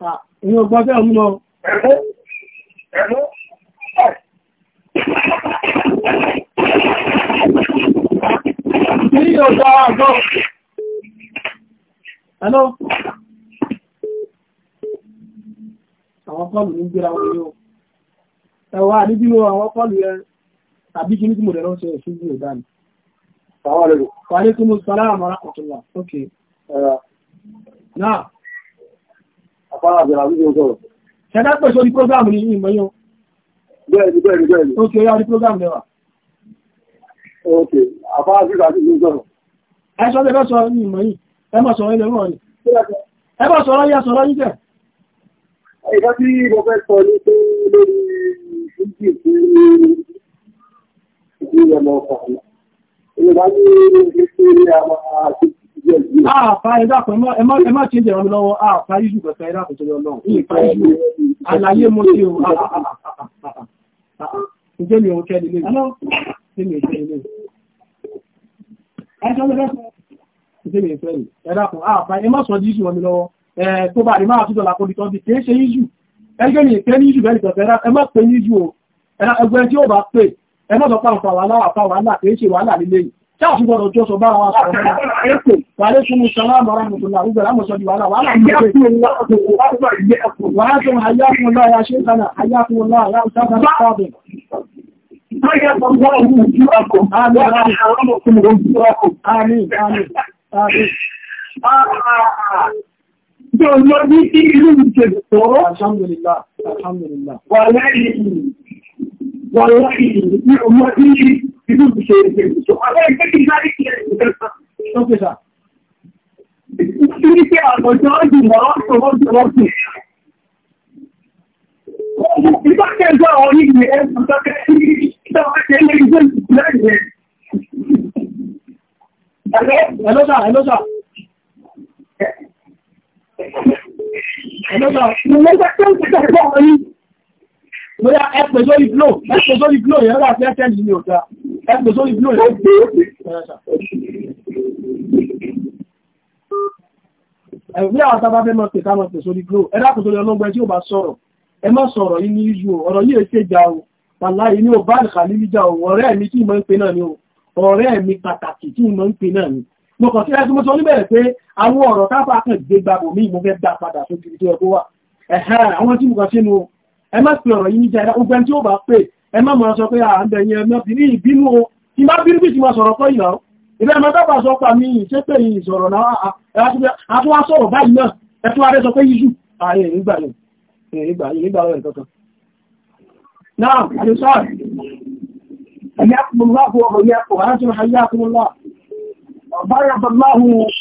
Ìyẹn ọgbọ́n tẹ́ ń lọ. Ìyẹn ọjọ́ àjọ́. Hello? Àwọn kọlù ní gbéra wọn yóò. Ẹwà níbi àwọn kọlù yẹn tàbí kí ní tí mo dẹ̀ lọ́sẹ̀ ìṣúgbì ìdáni. Àwọn àrẹ̀lẹ̀. Wà ní kí mo sọ láàmọ́ra ọ̀tọ̀lá. Ok. Náà. Àpárá àbẹ̀rẹ̀ àwùjọ sọ̀rọ̀. Ṣẹ̀dá pẹ̀ sórí prógrámù ní ìmọ̀ Bẹ́ẹ̀ni, bẹ́ẹ̀ni, bẹ́ẹ̀ni. Ó kéré orí prógrámù lẹ́wà. Ok, àpárá àbẹ̀rẹ̀ àwùjọ sọ̀rọ̀. Ẹ sọ lẹ́fẹ́ sọ ní ìmọ̀ yìí, ẹ mọ̀ sọ̀rọ̀ ilẹ̀ mọ̀ ni. Ẹ mọ̀ sọ̀rọ̀ yà sọ̀rọ̀ yìí jẹ́. Ìgbà tí mo fẹ́ sọ ní pé lórí ìdíje tí ìdíje ọmọ ọkọ̀ ọ̀la. Ìgbà tí mo fẹ́ sọ ní àwọn àti Àpá ìdápọ̀ ẹmọ́ tí ń jẹ́ ọmọ lọ́wọ́ àpá ìṣù pẹ̀sẹ̀ ìdápọ̀ tó lọ́wọ́. Ìpá ìṣù àlàyé mo tí ó ah, ah, ah, ǹjẹ́ mi ò kẹ́ nílé. Ǹjẹ́ mi ìfẹ́ ìdápọ̀ àpá ẹmọ́ sọ jíṣù ọmọ lọ́wọ́ tó bá rí máa tútọ̀ lápọ̀ ìtọ́ bí kìí ṣe ìṣù. Ẹgbẹ́ mi ìfẹ́ ní ìṣù bẹ́ẹ̀ ìtọ̀fẹ́ ẹmọ́ pé ní ìṣù o. Ẹgbẹ́ tí ó bá pè ẹmọ́ sọ pàǹfà wàhálà wàhálà kìí ṣe wàhálà nílé yìí. Táàfù gbọ́dọ̀ jọ sọ bá wọn àwọn ọmọ ẹ̀kọ́, wà lé ṣúnú ṣọlọ́mọ̀ ọ̀rọ̀ mùsùlùmí àrúgbẹ̀ lámọ̀sọ́ di wàhálà wà láàrín Jọ lọ ní ìlú ìjẹ̀bọ̀. Alhamdulillah, alhamdulillah. Wà láìrí, wà láìrí, ní ọmọ ìlú Bizim bir şey yapıyoruz. Çok acayip Hello, sir, hello sir. Hello sir. Bóyá ẹ̀pẹ̀ sórí blow, ẹ̀pẹ̀ sórí blow yẹn wà fẹ́ tẹ́lì ní ọ̀tá. Ẹ̀pẹ̀ sórí blow yẹn gbé ókè. Ẹ̀gbẹ́ àwọn tábá fẹ́ máa pèká máa pè sórí blow. Ẹ dákùn sórí ọlọ́gbẹ́ tí ó bá sọ̀rọ̀. Ẹ má sọ̀rọ̀ yìí ní ìṣù ọ̀rọ̀ yìí ṣe jà o. Bàlá yìí ní òbá àlùkà lílí jà o. Ọ̀rẹ́ mi tí mo ń pe náà ni o. Ọ̀rẹ́ mi pàtàkì tí mo ń pe náà ni. Mo kàn sí ẹgbẹ́ mo sọ níbẹ̀rẹ̀ pé àwọn ọ̀rọ̀ tábà kan gbégbá bò mí mo fẹ́ dá padà sókè tó yẹ wà. Ẹ̀hẹ́ àwọn tí mo kàn sínú ẹ má fi ọ̀rọ̀ yìí níjà ẹ̀dá ogun tí ó bá pè ẹ má máa sọ pé à ń bẹ̀ yẹn ẹ̀mọ́ bí ní ìbínú o kí má bínú bí ti máa sọ̀rọ̀ kọ́ ìyàwó ìbẹ́ ẹ̀mọ́ dábà sọ pa mí ìṣépè yìí sọ̀rọ̀ náà àtúwá sọ̀rọ̀ báyìí náà ẹ tún adé sọ pé yíṣù ààyè nígbà yẹn nígbà yẹn nígbà yẹn kankan. náà àti sọ́ọ̀rì ẹ̀yàkùnmùláhù ọ̀rọ̀ yẹ̀kùn àti ẹ̀yàkùnmùláhù بارك الله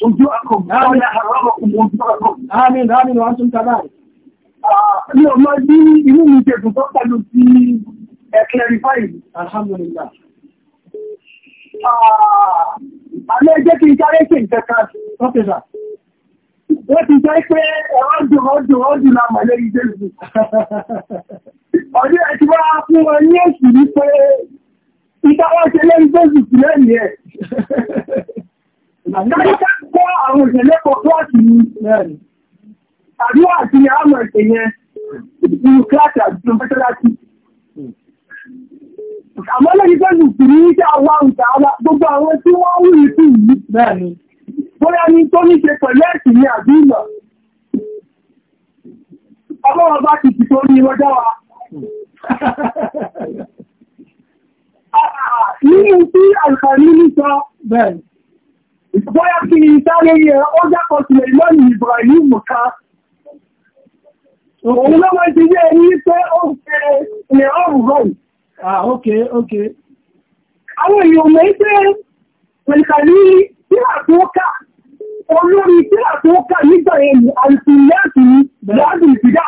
وجوهكم آمين حرمكم وجوهكم آمين آمين وأنتم كذلك ní ọmọ bí inú mi jẹ̀dùn tó pẹ̀lú ti ẹ̀kẹ́rìfáì alhamdulillah ah, àmì ẹjẹ́ kí n sáré ṣe ìtẹ́ka ọ́fẹ́sà wọ́n ti jẹ́ pé ọdún ọdún ọdún náà mọ̀ lórí jésù ọdún ẹ̀ ti wá fún wọn ní èsì ní pé ìtawọ́ ṣe lórí sí lẹ́yìn ẹ̀ káríkà kọ́ àwọn òṣèlú ẹ̀kọ́ kíláàsì ní àdúrà àti àmọ̀ ẹ̀sẹ̀ yẹn inú kíláàsì àdúgbò mẹ́tẹ́láàsì. Àmọ́ lẹ́yìn tó lù sí ní iṣẹ́ àwọn àwùjọ àwọn gbogbo àwọn tí wọ́n wù ní sí yìí. Bẹ́ẹ̀ni. Bóyá ni tó ní ṣe pẹ̀lú ẹ̀sìn ní àbí ìmọ̀. Ọlọ́run bá ti tìtò ní ọjọ́ wa. Nínú tí àìkàní ní sọ. Bẹ́ẹ̀ni. Bóyá kí ni sáré yẹ ọjọ́ kan sílẹ̀ lọ́nà Ibrahim kan. Òun ló máa ti yé ẹni pé ó fẹ́ ní ọrùn rọrùn. Ah, ok, ok. Àwọn èèyàn mẹ́ pé pẹ̀lú tíra tó kà, olórí tíra tó kà nígbà ẹni àti lẹ́ẹ̀kì lọ́dún ìfìdá.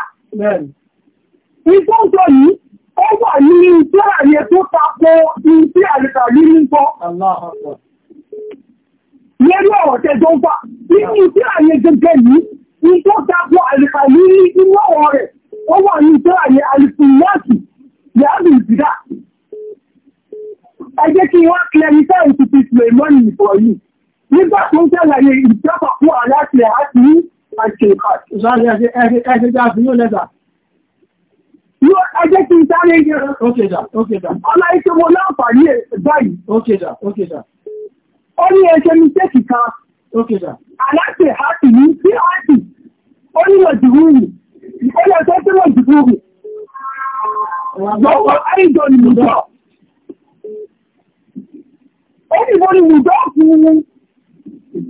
Ìfọ́ntọ̀ yìí, ó wà ní tíra yẹ tó tako tí àlùkà ní nítọ́. Yẹ́rú ọ̀rọ̀ tẹ́jọ́ ń fà, nínú ní tó dápọ̀ àlìkàlì ní inú ọ̀wọ̀ rẹ̀ ó wà ní tó àyè àlìkùnlọ́ọ̀sì yàrá ìdídà ẹ jẹ́ kí wọ́n kílẹ̀mí sẹ́yìn ti fi sílẹ̀ mọ́nì ìfọ̀ yìí nígbà tó ń tẹ̀lẹ̀ ìjọba fún aláṣẹ àti àṣẹ ìkàtì Ẹjẹ́ kí n sáré gẹ́rẹ́. Ókèdà, ókèdà. Ọlá ìṣẹ́ mo láǹfààní báyìí. Ókèdà, ókèdà. Ó ní ẹṣẹ́ mi tẹ́kì kan Aláṣẹ àti ní sí àti onílọ̀ jùúrù, ìpínlẹ̀ tó tí lọ jùúrù. Lọ́wọ́ àìjọ ni mùjọ́. Ó ní mo ni mùjọ́ fún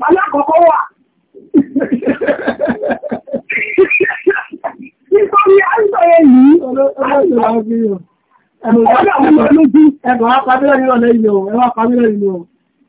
alákọ̀ọ́kọ́ wà. Nítorí àìjọ yẹn yìí, ọlọ́dọ̀ àwọn ọmọ lójú, ẹgbẹ̀rún apamílẹ̀ nínú ọ̀lẹ́yìn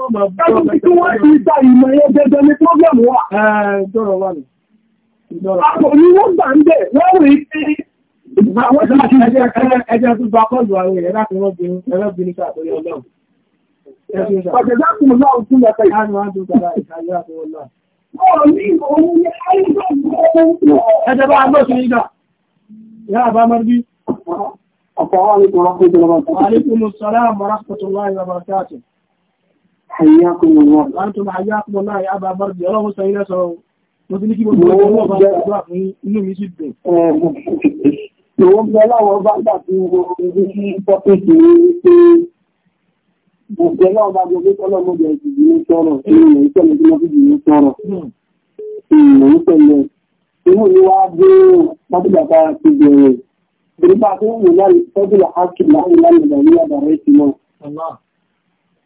Ẹgbùn tí kí wọ́n ti ta ìmọ̀ ẹyẹ jẹjẹ ní pọ́gbẹ̀mù wà. Àpò ní wọ́n gbà ń bẹ̀ lọ́rùn ìpín. Àwọn a ti ẹjẹ́ tó bá kọ́lù àwọn Ìwọ́n bí ọlọ́wọ́ bá gbà tí wo ibi sí pọ́pìtì ní pé òṣèlú ọlọ́wọ́ bá gbogbo tọ́lọ́ mọ́jọ ìjìdí ní sọ́rọ̀ ìrìnlẹ̀ ìtẹ́lẹ̀ tí wọ́n fi jì hmm. ní sọ́rọ̀. Ìrìnlẹ̀ ìtẹ́lẹ̀ inú ni wá gbé pápídàta ti bẹ̀rẹ̀. Ìrìnlẹ̀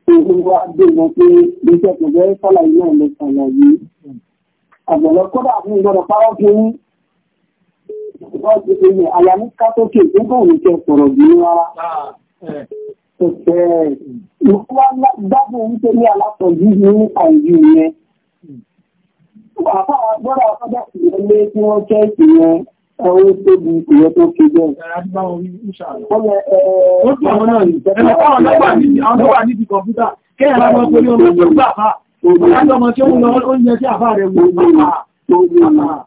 tó ń wá dé wọn pé iṣẹ́ kò jẹ́ sálàyé náà lè ṣàlàyé. àgbẹ̀lẹ̀ kódà fún ìgbọ́dọ̀ pàrọ̀ fún yín. wọ́n ti fi yẹn àyà ní kátókè tó kò ní kẹ́ sọ̀rọ̀ jù ní rárá. ìfúwa dábò ń pè ní alátọ̀jú ní àìjú yẹn. àfáà gbọ́dọ̀ àfọ́jà sì lé kí wọ́n kẹ́ ìsìn yẹn. Àwọn tóbi ìyẹ́ tó ké jẹ́. Kẹ́yà lábọ́ torí ọmọ ọmọ tí ó ń lọ oúnjẹ tí àfà rẹ̀ wò ní àà.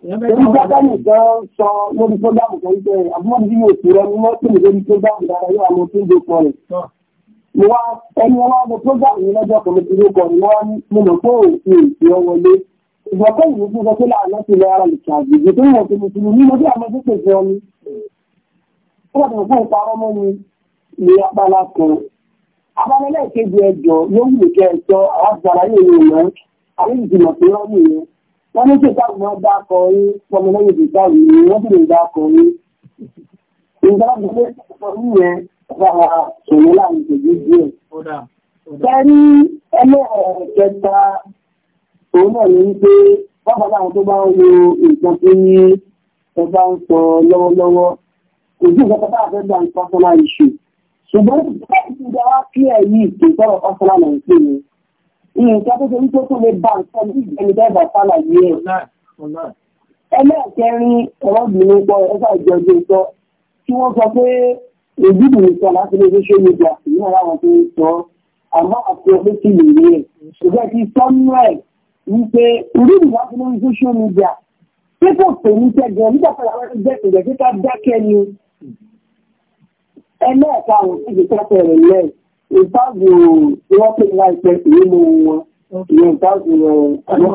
Ìgbàdánì gan sọ lórí fọ́gbàmù kan wípé àbúrò bí yóò tèrọ ní mọ́tò lórí fọ́gbàmù àwọn tó ń gbé pọ̀ rẹ̀ ẹni ọwọ́ ọmọ tó gbà ní lọ́jọ́ kan lórí ìgbọ́kọ̀ ìlú fún ọkọ̀ láàrín lọ ara ìkà àgbègbè tó wọ̀ tó mùsùlùmí lọ́jọ́ àwọn tó pèsè ọmọ tó fún ìparọ́ mọ́ ní abala kan abalẹ́lẹ́ ìkéde ẹjọ́ ló ń lè kẹ́ ẹ̀tọ́ àwàbàrà yìí ní àwọn ìgbìmọ̀ tó rọ́ mú wọ́n ní kí táwọn máa òun náà ní wípé bábà láwọn tó bá ń lo nǹkan tó ní ẹ bá ń sọ lọ́wọ́lọ́wọ́ kò sí nǹkan tó fẹ́ gbà ń pásọ́lá ìṣù ṣùgbọ́n ìgbà wá kí ẹ̀ yìí kì í sọ̀rọ̀ pásọ́lá náà ń pè ní nǹkan tó ṣe wípé tó lè bá nǹkan bí ìgbẹ́ni dẹ́gbà sálà yìí ẹ̀ ẹlẹ́ẹ̀kẹrin ọlọ́bìnrin pọ̀ ẹ̀fà ìjọba ìtọ́ tí wọ́n sọ pé ìdíbò nìkan láti lè fi ṣe media ìyá àwọn tó ń sọ àmọ́ àti ọdún sí lè rí ẹ̀ ṣùgbọ́n ti sọ́nù ẹ̀ wípé ìrírí wá fún lórí social media pé kò pè ní tẹ́gbẹ́ nígbà tó àwọn ẹgbẹ́ ìgbẹ́ tó ká dákẹ́ ni ẹlẹ́ẹ̀ka àwọn ìgbẹ́ tó fẹ́ rẹ̀ lẹ́ ìfáàgò ìwọ́n pé wá ìpẹ́ ìwé mọ wọn ìwé ìfáàgò rẹ̀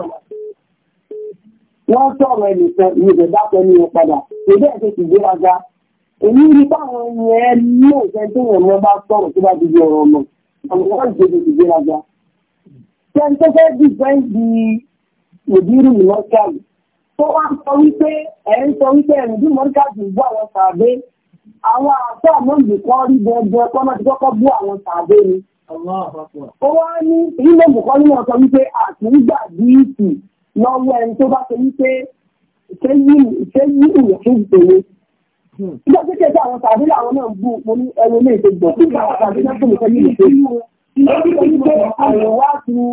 wọ́n sọ̀rọ̀ ẹnìkan ìwé dákẹ́ ní wọn padà ìdí ẹ̀ tó ti gbéraga èyí rí báwọn ẹni ẹ ní òṣèǹtò bá sọ̀rọ̀ tó bá ti di ọ̀rọ̀ ọmọ àwọn ìgbẹ́ tó ti gbéraga. Ṣẹ́ni tó fẹ́ dìfẹ́ǹdì ìdírù ìmọ̀ṣáàlì tó wá ń sọ wípé ẹ̀ ń sọ wípé ẹ̀rìn bí mọ́ṣáàlì bú àwọn sàbẹ́ àwọn àṣọ àmọ́jì kan rí gbẹgbẹ tọ́nà ti kọ́kọ́ bú àwọn sàbẹ́ ni. Ó wá ní ilé ìbùkọ́ nínú ọ̀sán wípé àtúngbà díìtì lọ́wọ́ ẹni tó bá sọ wípé ṣé yí ìyẹ̀ fún ìpele. Ìjọ́ kékeré àwọn sàbẹ́ làwọn náà ń bú mo ní ẹrù Àyẹ̀wádìí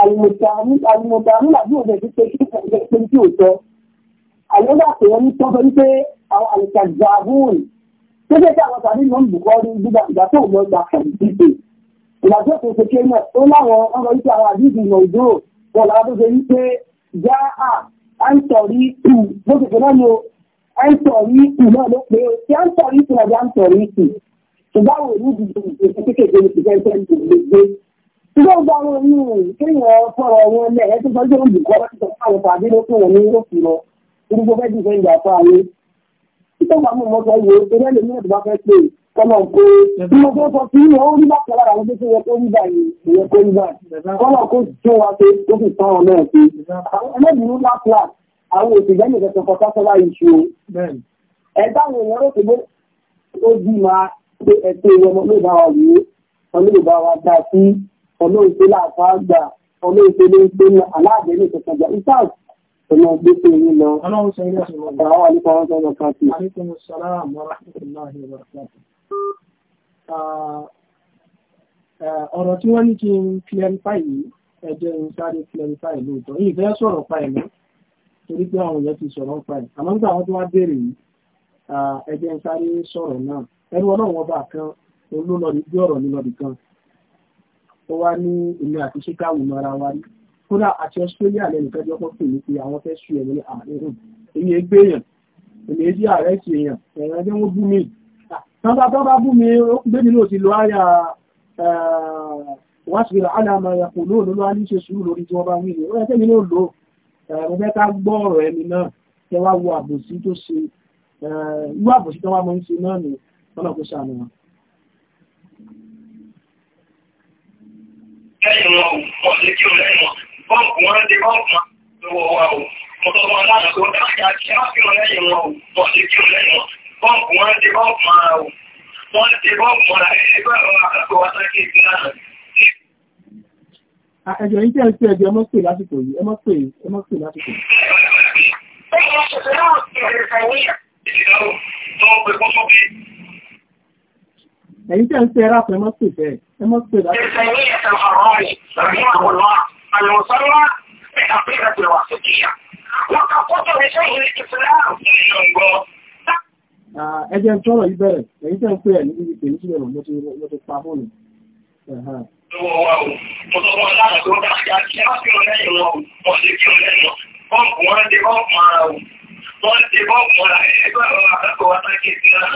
àlùmọ̀tàmílà bí òde ṣe ṣe tí ó sọ. Àyẹ̀wò àpèyàn ní tọ́jọ́ wípé àwọn àlùkàgbàhùn tó jẹ́ kí àwọn tàbí ìmọ̀ bùkọ́ ní gbígbà ìgbà tó lọ gbà kàn dìde. Ìgbàjọ́ tó ṣe kéré náà ó láwọn ọ̀rọ̀ wípé àwọn àdídì ìmọ̀ òjò wọn làwọn tó ṣe wípé já à ń tọ̀rí ìtù lóṣèṣe náà ni ó ń tọ̀rí ìtù náà ló pé ó ti à ń tọ̀rí ìtù náà ṣùgbọ́n àwọn òní ìdìbò ìgbésẹ̀ kékeré ní pẹ̀lẹ́pẹ̀ ní gbogbo ṣùgbọ́n gba àwọn òní rìn kéèyàn fọ̀rọ̀ wọn lẹ̀ ẹ́ tó sọ́jọ́ olùkọ́ láti sọ fún àwọn tàbí ló fún wọn ní òkú lọ gbogbo fẹ́ dìbò ìgbà fún ayé. ìtọ́jú àwọn ọmọ sọ wo eré lèmi náà tó bá fẹ́ pè kọ́nà pé bí mo fẹ́ sọ sí ìyẹn ó rí bàtà lára àwọn tó yẹ kó rí báyìí ìyẹn kó rí báyìí kọ́nà kó tún wa pé ó sì tán ọ náà pé àwọn ẹlẹ́bìnrin ńlá class àwọn òṣèlú ẹnìkan tó kọ́ sọ́sọ́ láyé ṣe o ẹ̀ táwọn èèyàn rò pé ó bí máa pé ẹ̀tọ́ ìwé ọmọ ló bá wa wò ó ọmọ ló bá wa dá sí ọmọ ìpè láàfà àgbà ọmọ ìpè ló ń pè ní aláàbẹ̀ ní ìtọ́jú àgbà ìfà ọmọ ìgbé pé yín lọ. ọlọ́run sọ ilé ọ̀sán ọ̀gá wa nípa wọn sọ̀rọ̀ kan sí. aleykum salaam wa rahmatulahi wa barakatuh. ọ̀rọ̀ tí wọ́n ní kí n clarify yìí ẹ jẹ́ n sáré clarify lóòótọ́ ìfẹ́ sọ̀rọ̀ pa ẹ̀mí torí pé àwọn èèyàn ti sọ̀rọ̀ pa àmọ́ nígbà wọn tó wá béèrè yìí ẹjẹ́ ń sáré sọ̀rọ̀ náà ẹni ọlọ́run ọba kan olólọ́ni bí ọ̀rọ̀ nílọ́dì kan ó wá ní èmi àti chicago mara wa rí kódà àti australia lẹ́nìkan jọ́ pọ́n pè mí pé àwọn fẹ́ sùn ẹ̀mí ààrẹ hàn èmi ègbé èèyàn èmi èdè ààrẹ ti èèyàn ẹ̀rọ ẹgbẹ́ wọn bú mi tán bá tán bá bú mi náà ti lọ àyà wọ́n ti rà áná àmàyà kò lóò lọ́wọ́ á ní ṣe sùúrù lórí tí wọ́n bá wí ni ó yẹ kẹ́mi náà lò ó mo fẹ́ ká gbọ́ ọ̀rọ̀ ẹni náà kẹ́ wá wo àbòsí tó ṣe irú àbòsí tí wọ́n máa ń ṣe náà nù lọ́nà kó wọn. lẹ́yìn yìí tẹ́ sí ẹjọ́ ẹ lásìkò yìí, ẹ mọ́ pè, ẹ mọ́ lásìkò yìí ìyàwó tó ń pè fún sókè. Èyí tẹ́ ń ẹ mọ́ pè láti. Ìṣẹ́ ilé ẹ̀sẹ̀ ọ̀rọ̀ rẹ̀ rẹ̀ àwọn ọ̀la, àlùsọ́lá ẹ̀ka pé ẹ̀sẹ̀ wà Wọ́n kà fọ́tò ní ṣé ìlú ìsìláàmù ní ọ̀gbọ́. yìí bẹ̀rẹ̀, èyí tẹ́ ń pè ẹ̀ níbi ìpè níṣẹ́ rẹ̀ ló ti pa fóònù. Ìwọ̀ wa o, mo sọ fún ọ láti ọ̀dọ́ àti àti ẹ̀rọ sí lọ, ọ̀sẹ̀ kí ọ̀lẹ́yìn lọ, pọ́ǹpù wọn dé pọ́ǹpù wọ́n ti bọ́ mọ́ra ẹgbẹ́ àwọn akẹ́kọ̀ọ́ wa tá kí ìsinmi náà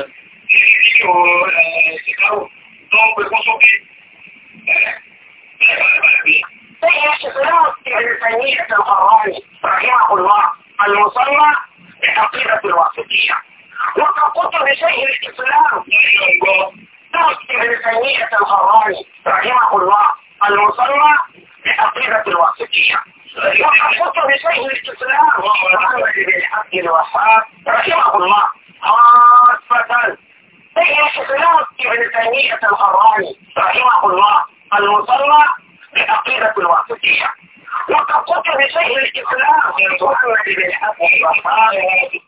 ní ìlú eh, Chicago tó ń pe eh, kó sókè المصلى بحقيقة الواسطية وقد قلت لشيخ الإسلام ترك ابن تيمية الغراني رحمه الله المصلى بعقيدة الواسطية يحط بشيء الاستسلام والعمل بالحق الوفاء رحمه الله خاصة فهي استسلام ابن تيمية الغراني رحمه الله المصلى بعقيدة الواسطية وقد قلت بشيء الاستسلام والعمل بالحق الوفاء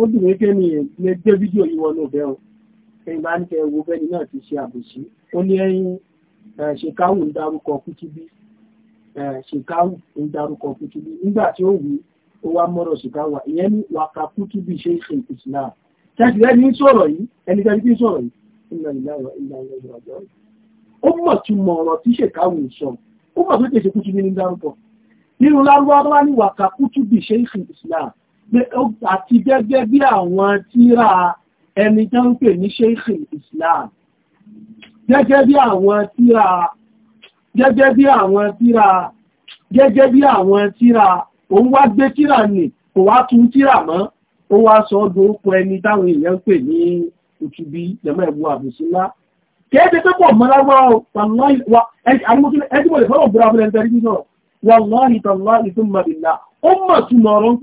ó dùn wípé mi lè gbé fídíò yìí wọnú ọbẹ̀ o ẹ̀yìn bá ń tẹ owó bẹ́ni náà ti ṣe àbòsí ó ní ẹ̀yìn ṣèkáwù eh, ń darúkọ kútúbí ṣèkáwù eh, ń darúkọ kútúbí nígbà tí ó wù ó wá mọ́rọ̀ ṣèkáwù ìyẹn ní wàkà kútúbí ṣe ṣe ìsìlá tẹ́sí lẹ́ni sọ̀rọ̀ yìí ẹni tẹ́ni tí ń sọ̀rọ̀ yìí ìlà ìlà ìlà ìlà ìjọ ó mọ̀ tí mọ̀ ọ̀rọ̀ tí ṣèkáwù ń sọ ó mọ̀ àti gẹ́gẹ́ bí àwọn tíra ẹni tó ń pè ní ṣe ṣe ìsìlá gẹ́gẹ́ bí àwọn tíra gẹ́gẹ́ bí àwọn tíra gẹ́gẹ́ bí àwọn tíra òun wá gbé tíra nì kò wá tún tíra mọ́ ó wá sọ ọdún ó pọ̀ ẹni táwọn èèyàn ń pè ní òtúbí jẹmọ́ ẹ̀bù àbùsílá kéèdè tó pọ̀ mọ́ lágbára ẹgbẹ̀rẹ̀ fọ́lọ̀ búra fún ẹgbẹ̀rẹ̀ nínú wàláhì tàláhì tó mọ̀ ìlà ó mọ̀ túnmọ̀ ọ̀rọ̀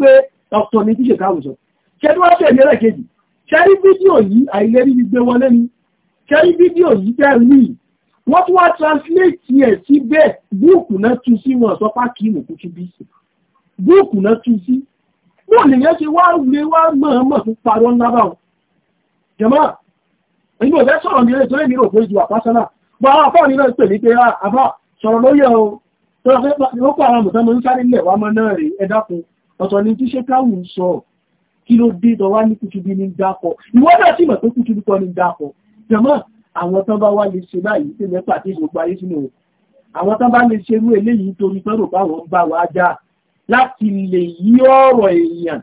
pé kẹ́rí fídíò yìí jẹ́ rí wọ́n tún wá translate ẹ̀ sí bẹ́ẹ̀ búùkù náà tu sí wọn sọ pákí ìmùkú tún bí búùkù náà tu sí bóò lèyàn ṣe wá lè wá mọ̀ọ́mọ̀ fún parọ́ ńlá báwọn jẹ̀mọ́ ìlú ọ̀fẹ́ sọ̀rọ̀ ní ẹ̀sọ́ èmi rò pé ìjìwà pásánà bá àwọn afọ́ nínú ìpè ní pé àbá sọ̀rọ̀ lóyè o tó rọ pé ó pa àwọn mùsàmù ń sáré lẹ̀ wá mọ́ náà rè ẹ mọ̀ jọmọ́ àwọn tán bá wá lè ṣe báyìí tí mẹ́fà tí gbogbo ayé sínú àwọn tán bá lè ṣe irú eléyìí torí pẹ́rò báwọn bá wá já láti lè yí ọ̀rọ̀ èèyàn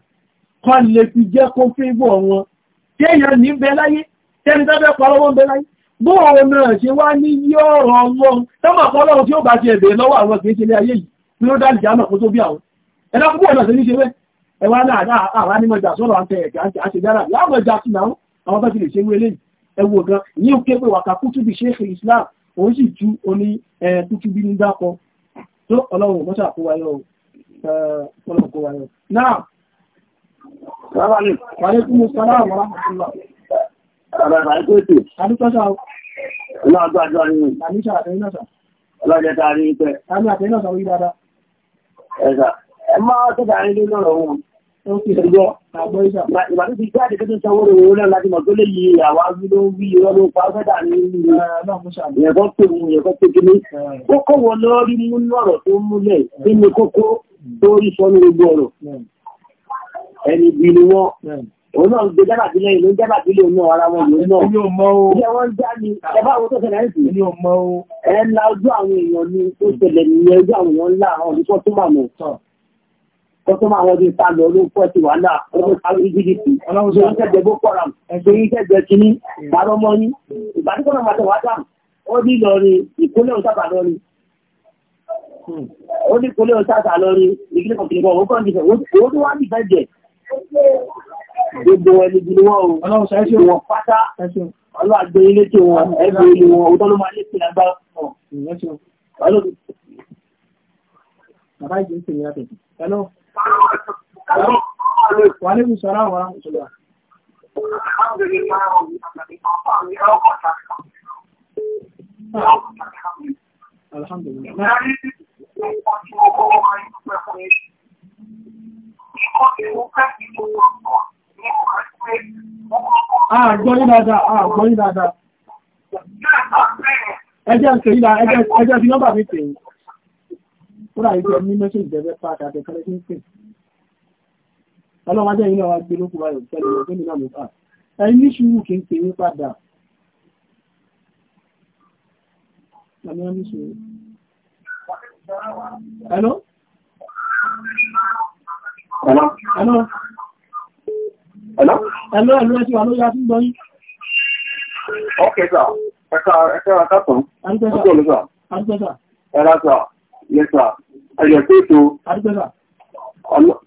kọ́ lè fi jẹ́ kó fíbọ̀ wọn téèyàn ní bẹ láyé tẹ́ni tábẹ́ pọ̀lọ́wọ́ bẹ láyé bóòrò náà ṣe wá ní yí ọ̀rọ̀ wọn tọ́mà pọ̀lọ́wọ́ tí ó bá ti ẹ̀bẹ̀ lọ́wọ́ àwọn kìí ṣe ilé ayé yìí ní ó dáàlì jáàmà kó tó bí àwọn ẹ̀dá ti lè ṣe wú eléyìí ẹwọ gan yíò ké pé wàkà kútùbí ṣéèkì islam òun sì ju oní kútùbí ní dákọ tó ọlọ́run mọ́ṣà kó wáyọ ọlọ́run kó wáyọ. náà sábà ní wàlé fún àwọn aráàlú. àbàbà ètò ètò. adúpẹ́sà o. àmì náà sà ó fi ẹ̀yọ́ àgbọ́ ìṣà ìgbà tó ti jáde kẹ́tọ́ sanwó rẹ̀ wọ́n lẹ́nu láti mọ̀ tó lè yí àwa wí ló ń wí irọ́ ló pa ọ́fẹ́dà ní ìlú ẹ̀kọ́ tó mú ẹ̀kọ́ tó kéde kókó wọn lọ rí mú lọ́rọ̀ tó múlẹ̀ nínú kókó tó rí sọnù gbogbo ọ̀rọ̀ ẹni bí ni wọ́n òun náà gbé jábà sílẹ̀ ìlú jábà sílẹ̀ òun náà ara wọn lòun náà ẹni ò mọ o ilé wọn já ni ẹbá àwọn tó ṣẹlẹ̀ ẹ̀sìn ẹni ò mọ o ẹ̀ ńlá ojú àwọn èèyàn ni tó ṣẹlẹ̀ nìyẹn ojú àwọn èèyàn ńlá àwọn olùkọ́ tó mà mọ̀ Tọ́tọ́ máa wọ́n di ta lọ ló pọ̀ sí wàhálà ọdún sáré jìbìtì. Ṣé ń tẹ̀gbẹ́ Boko Haram? Ṣé ń tẹ̀gbẹ́ kínní? Bàrọ̀ mọ́ ní. Ìbádìkọ́ náà máa tẹ̀ wá dáhùn. Ó ní Ìlọrin, ìpínlẹ̀ Ọ̀ṣàbà lọ́rin. Ó ní ìpínlẹ̀ Ọ̀ṣàbà lọ́rin, ìgbìlẹ̀ kọ̀kìnìkan, ó kàn nífẹ̀ẹ́. Owó tó wá ní ìfẹ́ jẹ. Gbogbo ẹni bí wọ́n o. Ọlọ́run ṣe é ṣe wọ́n pátá. Ọlọ́run àgbẹ̀ ilé tí wọn, ẹgbẹ̀ ilé wọn, òótọ́ ló máa lé sí àgbà. Ọlọ́run. Bàbá ìjì ń sèmi látọ̀. Hello. Wà ní ìṣọ́rá wà ní ìṣọ́rá. Alhamdulillah. Ah, gbọ́rí dáadáa, ah, gbọ́rí dáadáa. Ẹjẹ́ ń kèrí dáa, ẹjẹ́ fi nọ́bà mi pè é. Ó rà ìjọ ní mẹ́sẹ̀ ìjẹ́bẹ́ pàtàkì kọ́lẹ́kí ń pè é ọlọ́wọ́ ajẹ́ ilé wa gbé lókùn ayọ̀ tẹ́lẹ̀ ọgbẹ́ nínú àmì fà ẹ̀yìn ní ṣùgbù kí n pè ní padà Hello? Hello? Hello? Hello? Hello? Hello? Ẹ̀ṣùwà ló yá sí gbọ́ yí. Okay, sir. Ẹ̀ṣà ẹ̀ṣà àkàtàn. Àdúgbẹ́sà. Àdúgbẹ́sà. Ẹ̀rà sà. Yes, sir. Ẹ̀yẹ̀ tó ètò. Àdúgbẹ́sà.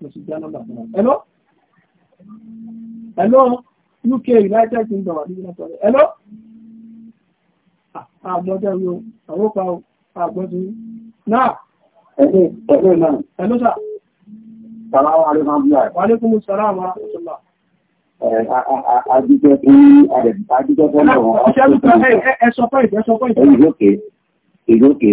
mo sì já nọ́mbà fún wa. Hello? Hello? UK United Kingdom àti United States. Hello? Àgbọ̀dẹ̀ ah, wo àwọn pa àgbọ̀dẹ̀ náà. Hello náà. Hello sà. Sàlámù alaikum abdullahi. Wa alaikum salaam wa rahmatullah. Eh, Adúgbò fún Adúgbò fún ọ̀rọ̀. Ìṣẹ́ lùkọ́ ẹ̀ ẹ̀ sọ fún ìdẹ́sọ fún ìdẹ́sọ. Ìlú òkè. Ìlú òkè.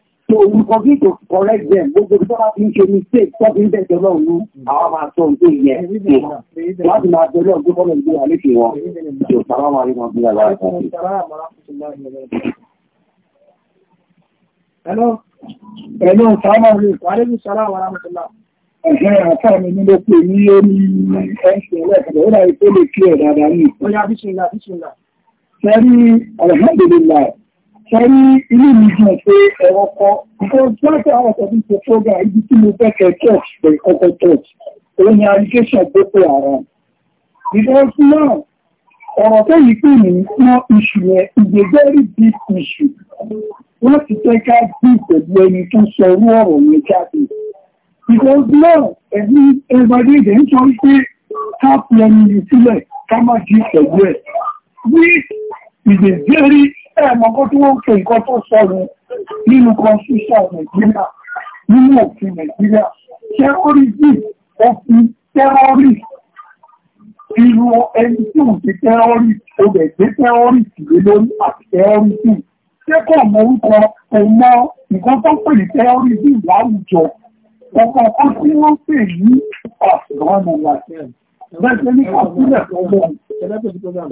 So we forget to correct them. We tí wọ́n fi ń ṣe mistake tó fi ń bẹ̀jẹ̀ lọ ní àwọn máa sọ ní ìyẹn. Láti máa bẹ lọ gbé bọ́lọ̀ ìgbéra lékè wọn. Ìjọ sábà máa rí wọn bí wọn lára kan. Hello. Hello, sábà alaikum. ìpàdé ní sára wà rámọ̀tọ́lá. Ẹ̀hẹ́ àtà mi ní ló pè ní orí ẹ̀sìn ẹlẹ́kọ̀ọ́. Ó dàbí tó lè kí ẹ̀ dáadáa ní. Ó yá bísí ńlá bísí ńlá. Sẹ́rí alhamdulillah. Sẹ́rí ilé mi jùlọ pé ẹ̀rọ kọ. Ìfọ̀sí láti àwọn ọ̀sẹ̀ bíi ṣe fọ́gà ibi tí mo bẹ̀kẹ̀ church pẹ̀lú kọ́kọ́ church. Òun ni allegation Boko Haram. Ìfọ̀sí náà ọ̀rọ̀ tó yìí pè ní mọ́ iṣu yẹn ìgbé very big issue. láti jẹ́ ká dín pẹ̀lú ẹni tó sọ orú ọ̀rọ̀ yẹn jáde. Ìfọ̀sí náà ẹ̀mí ẹgbàdé ìdè ń sọ pé ká fi ẹni yìí sílẹ̀ ká má dín pẹ̀lú ẹ̀. This is a very ẹ̀mọ̀ kó tí wọ́n ṣe nǹkan tó sọ̀rọ̀ nínú constitution Nàìjíríà nínú òfin Nàìjíríà terrorism òfin terrorist irú ẹni tí ò ti terrorist ó bẹ̀ gbé terrorist lé lórí àti terrorism ṣé kò mọ orúkọ kò mọ nǹkan tó pè ní terrorism láwùjọ ọkọ̀ kan tí wọ́n pè ní àṣìwọ́n nàìjíríà bẹ́ẹ̀ ni àṣìlẹ̀ tó wọ́n.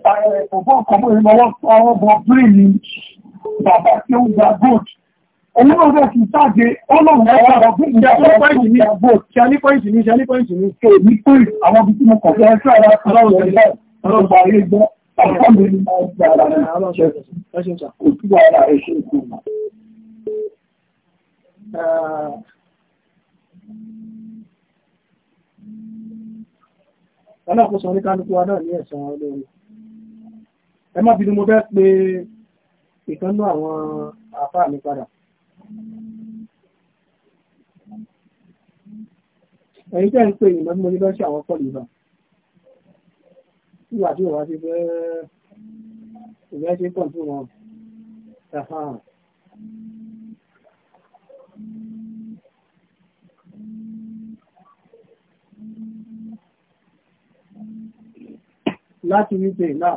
ọ̀bọ̀ ọ̀kọ̀mọ̀ ìrìnlọ́wọ́ àwọn ọmọ ọlọ́run ọwọ́ ọ̀rọ̀ fún ìjọba pọ́ìntì ní àgbò tí a ní pọ́ìntì ní ṣe ní pọ́ìntì ní ṣe ní pọ́ìntì àwọn ibi tí mo kọ̀ fẹ́ ṣọ́ ara ọlọ́run ẹ̀lẹ́ ọlọ́run ayé gbọ́ ọ̀pọ̀ ẹ má bínú mo fẹ́ pe ìkànnú àwọn àfáà mi padà. ẹ̀yin tẹ́ ń pè ìmọ̀ bí mo ní lọ sí àwọn pọ́ọ̀lù ìbá nígbà tí òwá ti fẹ́ ìfẹ́ ṣe pọ̀ tó wọn ẹ̀hán. láti wípé náà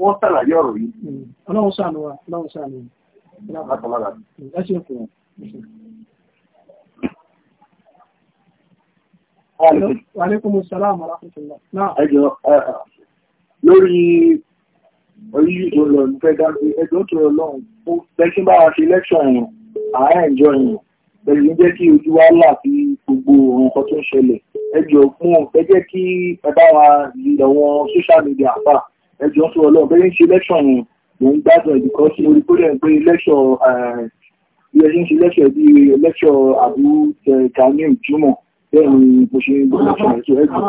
wọ́n ṣàlàyé ọ̀rọ̀ yìí. Hmm. ọlọ́run ṣàánú wa ọlọ́run ṣàánú wa. ẹ ṣe fún wọn. Aleykum salaam wa rahmatullah. lórí orí olè ìfẹ́gá tó lọ́run fún bẹ́kí bá wa ṣe lẹ́ṣọ̀ ẹ̀yàn àárẹ̀ ìjọ ẹ̀yàn bẹ̀rẹ̀ ní jẹ́ kí ojú wa là sí gbogbo nǹkan tó ń ṣẹlẹ̀ ẹjọ́ fún ẹ jẹ́ kí ẹ bá wa yí àwọn social media ẹjọ́ tó ọlọ́ọ̀ bẹ́ẹ̀ ń ṣe lẹ́ṣọ̀ wọn mò ń gbádùn ẹ̀dùn kan sí orí kó dẹ̀ pé lẹ́ṣọ̀ eh, bí ẹ ṣe ń ṣe lẹ́ṣọ̀ bí lẹ́ṣọ̀ àbú kàmíù júmọ̀ bẹ́ẹ̀ ni mo ṣe ń gbọ́ lẹ́ṣọ̀ ẹ̀ṣọ̀ ẹ̀jọ̀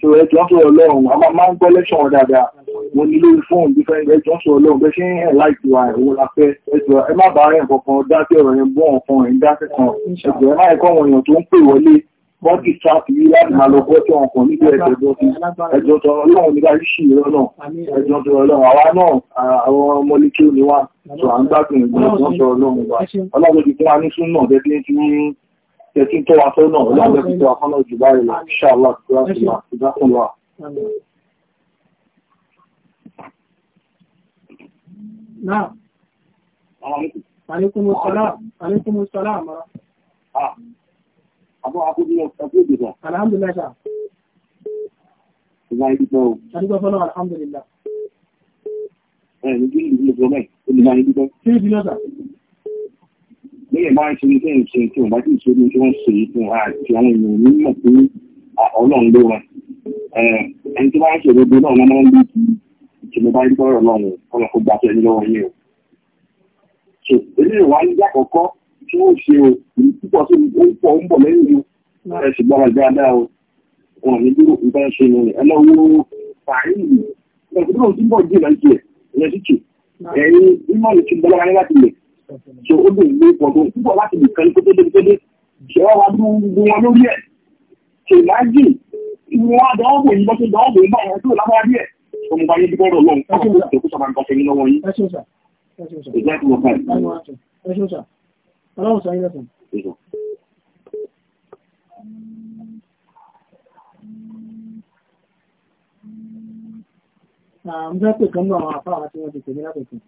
so ẹjọ́ tó ọlọ́run a máa ń gbọ́ lẹ́ṣọ̀ wọn dáadáa mo ní lórí fóònù bí fẹ́ ẹjọ́ tó ọlọ́run bẹ́ẹ̀ ṣe ń hẹ̀ láìpẹ́ wa òun la fẹ́ ẹjọ́ ẹ má bàa rẹ̀ kankan dá sí ọ̀rọ̀ yẹn bọ́ ọ̀kan bọ́dì trap yìí láti máa lọ bọ́ tí wọn kò nílò ẹ̀jọ̀ tó fi ẹ̀jọ̀ tó ọlọ́run nígbà ríṣì ìrọ́ náà ẹ̀jọ̀ ọlọ́run àwa náà àwọn mọ́líkì ni wá tó à ń gbádùn ìgbọ́n ọlọ́run wa ọlọ́run ti fún àbọ̀ àkójú ẹgbẹ́ ìdìbò. alhamdulilayi sa. ìgbà ìdìbò. adúgbò fọlọ́ alhamdulilayi. ẹ ní kí ìdílé gbọmọ ẹ olùmọ ìdìbò. kí ìdílé sà. lẹ́yìn máa ń ṣe ní sẹ́yìn ṣe tí wọ́n bá ti ṣe ní kí wọ́n ṣe fún àti àwọn ènìyàn nímọ̀ pé ọlọ́run ló wọn. ẹni tó bá ń ṣe gbogbo náà ń bí ìṣẹ̀lẹ̀ tí wọ́n ṣe o púpọ̀ sí ó ń pọ̀ ń bọ̀ lẹ́yìn o ẹ sì gbára dáadáa o wọn ní dúró nǹkan ṣe ni ẹ lọ wo fàáyìn ẹgbẹ́ náà ti bọ̀ jù láti ẹ̀ ẹ̀ sì tù ẹ̀yìn mímọ́ ni ti ń bọ́lá wáyé láti ṣe ó lè gbé pọ̀ tó púpọ̀ láti lè kàn kó dédé dédé ṣe wá wá gbogbo wọn lórí ẹ̀ ṣe láàjì wọn àdánwò yìí lọ́sẹ̀ dánwò yìí báyìí tó lábára díẹ̀ ọmọ bá yẹ dúpọ̀ lọ́wọ́ nǹkan Ọlọ́run sọ ilẹ̀ fún. Àwọn jẹ́ pé kan náà àwọn àti wọ́n ti tèmi lápẹ̀kùn.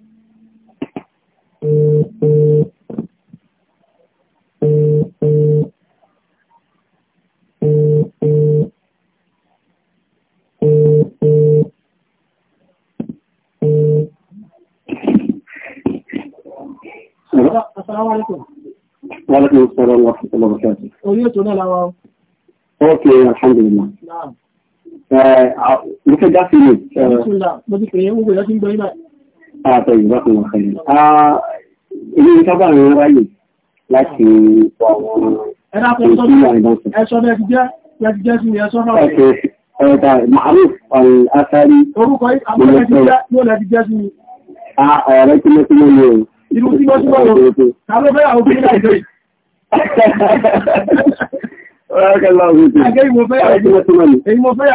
Assalamu alaikum. Wàlẹ́kùn sọ̀rọ̀ wọn fún ọmọ ìfẹ́sì. Orí ètò náà lára o. Ok, alhamdulillah. Mo fẹ́ dá sí mi. Mo ti pè é wúwo ìyá tí ń gbọ́ yín báyìí. Àtọ̀ ìgbà kan wọ̀n fẹ́yìn. Ilé iṣẹ́ bá rẹ̀ ráyè láti wà wọ́n. Ẹ dákun ẹ̀ṣọ́ bẹ́ẹ̀ ti jẹ́ bẹ́ẹ̀ ti jẹ́ sí mi ẹ̀ṣọ́ náà. Ẹ̀ka Màálùf Àṣárí. Orúkọ yìí, àbúrò ẹ̀ ti jẹ́ sí mi. Ọ̀rẹ́ tí mo ti mọ́ ni o. Ìlú tí wọ́n túnbọ̀ wọ́n, ta ló fẹ́ àwọn obìnrin láìsẹ́ yìí? Àgẹ́ ìmọ̀ fẹ́ àwọn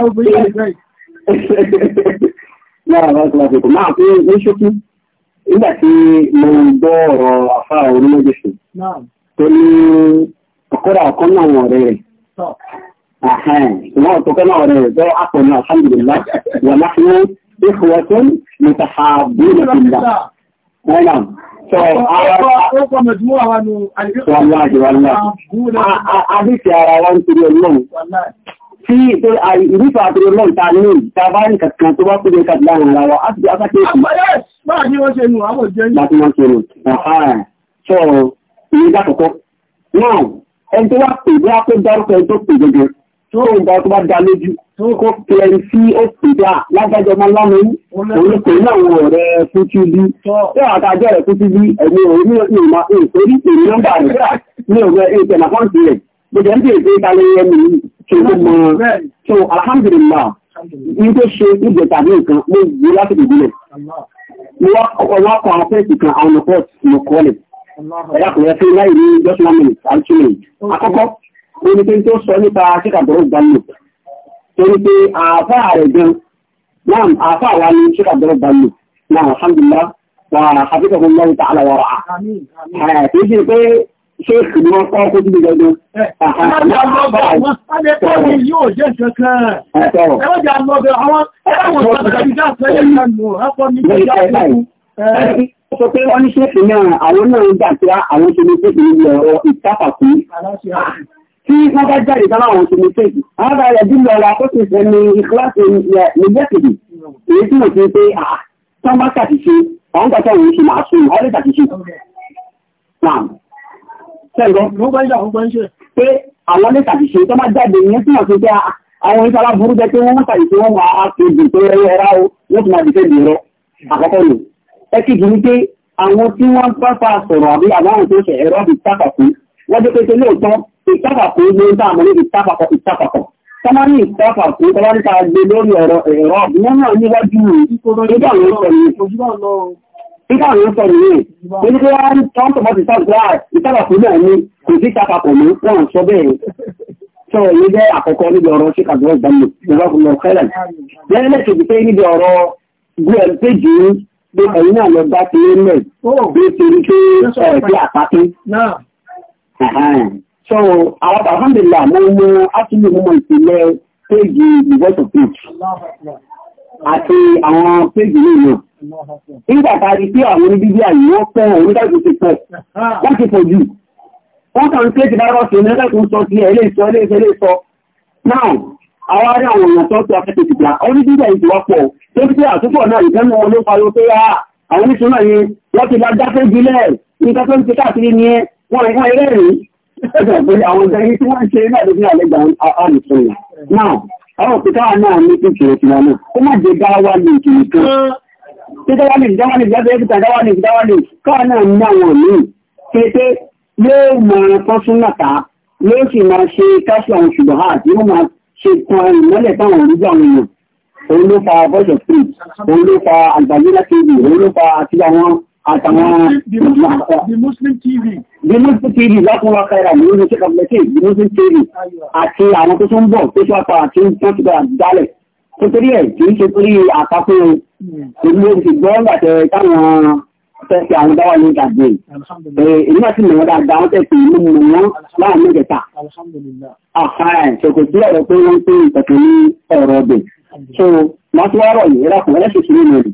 obìnrin láìsẹ́ yìí. Lára wọ́n tó lásìkò, máa fi ní ṣókí, nígbà tí mo gbọ́ ọ̀rọ̀ àfáà orílẹ̀-èdè tó ní ọkọ́dà ọ̀kan náà wọ̀n rẹ̀ rẹ̀. Ṣùgbọ́n ọ̀tọ̀kan náà rẹ̀ rẹ̀ bẹ́ àpọ̀ náà, alhamdulillah, wà láti ní ìfọwọ́tún mutahabbuna billah. Tí ìpé ìrífà àti ọlọ́run ta ní ìtàbá ní kàkàn tó bá kúrò ìkàtí láàrin ara wa, á ti bí aká kéèkì. Àpàdé! Máa ní wọ́n ṣe nù, àwọn jẹ́ ní. Láti wọ́n ṣe nù. Àhárà. Sọ ìrìdá kọ̀kọ́. Náà, ẹni tó wá pè bí á kó dárúkọ ẹni tó pè gẹ́gẹ́, tó ń bá tó bá dá lójú, tí kò sí ọ́pìdá lágbàjọ máa lámú orúkọ ìlànà ọ̀rẹ́ fútúbí tí àwọn àjọ rẹ̀ fútúbí ẹ̀mí orí ìmọ̀ orí ìrìn nọ́mbà rẹ̀ ní ọ̀rẹ́ ìtẹ̀nà fọ́ǹsì rẹ̀ gbogbo ẹ̀mí èdè ìtàlẹ̀ ẹ̀mí tí ó mọ̀ tó alhamdulillah ní tó ṣe ìjẹ tàbí nǹkan ló gbé láti ìbílẹ̀ wọ́n kọ àwọn fẹ́ẹ̀sì kan àwọn torí pé àáfà rẹ̀ gan náà àáfà wa ni ṣé kà dọ́rọ̀ balù náà alhamdulillah wà àfíkà fún lọ́wọ́ tààlà wà rà á. kì í ṣe pé ṣé ìlú wọn kọ́ kó dúdú gangan. Adékọ́ni yóò jẹ́ ṣẹ̀kan. Ẹwọ́n jẹ́ àlọ́bẹ̀ àwọn ẹ̀wọ̀n ìgbàlódé ìdáṣẹ́ yẹn náà nù. Ẹ̀kọ́ ni kò yá ọ̀dọ́ sọ pé wọ́n ní ṣéèkì náà àwọn náà ń gbà pé àwọn ṣe ní ṣéèkì níbi ọ̀rọ̀ ìtàkàkú tí wọ́n bá jáde sára àwọn òṣèlú kéèkì àwọn bá rẹ̀ dúró ọ̀la ó ti fẹ́ ìkíláàsì ìgbẹ́kẹ̀dì èyí tí mo ti pé à tán bá ṣàtìṣe àwọn gbàtà òun ṣe máa sùn àwọn lè ṣàtìṣe. pé àwọn lè ṣàtìṣe tó bá jáde ìyẹn tí wọ́n ti pé àwọn ìṣàlá burú jẹ́ pé wọ́n máa ṣàtìṣe wọ́n máa ṣe ìdè tó rẹ̀ ẹ̀rá o wọ́n ti máa dìfẹ́ dìrọ àkọ́kọ́ lò ẹ ni pé àwọn tí wọ́n pápá sọ̀rọ̀ àbí àwọn tó ẹ̀rọ ti pápá fún wọ́n jẹ́ pé ṣe lóòótọ́ ìtàpàkó ló ń dáàmú ní ìtàpàkó ìtàpàkó tọ́lá ní ìtàpàkó tọ́lá ní ká gbé lórí ọ̀rọ̀ ẹ̀rọ wọn náà níwájú nígbà wọn sọ nìyẹn nígbà wọn sọ nìyẹn ah, kò sí ìtàpàkó mú wọn sọ bẹ́ẹ̀ sọ èyí jẹ́ àkọ́kọ́ níbi ọ̀rọ̀ sí kàdúrà gbàmù ìjọba kẹlẹ̀ jẹ́lẹ̀ kejì pé níbi ọ̀rọ̀ gún náà lọ bá oh. ti lé mẹ́ bí torí pé ẹ̀ẹ́dí àpapín so àwọn àbámdìlà mo mú átúlù mú ìpínlẹ̀ péjì the voice of peace àti àwọn péjì nìyàn nígbà tá a rí pé àwọn oníbíbí àyè wọ́n pẹ́ oníkàgbé ti pẹ́ wọ́n ti pọ̀ jù wọ́n kàn ń pé ti dára ọ̀sẹ̀ oníkàgbé sọ sí ẹ̀ ilé ìsọ ilé ìsọ ilé ìsọ náà àwọn ará àwọn èèyàn tó tó afẹ́tẹ̀ ti gbà oníbíbí àyè ti wá pọ̀ tó ti pé àtúpọ̀ náà ìfẹ́ mọ́ wọn ló pariwo pé ah, àwọn oníṣúná yẹn wọ́n ti bá dáfẹ́ gbilẹ̀ nígbà tó ń ti káàkiri ni wọ́n ẹ̀rẹ́ rèé Àwọn ìgbẹ̀yìn tí wọ́n ṣe náà ló ní àlẹ́gbà àrùsọ̀nà. Náà, àwọn òkúta náà ní kíkìrì tiwa náà. Ó má jẹ dáwà ní ìkìrì kan. Tí dáwà ní dáwà ní ìjábẹ̀ ẹ̀kìta dáwà ní dáwà ní káà náà ní àwọn míì. Kété yóò máa tán sún nàta, yóò sì máa ṣe káṣí àwọn ṣùgbọ́n hà tí wọ́n máa ṣe tan ìmọ́lẹ̀ táwọn orúgbà àwọn èèyàn. Òun ló fa voice of truth, òun àtàwọn the the Muslim TV the Muslim TV lákùnrin akẹ́rà ní orí ṣe kàbílẹ̀kì the Muslim TV àti àwọn tó tún bọ̀ tó tún apá àti tó ti bá dálẹ̀ tó torí ẹ̀ kì í ṣe torí àtakò ìlú oṣù gbọ́n àti táwọn fẹ́ẹ̀sì àwọn dáwà ní ìdàgbé èyí náà sì mọ̀ wọ́n dáadáa wọ́n tẹ̀sí ìlú mọ̀ wọ́n so wọ́n ti wá rọ̀ yìí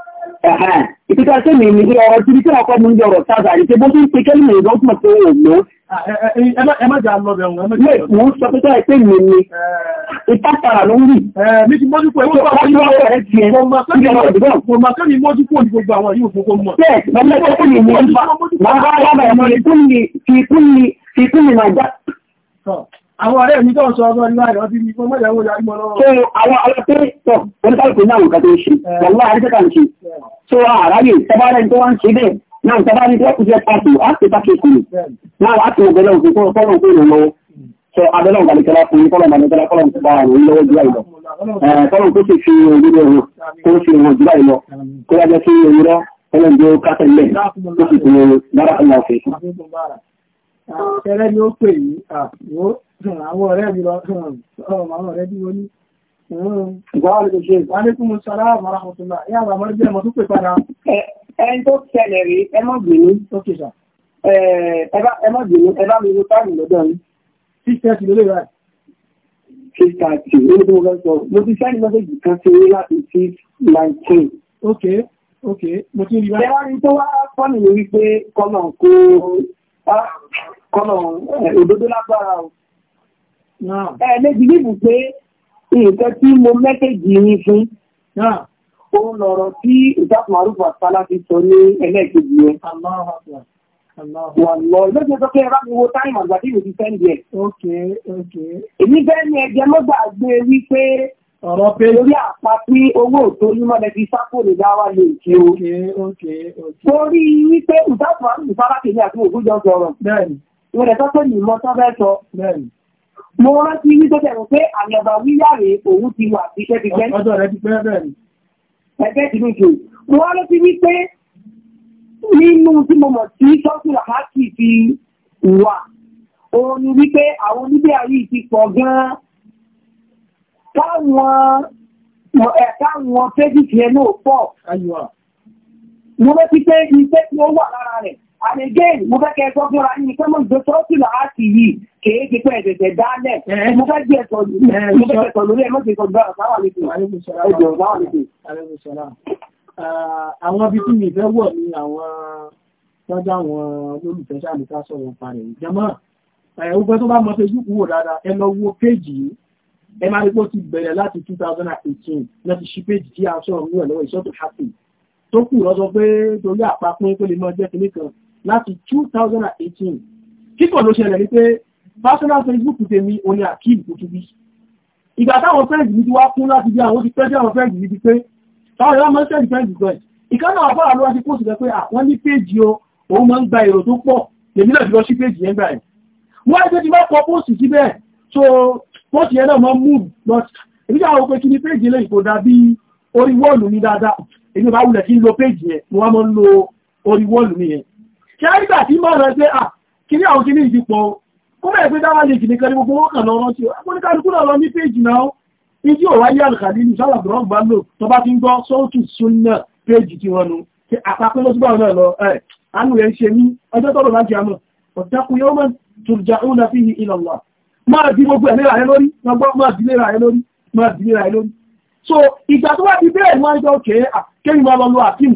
ìpítà sí mi ní ọ̀rọ̀ tí ní kí ọkọ̀ mú ní ọ̀rọ̀ sáàzà ní pé bó tí ń pe kẹ́lì mìíràn tó mọ̀ pé òun ló ẹmọ́jà lọ́bẹ̀ ọ̀hún ẹmọ́jà lọ́bẹ̀ ọ̀hún sọ pé tó ẹ̀ pé mi ni ìtàkàrà ló ń rí mi ti mọ́jú pé wọ́n wọ́n wọ́n rẹ̀ tiẹ̀ mo máa kẹ́lì mọ́jú pé gbogbo àwọn yóò fún kó mọ̀ bẹ́ẹ̀ mọ́jú pé mi ni wọ́n bá wọ́n bá ẹ̀mọ́ àwọn ọ̀rẹ́ mi tó ń sọ ọgbọ́n nígbà ìrọ̀ bí mi fọ́mọ́ ìyàwó ìyá ìmọ̀ lọ́wọ́. so àwọn alápẹ́ tọ̀ oníkàlùkù náà nǹkan tó ń ṣe eh. wọ́n wá àríkẹ́kà ń ṣe so àráyè tọ́bárẹ́ tó wá ń ṣe bẹ́ẹ̀ náà tọ́bárẹ́ tó kù jẹ́ pàtó áti pàtó kù náà wá ti ọgbẹ́lẹ́ òkú fọ́nà òkú ìrìn lọ́wọ́ so abẹ́lẹ́ ògbàlẹ́kẹ́lá fún fọ́nà ògbàlẹ́kẹ́lá fọ́nà ògbà àrùn lọ́wọ́ jù láìlọ fọ́nà eh, tó sì fi òwúrọ̀ ẹ̀rọ tó fi òwúrọ̀ jù láìlọ kó wájẹ́ sí òwúrọ̀ ẹ̀rọ tó kásẹ̀lẹ̀ tó sì fi òwúrọ̀ dára kan náà fi. Ah, Ẹrẹ́ ni ó pè ní àpò ah, àwọn ọ̀rẹ́ mi lọ ọmọ àwọn ọ̀rẹ́ bí wọ́n ní ìgbàwọ̀ lè ṣe ìgbàlékún sọ́lá àmàràkùnlá yà àmàrà bí ẹmọ tó pè padà ẹn tó ṣẹlẹ̀ rí ẹmọ gbìnú tó kì sà ẹmọ gbìnú ẹbá mi ló táàmì lọ́dọ̀ ní sísẹ́tì ló lè rà sísẹ́tì ló lè tó mọ́ sọ mo ti sẹ́ni mọ́sẹ̀jì kan ok ok mo ti rí wa. ẹwà ni tó wá fọ́nì mi wípé kọ́nà kó kọ́nà òdodo ẹ̀ẹ́dẹ́gbì níbù pé nǹkan tí mo mẹ́kẹ̀jì yín fún òun lọ̀rọ̀ tí ìjákùn àrùfà sálá ti sọ ní ẹlẹ́ẹ̀kejì yẹn. Wàlọ́ lóṣù tó kẹ́ ẹ bá mi wo táìmù àgbà tí mo ti sẹ́ndì ẹ̀. Èmi bẹ́ẹ̀ ni ẹ̀jẹ̀ ló gbàgbé wípé ọ̀rọ̀ pé lórí àpá tí owó tó nímọ̀ lẹ fi sápò lè dá wá lè kí o. Torí wípé ìjákùn àrùfà sálá ti ní àti òkú jọ sọ̀rọ̀. Bẹ́ẹ̀ni. Ìwọ̀n mo rántí ní tó bẹ̀rù pé àyẹ̀bà wíyà rèé òun ti wà sí iṣẹ́ ti gbẹ́. ọjọ́ rẹ ti pẹ́ bẹ́ẹ̀ ni. ẹgbẹ́ ìdílé ìjò mo wá rántí wípé nínú tí mo mọ̀ sí ṣọ́ọ̀ṣì làmákì ti wà òun ni wípé àwọn oníbẹ̀ ayé ti pọ̀ gan-an káwọn ẹ̀káwọn péjì tiẹ̀ náà pọ̀. mo rántí pé iṣẹ́ tí ó wà lára rẹ̀. And again, mo fẹ́ kẹ́ ẹ̀sọ́ fúnra ní pé mo ń dótó sí lọ láti yìí kìí ti pẹ́ ẹ̀dẹ̀dẹ̀ dálẹ̀. Mo fẹ́ gbé ẹ̀sọ́ lórí ẹ̀mọ́ ti sọ̀dọ̀ sáwà lè fi. Àwọn ibi tí mi fẹ́ wọ̀ ni àwọn tọ́jà àwọn olólùfẹ́ sáàlùkà sọ̀rọ̀ parẹ̀. Jẹ́mọ́, ẹ̀rùgbẹ́ tó bá mọ Facebook wò dáadáa, ẹ lọ wo péjì yìí. Ẹ máa rí pé ó ti bẹ̀rẹ̀ láti 2018 láti ṣí péjì tí a sọ̀rọ̀ níwẹ̀ lọ́wọ́ ìṣọ́tò Happy. Tó kù lọ sọ pé torí àpapín tó lè mọ jẹ́ kinní kan láti 2018 kíkọ̀ ló ṣẹlẹ̀ ní pé personal facebook tèmi o ní àkí ìkòtúbí ìgbà táwọn fẹ́ẹ̀dì ní ti wá kún láti bí àwọn ti pẹ́jẹ́ àwọn fẹ́ẹ̀dì ní ti pé táwọn ìwọ́n máa ń sẹ́ẹ̀dì fẹ́ẹ̀dì pẹ̀ ìkánà àbára ló wá sí pósìtẹ̀ pé àwọn ah, ní péjì o òun máa ń gba èrò tó pọ̀ tèmi náà ti lọ sí péjì yẹn gbà ẹ̀ wọ́n ẹgbẹ́ ti bá kọ pósì síbẹ̀ so pósì yẹn náà máa ń mú lọ èmi jà wọ́n pé kí ni péjì lè kò dà bí orí wọ́ọ̀lù mi dáadáa èmi bá wulẹ̀ kí n lo péjì yẹn mo wá máa ń lo orí wọ́ọ̀lù mi yẹn kí á nígbà tí máa rẹ̀ pé à ah, kí ní àwọn kìíní ìdípọ̀ kó mẹ́rin pé dáwà lè kìíní kan gbogbo wọ́n kàn lọ rántí akóníkálukú náà lọ ní péjì náà ìdí òwá yà lùkàdí ní sálà bùrọ̀ gbà lò tó bá ti ń gbọ́ sóòtù súnà péjì tí wọn nu so ìgbà tó wá ti bẹ́ẹ̀ ni wọ́n ń jọ kéé àkéyìn máa lọ lọ àkíyìn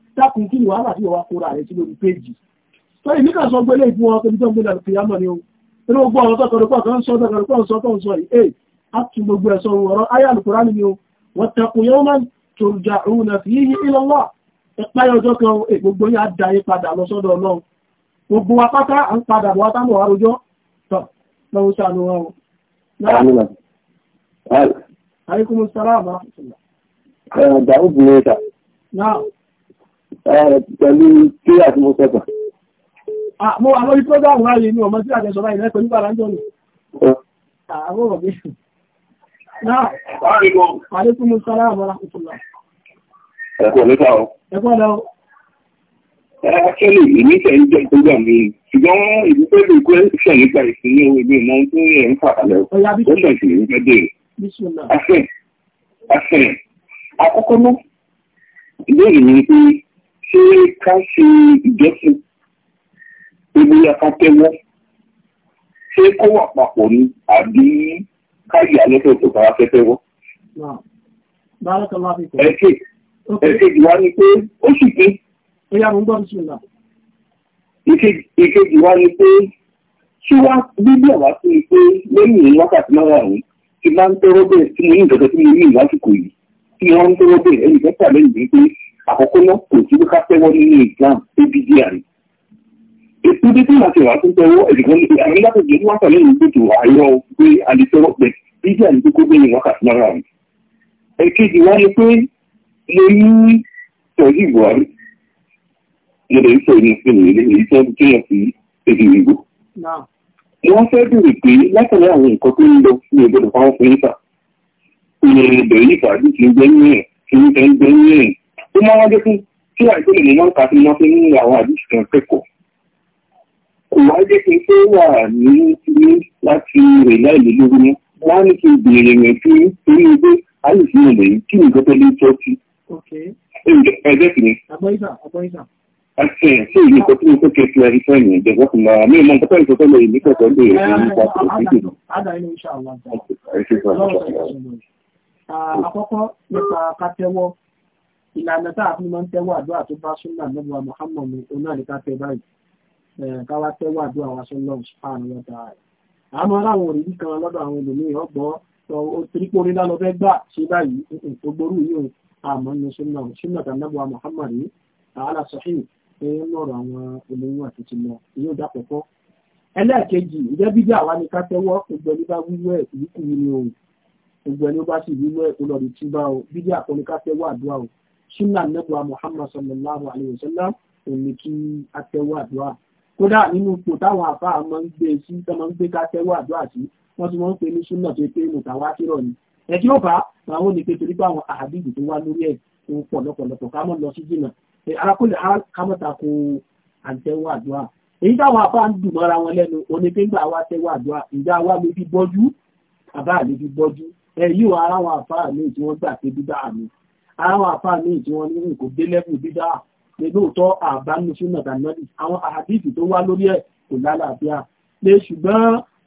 dákun kí ni wàhálà tí wọ́n kóra rẹ̀ sí lórí péjì tó ìní kan sọ gbélé ìfún wọn tóbi tó ń gbé lọ fi yámọ̀ ni o inú gbogbo àwọn tọkọrọ pọ̀ kan sọ tọkọrọ pọ̀ sọ tó ń sọ yìí ee a tún gbogbo ẹ̀ sọ ọ̀rọ̀ ayé alukura ni o wọ́n takun yóò máa tòrùjà òun náà fi yí ilẹ̀ wà ìpáyọ̀ ọjọ́ kan gbogbo yà dá yí padà lọ sọ́dọ̀ ọlọ́run gbogbo wa pátá à ń padà bọ̀ wá rojọ́ pẹ̀lú kí àti mo sọ̀tọ̀. Mo wà lórí prógámù láàrin inú ọmọ tí àjẹsọ láì lẹ́pẹ̀ nígbà láńjọ́ ni. Àwọn ọ̀rọ̀ bí. Náà, àlékún mo sọ láàbọ̀ lákùnkùnlá. Ẹ̀kọ́ lẹ́ta o. Ẹ̀kọ́ lọ. Actually, èmi tẹ̀ ń jẹ́ prógámù yìí. Ṣùgbọ́n ìlú pé lè kó ẹ̀sẹ̀ nípa ìsinmi owó ìlú ìmọ̀ tó yẹ ń fàkàlẹ̀. Ọ̀yà bí kí ni? Àṣẹ. Àṣẹ. Àkọ́kọ́ náà, ìbéèrè mi ni pé ṣé ká ṣe ìjọsìn ebi akátẹ́wọ́ ṣé kó wà papọ̀ ni àbí ká yà lọ́tọ̀ tó bá fẹ́fẹ́ wọ́. ẹ̀kẹ́ ẹ̀kejì wá ni pé ó sì pé. ìkejì wá ni pé ṣé wá bíbí àwa sí i pé lẹ́yìn wákàtí náà wà ní ti máa ń tọrọ bẹ́ẹ̀ tí mo ní ìdọ̀tọ̀ tí mo ní ìlásìkò yìí tí wọ́n ń tọrọ bẹ́ẹ̀ ẹnì kẹta lẹ́yìn bíi pé àkọ́kọ́ náà kò sí ká tẹ́wọ́ nínú Islam débi díà ni. ètò dídí láti wà tó tẹ́wọ́ ẹ̀dùnkún ní àríláfẹ́ ìdílé wákà lẹ́yìn gbèdò àyọ̀ pé àlefẹ́rọ́ pẹ̀ dídí àní kókó bẹ́yìn wákàtí lára rẹ̀. èkejì wá ni pé mo ní tọ́jú Buhari mo lè sọ ìmọ̀ sí mi lè sọ kéèyàn sí èdè ìgbò. wọ́n fẹ́ bèrè pé látàrí àwọn nǹkan tó ń lọ sí ẹgbẹ́ ìfowópamọ́ fún ìfà ìrìn ìbẹ̀rẹ̀ ìfà ó máa wájẹ́ fún tí àìsàn lè máa ń kà sí máa fi ń ra àwọn àdìsí kan kẹ́kọ̀ọ́ kò wá jẹ́ kí n tó wà ní ilé láti rè láìlè lórí mọ́ wọ́n á ní kí n béèrè yẹn sí orí ẹgbẹ́ àìsí ìrìnlẹ̀ yìí kí nǹkan tó lè tọ́ sí. ẹgbẹ́ sì ni. Àṣẹ ṣé ìlú kan tí mo fẹ́ kẹ́ fìlà ìfẹ́ yẹn jẹ́ wọ́n fún wa mí mọ nǹkan tó ń sọ Àkọ́kọ́ nípa kátẹ́wọ́ ìlànà tá a fi máa ń tẹ́wọ́ àdúrà tó bá súnmọ́ àdúrà Muhammad ní onáàdìká tẹ báyìí káwá tẹ́wọ́ àdúrà wa sọ́nà ṣùpáàmù lọ́ta rẹ̀. àmọ́ aráwọn òrìrí kan lọ́dọ̀ àwọn olùmíì ọgbọ́ torípò onílá lọ fẹ́ gbà ṣe báyìí ògbórú yóò àmọ́ ní súnà súnà tànàbùwà Muhammad àhálà sọ́hìn ẹ̀yẹ́ lọ́rọ̀ àwọn olóyún àti ti wa ni ká tẹ́wọ́ gbogbo ẹni bá wíwọ́ ẹ̀ ìlú kù ní o gbogbo ẹni bá o bíjà kan ni ká o súnà nẹ́bùwà Muhammad sallallahu alayhi wa sallam òní kí atẹ́wọ́ àdúrà kódà nínú ipò táwọn àfa máa ń gbé sí tó máa ń gbé kátẹ́wọ́ àdúrà sí wọ́n ti máa ń ní súnà tó pé mùtàwátìrọ̀ ni ẹ̀kí ó bá àwọn onípe torí pé àwọn àhàdìgì tó wá lórí ẹ̀ tó pọ̀ lọ́pọ̀lọpọ̀ ká mọ́ lọ sí jìnnà arákùnrin kámọ́ta kó àtẹ́wọ́ àdúrà èyí táwọn àfa ń dùn mọ́ra wọn lẹ́nu onípe gbà wá ara àwọn àfa àmì tí wọ́n gbà pé bíbá àmì àwọn àfáà ní ìtí wọn nínú kò dé lẹ́bù dídá pé lóòótọ́ àbánusúnà tàbí àwọn àdìsí tó wá lórí ẹ̀ kò lálàáfíà pé ṣùgbọ́n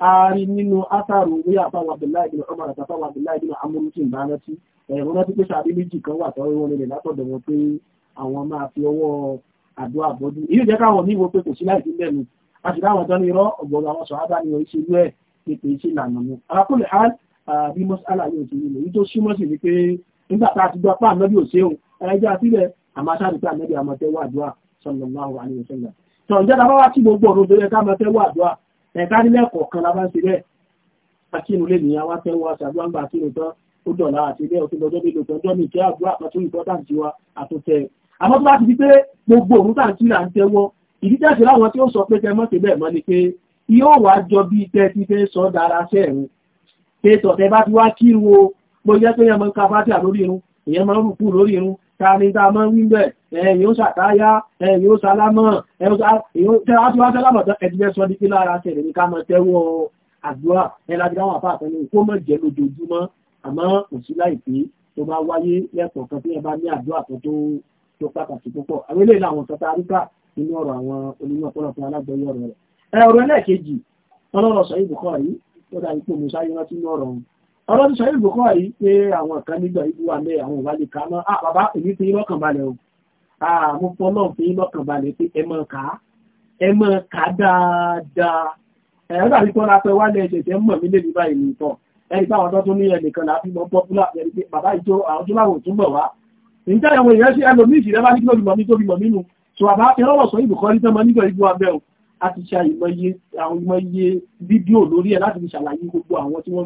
a rí nínú átàrò orí àfáwọn abdullahi bin Umar àtàfáwọn abdullahi bin amúrúsìn bá rántí ẹ̀rọ rántí pé sàbí méjì kan wà tọ́rọ wọn lè látọ̀dọ̀ wọn pé àwọn máa tán ní irọ́ ọ̀gbọ̀n àwọn sọ̀hábà ni orí ṣerú ẹ̀ pé kì í ṣe ìlànà mu arákùnrin hàn bí mọ́sálà yóò ti rí èyí tó súnmọ́ sí ni pé nígbà tá a ti gbapá ànábì òṣèlú ẹjọ́ àfihàn àmàṣàdùkú ànábì àmọ̀tẹ́wọ́ àdúrà sallallahu alaihi wasallam tọ̀ ǹjẹ́ ta bá wá tí gbogbo ọ̀rọ̀ tó yẹ ká máa tẹ́wọ́ àdúrà ẹ̀ka nílẹ̀ kọ̀ọ̀kan la bá ń ṣe bẹ́ẹ̀ akínú lè nìyà wá tẹ́wọ́ àṣàgbàǹgbà akínú tán ó dọ̀la àti ilé ọ̀tún lọ́jọ́ nílò tán jọ́mi ìkẹ́ àdúrà àpàtó ìpọ́tàǹtì wa àtúntẹ̀ àmọ́ tó bá ti di pé gbogbo òun tà ń tí là ń tẹ́wọ́ ìdí tẹ̀sí bó jẹ́ pé yẹn mọ́ ká fátíà lórí irun ìyẹn mọ́ rùkú lórí irun káàrin tá a mọ́ wí bẹ̀ ẹ̀yìn ó ṣàtáyá ẹ̀yìn ó sálámọ̀ ẹ̀yìn tó bá wáyé lẹ́kọ̀ọ̀kan tí ẹ bá ní àdúrà tó tó pàtàkì púpọ̀ àwọn ilé ìlàwọn tọ́ta àríkà nínú ọ̀rọ̀ àwọn onímọ̀ ọ̀pọ̀lọpọ̀ alágbẹ̀yọ̀ rẹ̀ ẹ̀rọ ẹlẹ́ẹ̀kejì ọlọ́rọ̀ sọ ìbùkọ́ yìí tó dá ipò musa yọrọ sínú ọ̀rọ̀ ọlọ́dún sọ ìlú kọ́ yìí pé àwọn kan nígbà ìlú wa lé àwọn ìwádìí ká mọ́ ah bàbá èmi fi lọ́kàn balẹ̀ o ah mo fọ́ náà fi lọ́kàn balẹ̀ pé ẹ mọ̀ ká ẹ mọ̀ ká dáadáa ẹ̀rọ dàbí kọ́ la pẹ́ wá lẹ́ ṣẹ̀ṣẹ̀ mọ̀ mí lébi báyìí ní ìtọ̀ ẹni táwọn tó tún ní ẹnìkan láti mọ pọ́pùlà ẹni pé bàbá ìjọ àwọn tó láwọn tún bọ̀ wá nígbà àwọn èèyàn ṣe ẹlòmíì ìṣẹ̀lẹ̀ bá nígbà olùmọ̀ mi tó bímọ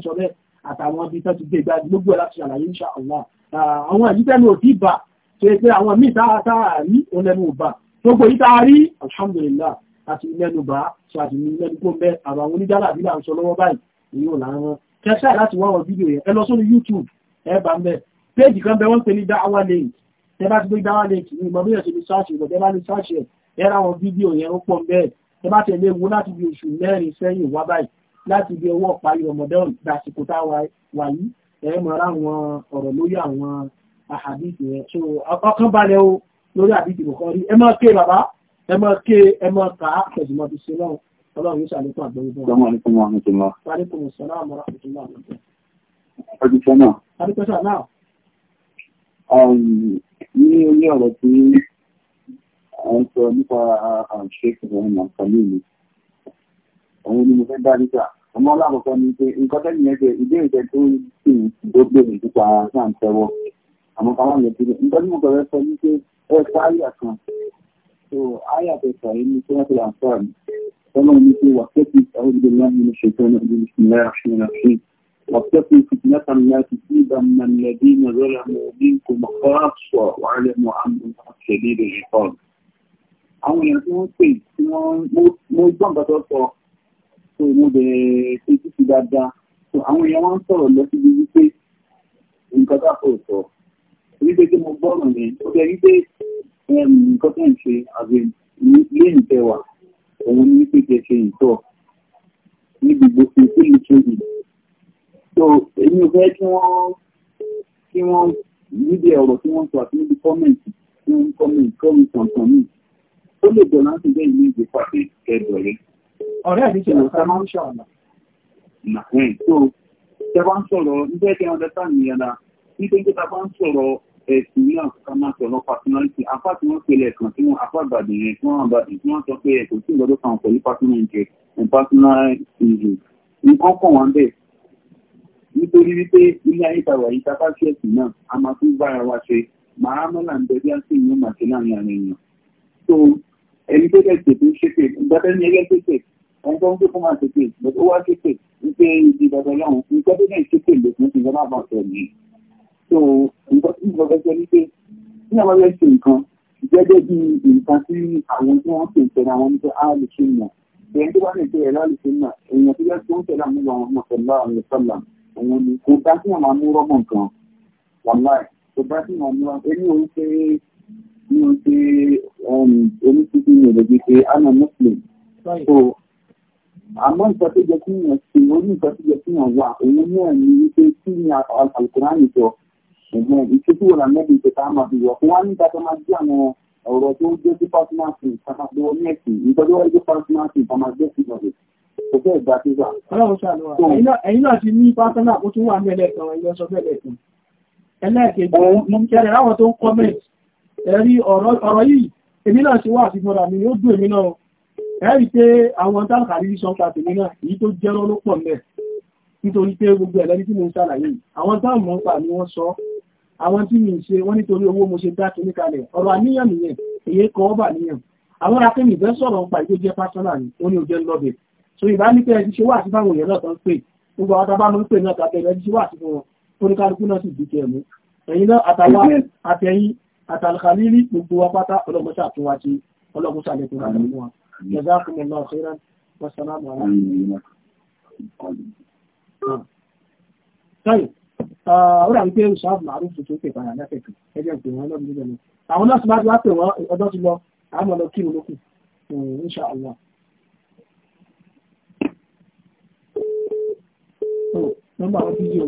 nínú àtàwọn ibi tó ti gbé ìgbà gbogbo láti ṣàlàyé insha Allah ah, àwọn èyí tẹ́nu òbí bà tó yẹ pé àwọn míì táà rí òun lẹ́nu ò bà gbogbo yìí táà alhamdulillah àti lẹ́nu bà ṣe àti ní lẹ́nu kó mẹ́ àwọn onídàlà bí là ń sọ lọ́wọ́ báyìí èyí ò láwọn kẹsà láti wá wọn fídíò yẹn ẹ lọ sórí YouTube ẹ bá ń bẹ péèjì kan bẹ wọ́n pè ní dáwà link tẹ bá ti gbé dáwà link ní ìmọ̀ bí ẹ̀sìn ní sáàṣì ìgbọ̀ tẹ bá ní sáàṣì ẹ̀ ẹ ra wọn fídíò yẹn ó pọ̀ ń bẹ́ẹ̀ tẹ bá tẹ̀lé wo láti láti bí ọwọ́ parí ọmọdéwọ̀n dàsìkò tá a wà yìí ẹ mọ̀ra àwọn ọ̀rọ̀ lórí àwọn àhàdìsì rẹ̀ so ọkàn balẹ̀ o lórí àdìsì kò kọ́ rí ẹ máa ké bàbá ẹ máa ké ẹ máa kà á pẹ̀sì mọ́ fi ṣe náà ọlọ́run yóò ṣàlékún àgbẹ̀wò bọ́ọ̀. sọ́mọ́ ní fún wọn ní tòun lọ. sálẹ́kùn sọ́nà àmọ́ ọdún sọ́nà. adúpẹ́ náà. Um, ní orí ọ̀rọ̀ tí a ń ọmọ alákọ̀ọ́kọ́ ni pé nǹkan tẹ́lẹ̀ yẹn pé ìbéèrè tẹ tó ń sì tó gbèrè nípa náà ń tẹ́wọ́ àmọ́ ká wọ́n yẹ kí nǹkan tí mo kọ̀ rẹ sọ ní pé ẹ pa àyà kan tó àyà tẹ sọ yìí ní sọ́nà tó là ń sọ rẹ̀ sọ́nà ní pé wà kẹ́kì àwọn ìdílé náà nínú ṣètò náà nínú ìṣìnlẹ̀ àṣìyàn àṣì wà kẹ́kì fìtìlẹ̀ náà so mo dẹ̀ ṣe títí dáadáa so àwọn èèyàn wá ń sọ̀rọ̀ lọ síbi wípé nǹkan bá kò sọ wípé tí mo gbọ́rọ̀ ni ó jẹ́ wípé nǹkan tó ń ṣe àgbẹ̀ ilé ìtẹ̀wà òun ni wípé kẹ̀ ṣe ìtọ̀ níbi gbogbo tó lè tóbi so èmi ò fẹ́ kí wọ́n kí wọ́n níbi ọ̀rọ̀ tí wọ́n sọ àti níbi kọ́mẹ̀ntì tí wọ́n kọ́mẹ̀ntì kọ́mẹ̀ntì kọ́mẹ̀ntì ó lè jọ láti bẹ́ẹ̀ ní ìgbésà pé kẹ́ bẹ̀rẹ̀ ọ̀rẹ́ àdíkì àti àmọ́ṣọ́ ọ̀nà. Hmm. So, tẹ bá ń sọ̀rọ̀ nígbẹ́ kí wọ́n dẹ́ta nìyẹn la, nítorí pé ta bá ń sọ̀rọ̀ ẹ̀sìn ní àkókò máa sọ̀rọ̀ personality, apá tí wọ́n pèlè ẹ̀kan tí wọ́n apá àgbàdì yẹn tí wọ́n àgbàdì tí wọ́n sọ pé ẹ̀kọ́ sí ìgbọ́dọ̀ kan pẹ̀lú personality and personal issue. Nǹkan kàn wá bẹ́ẹ̀. Nítorí wípé ilé ayé ta wà yìí ta bá ṣe ẹ̀sìn náà, a máa tún bára wa ṣe. Màá mọ́là ń bẹ bí a sì ń yàn màṣẹ́ láàrin àwọn èèyàn. So, ẹni tó tẹ̀sẹ̀ tó ń ẹni tó ń gbé fún máa tètè but ó wá tètè wípé ibi dandan lọ́hùn nǹkan tó dẹ̀ tètè lè fún ti ìjọba àbọ̀ ọ̀sẹ̀ yìí so nǹkan tí ìjọba sọ ní pé tí àwọn ọmọ ẹ̀sìn nǹkan gẹ́gẹ́ bí nǹkan tí àwọn tí wọ́n ṣe ń tẹ̀lé àwọn nípa áàlù ṣe ń mọ̀ ẹni tó bá lè tẹ̀lé áàlù ṣe ń mọ̀ èèyàn tó yẹ kí wọ́n tẹ̀lé àwọn ọmọ ọ̀sọ̀lá àwọn ọ̀sọ̀lá òun ni kò bá sí àwọn amúrọ́mọ̀ nǹkan wàláì kò bá sí àwọn amúrọ́mọ̀ ẹni òun ṣe ní o ṣe oníṣíṣí ní ìrètí pé i'm a muslim so àmọ́ nǹkan tó jẹ kí èèyàn ṣe orí nǹkan tó jẹ kí èèyàn wà òun náà ni wípé kí ni alukurani sọ ẹ̀gbọ́n ìṣesí wo làmọ́ bí ìṣẹ̀ta máa fi wọ̀ fún wa nígbà tó máa gbé àwọn ọ̀rọ̀ tó ń gbé sí pásínàtì ìtàkàtọ̀ nẹ́ẹ̀sì nǹkan tó wáyé pásínàtì ìtàkàtọ̀ máa gbé sí ìjọba kò fẹ́ ìgbà tí wà. ọlọ́run ṣàlùwà ẹ̀yin náà ti ní pásánà ó tún wà ní ẹlẹ́ẹ̀kan ìyọsọ bẹ́ẹ̀ kan ẹlẹ́ẹ̀kejì mo ń kẹrẹ láwọn tó ń kọ́mẹ̀tì ẹ̀rí ọ̀rọ̀ yìí èmi náà ti wà àti mọ́ra mi ó dùn èmi náà ẹ̀rí pé àwọn tàbí sọ́pàá tèmi náà èyí tó jẹ́rọ ló pọ̀ mẹ́ nítorí pé gbogbo ẹ̀lẹ́ni tí mo ń ṣàlàyé àwọn táwọn mọ́ pa ni wọ́n sọ àwọn tí mi ṣe wọ́n nítorí owó mo ṣe dá kìíní kalẹ̀ ọ̀rọ̀ àníyàn nìyẹn èyí kọ́ ọ́bà níyàn àwọn akéwì ìfẹ́ sọ̀rọ̀ nípa ìjó jẹ́ pásọ́nà ni ó ní ojú ẹ̀ lọ́bẹ̀ so ìbá ní pé ẹni ṣe wà sí báwọn èèyàn náà tán pé gbogbo àwọn tábà mọ́ ń pè náà tàbí ẹni ṣe wà sí fún wọn oníkálukú náà sì dìkẹ́ mú ẹ̀yin náà àtàwọn àtẹ̀yìn àtàlùkàlírí gbogbo wa ọlọ́mọṣà tó wá sí ọlọ́mọṣà lẹ́kùn rà lọ́wọ́ جزاكم الله خيرا والسلام عليكم طيب ọ̀rọ̀ àti pé ṣáàfù màrún tuntun pè padà lẹ́fẹ̀ẹ́ ẹgbẹ́ ìpè wọn lọ́dún nígbà náà àwọn náà sì máa wá pè wọ́n ọjọ́ ti lọ àmọ́ lọ kí olókù hmm, insha Allah. Hmm, nọ́mbà àwọn fídíò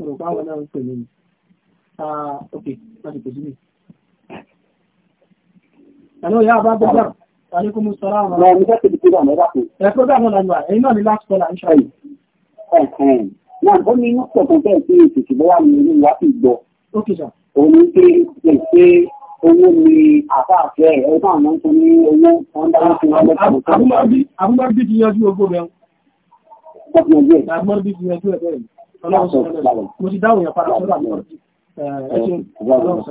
ọ̀rọ̀ báwọn náà ń pè mí ah, ok láti pèsè mi. ẹ̀lọ́ ìyá àbá bọ́lá. Àlékúmú sọ́rọ̀ àwọn ọmọ ìjọ́ tó ní inú pọ̀ tó bẹ́ẹ̀ sí èsì tí bọ́wá mi ní sí gbọ́. Ó kìí sọ. àwọn tó ní ti yanjú ogó rẹ̀. rẹ̀. Ọlọ́run sọ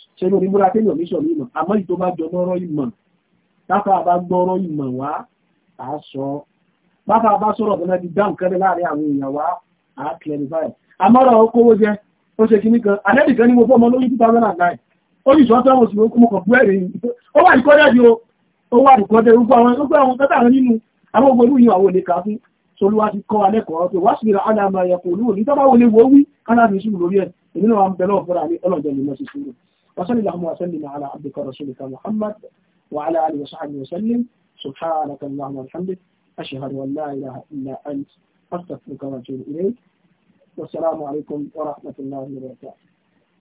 ṣẹ́nu onímúra kéèyàn ní sọ̀rọ̀ ìmọ̀ àmọ́ ìtò bá jọ lọ́rọ̀ ìmọ̀ táfà bá gbọ́rọ̀ ìmọ̀ wá à sọ báfà bá sọ̀rọ̀ bọ́lá ti dá nǹkan láàrin àwọn èèyàn wá à clarify àmọ́rọ̀ okòwò jẹ ó ṣe kíní kan àlẹ́dì kan ní mo fọ́mọ lórí 2009 ó ní ìṣọ́tọ́ mo sì mọ̀ kàn bú ẹ̀rìn ó wà ní kọ́dẹ̀ yóò ó wà ní gbogbo àwọn àwọn nínú àwọn وصل اللهم وسلم على عبدك ورسولك محمد وعلى آله وصحبه وسلم سبحانك اللهم وبحمدك أشهد أن لا إله إلا أنت أستغفرك وأتوب إليك والسلام عليكم ورحمة الله وبركاته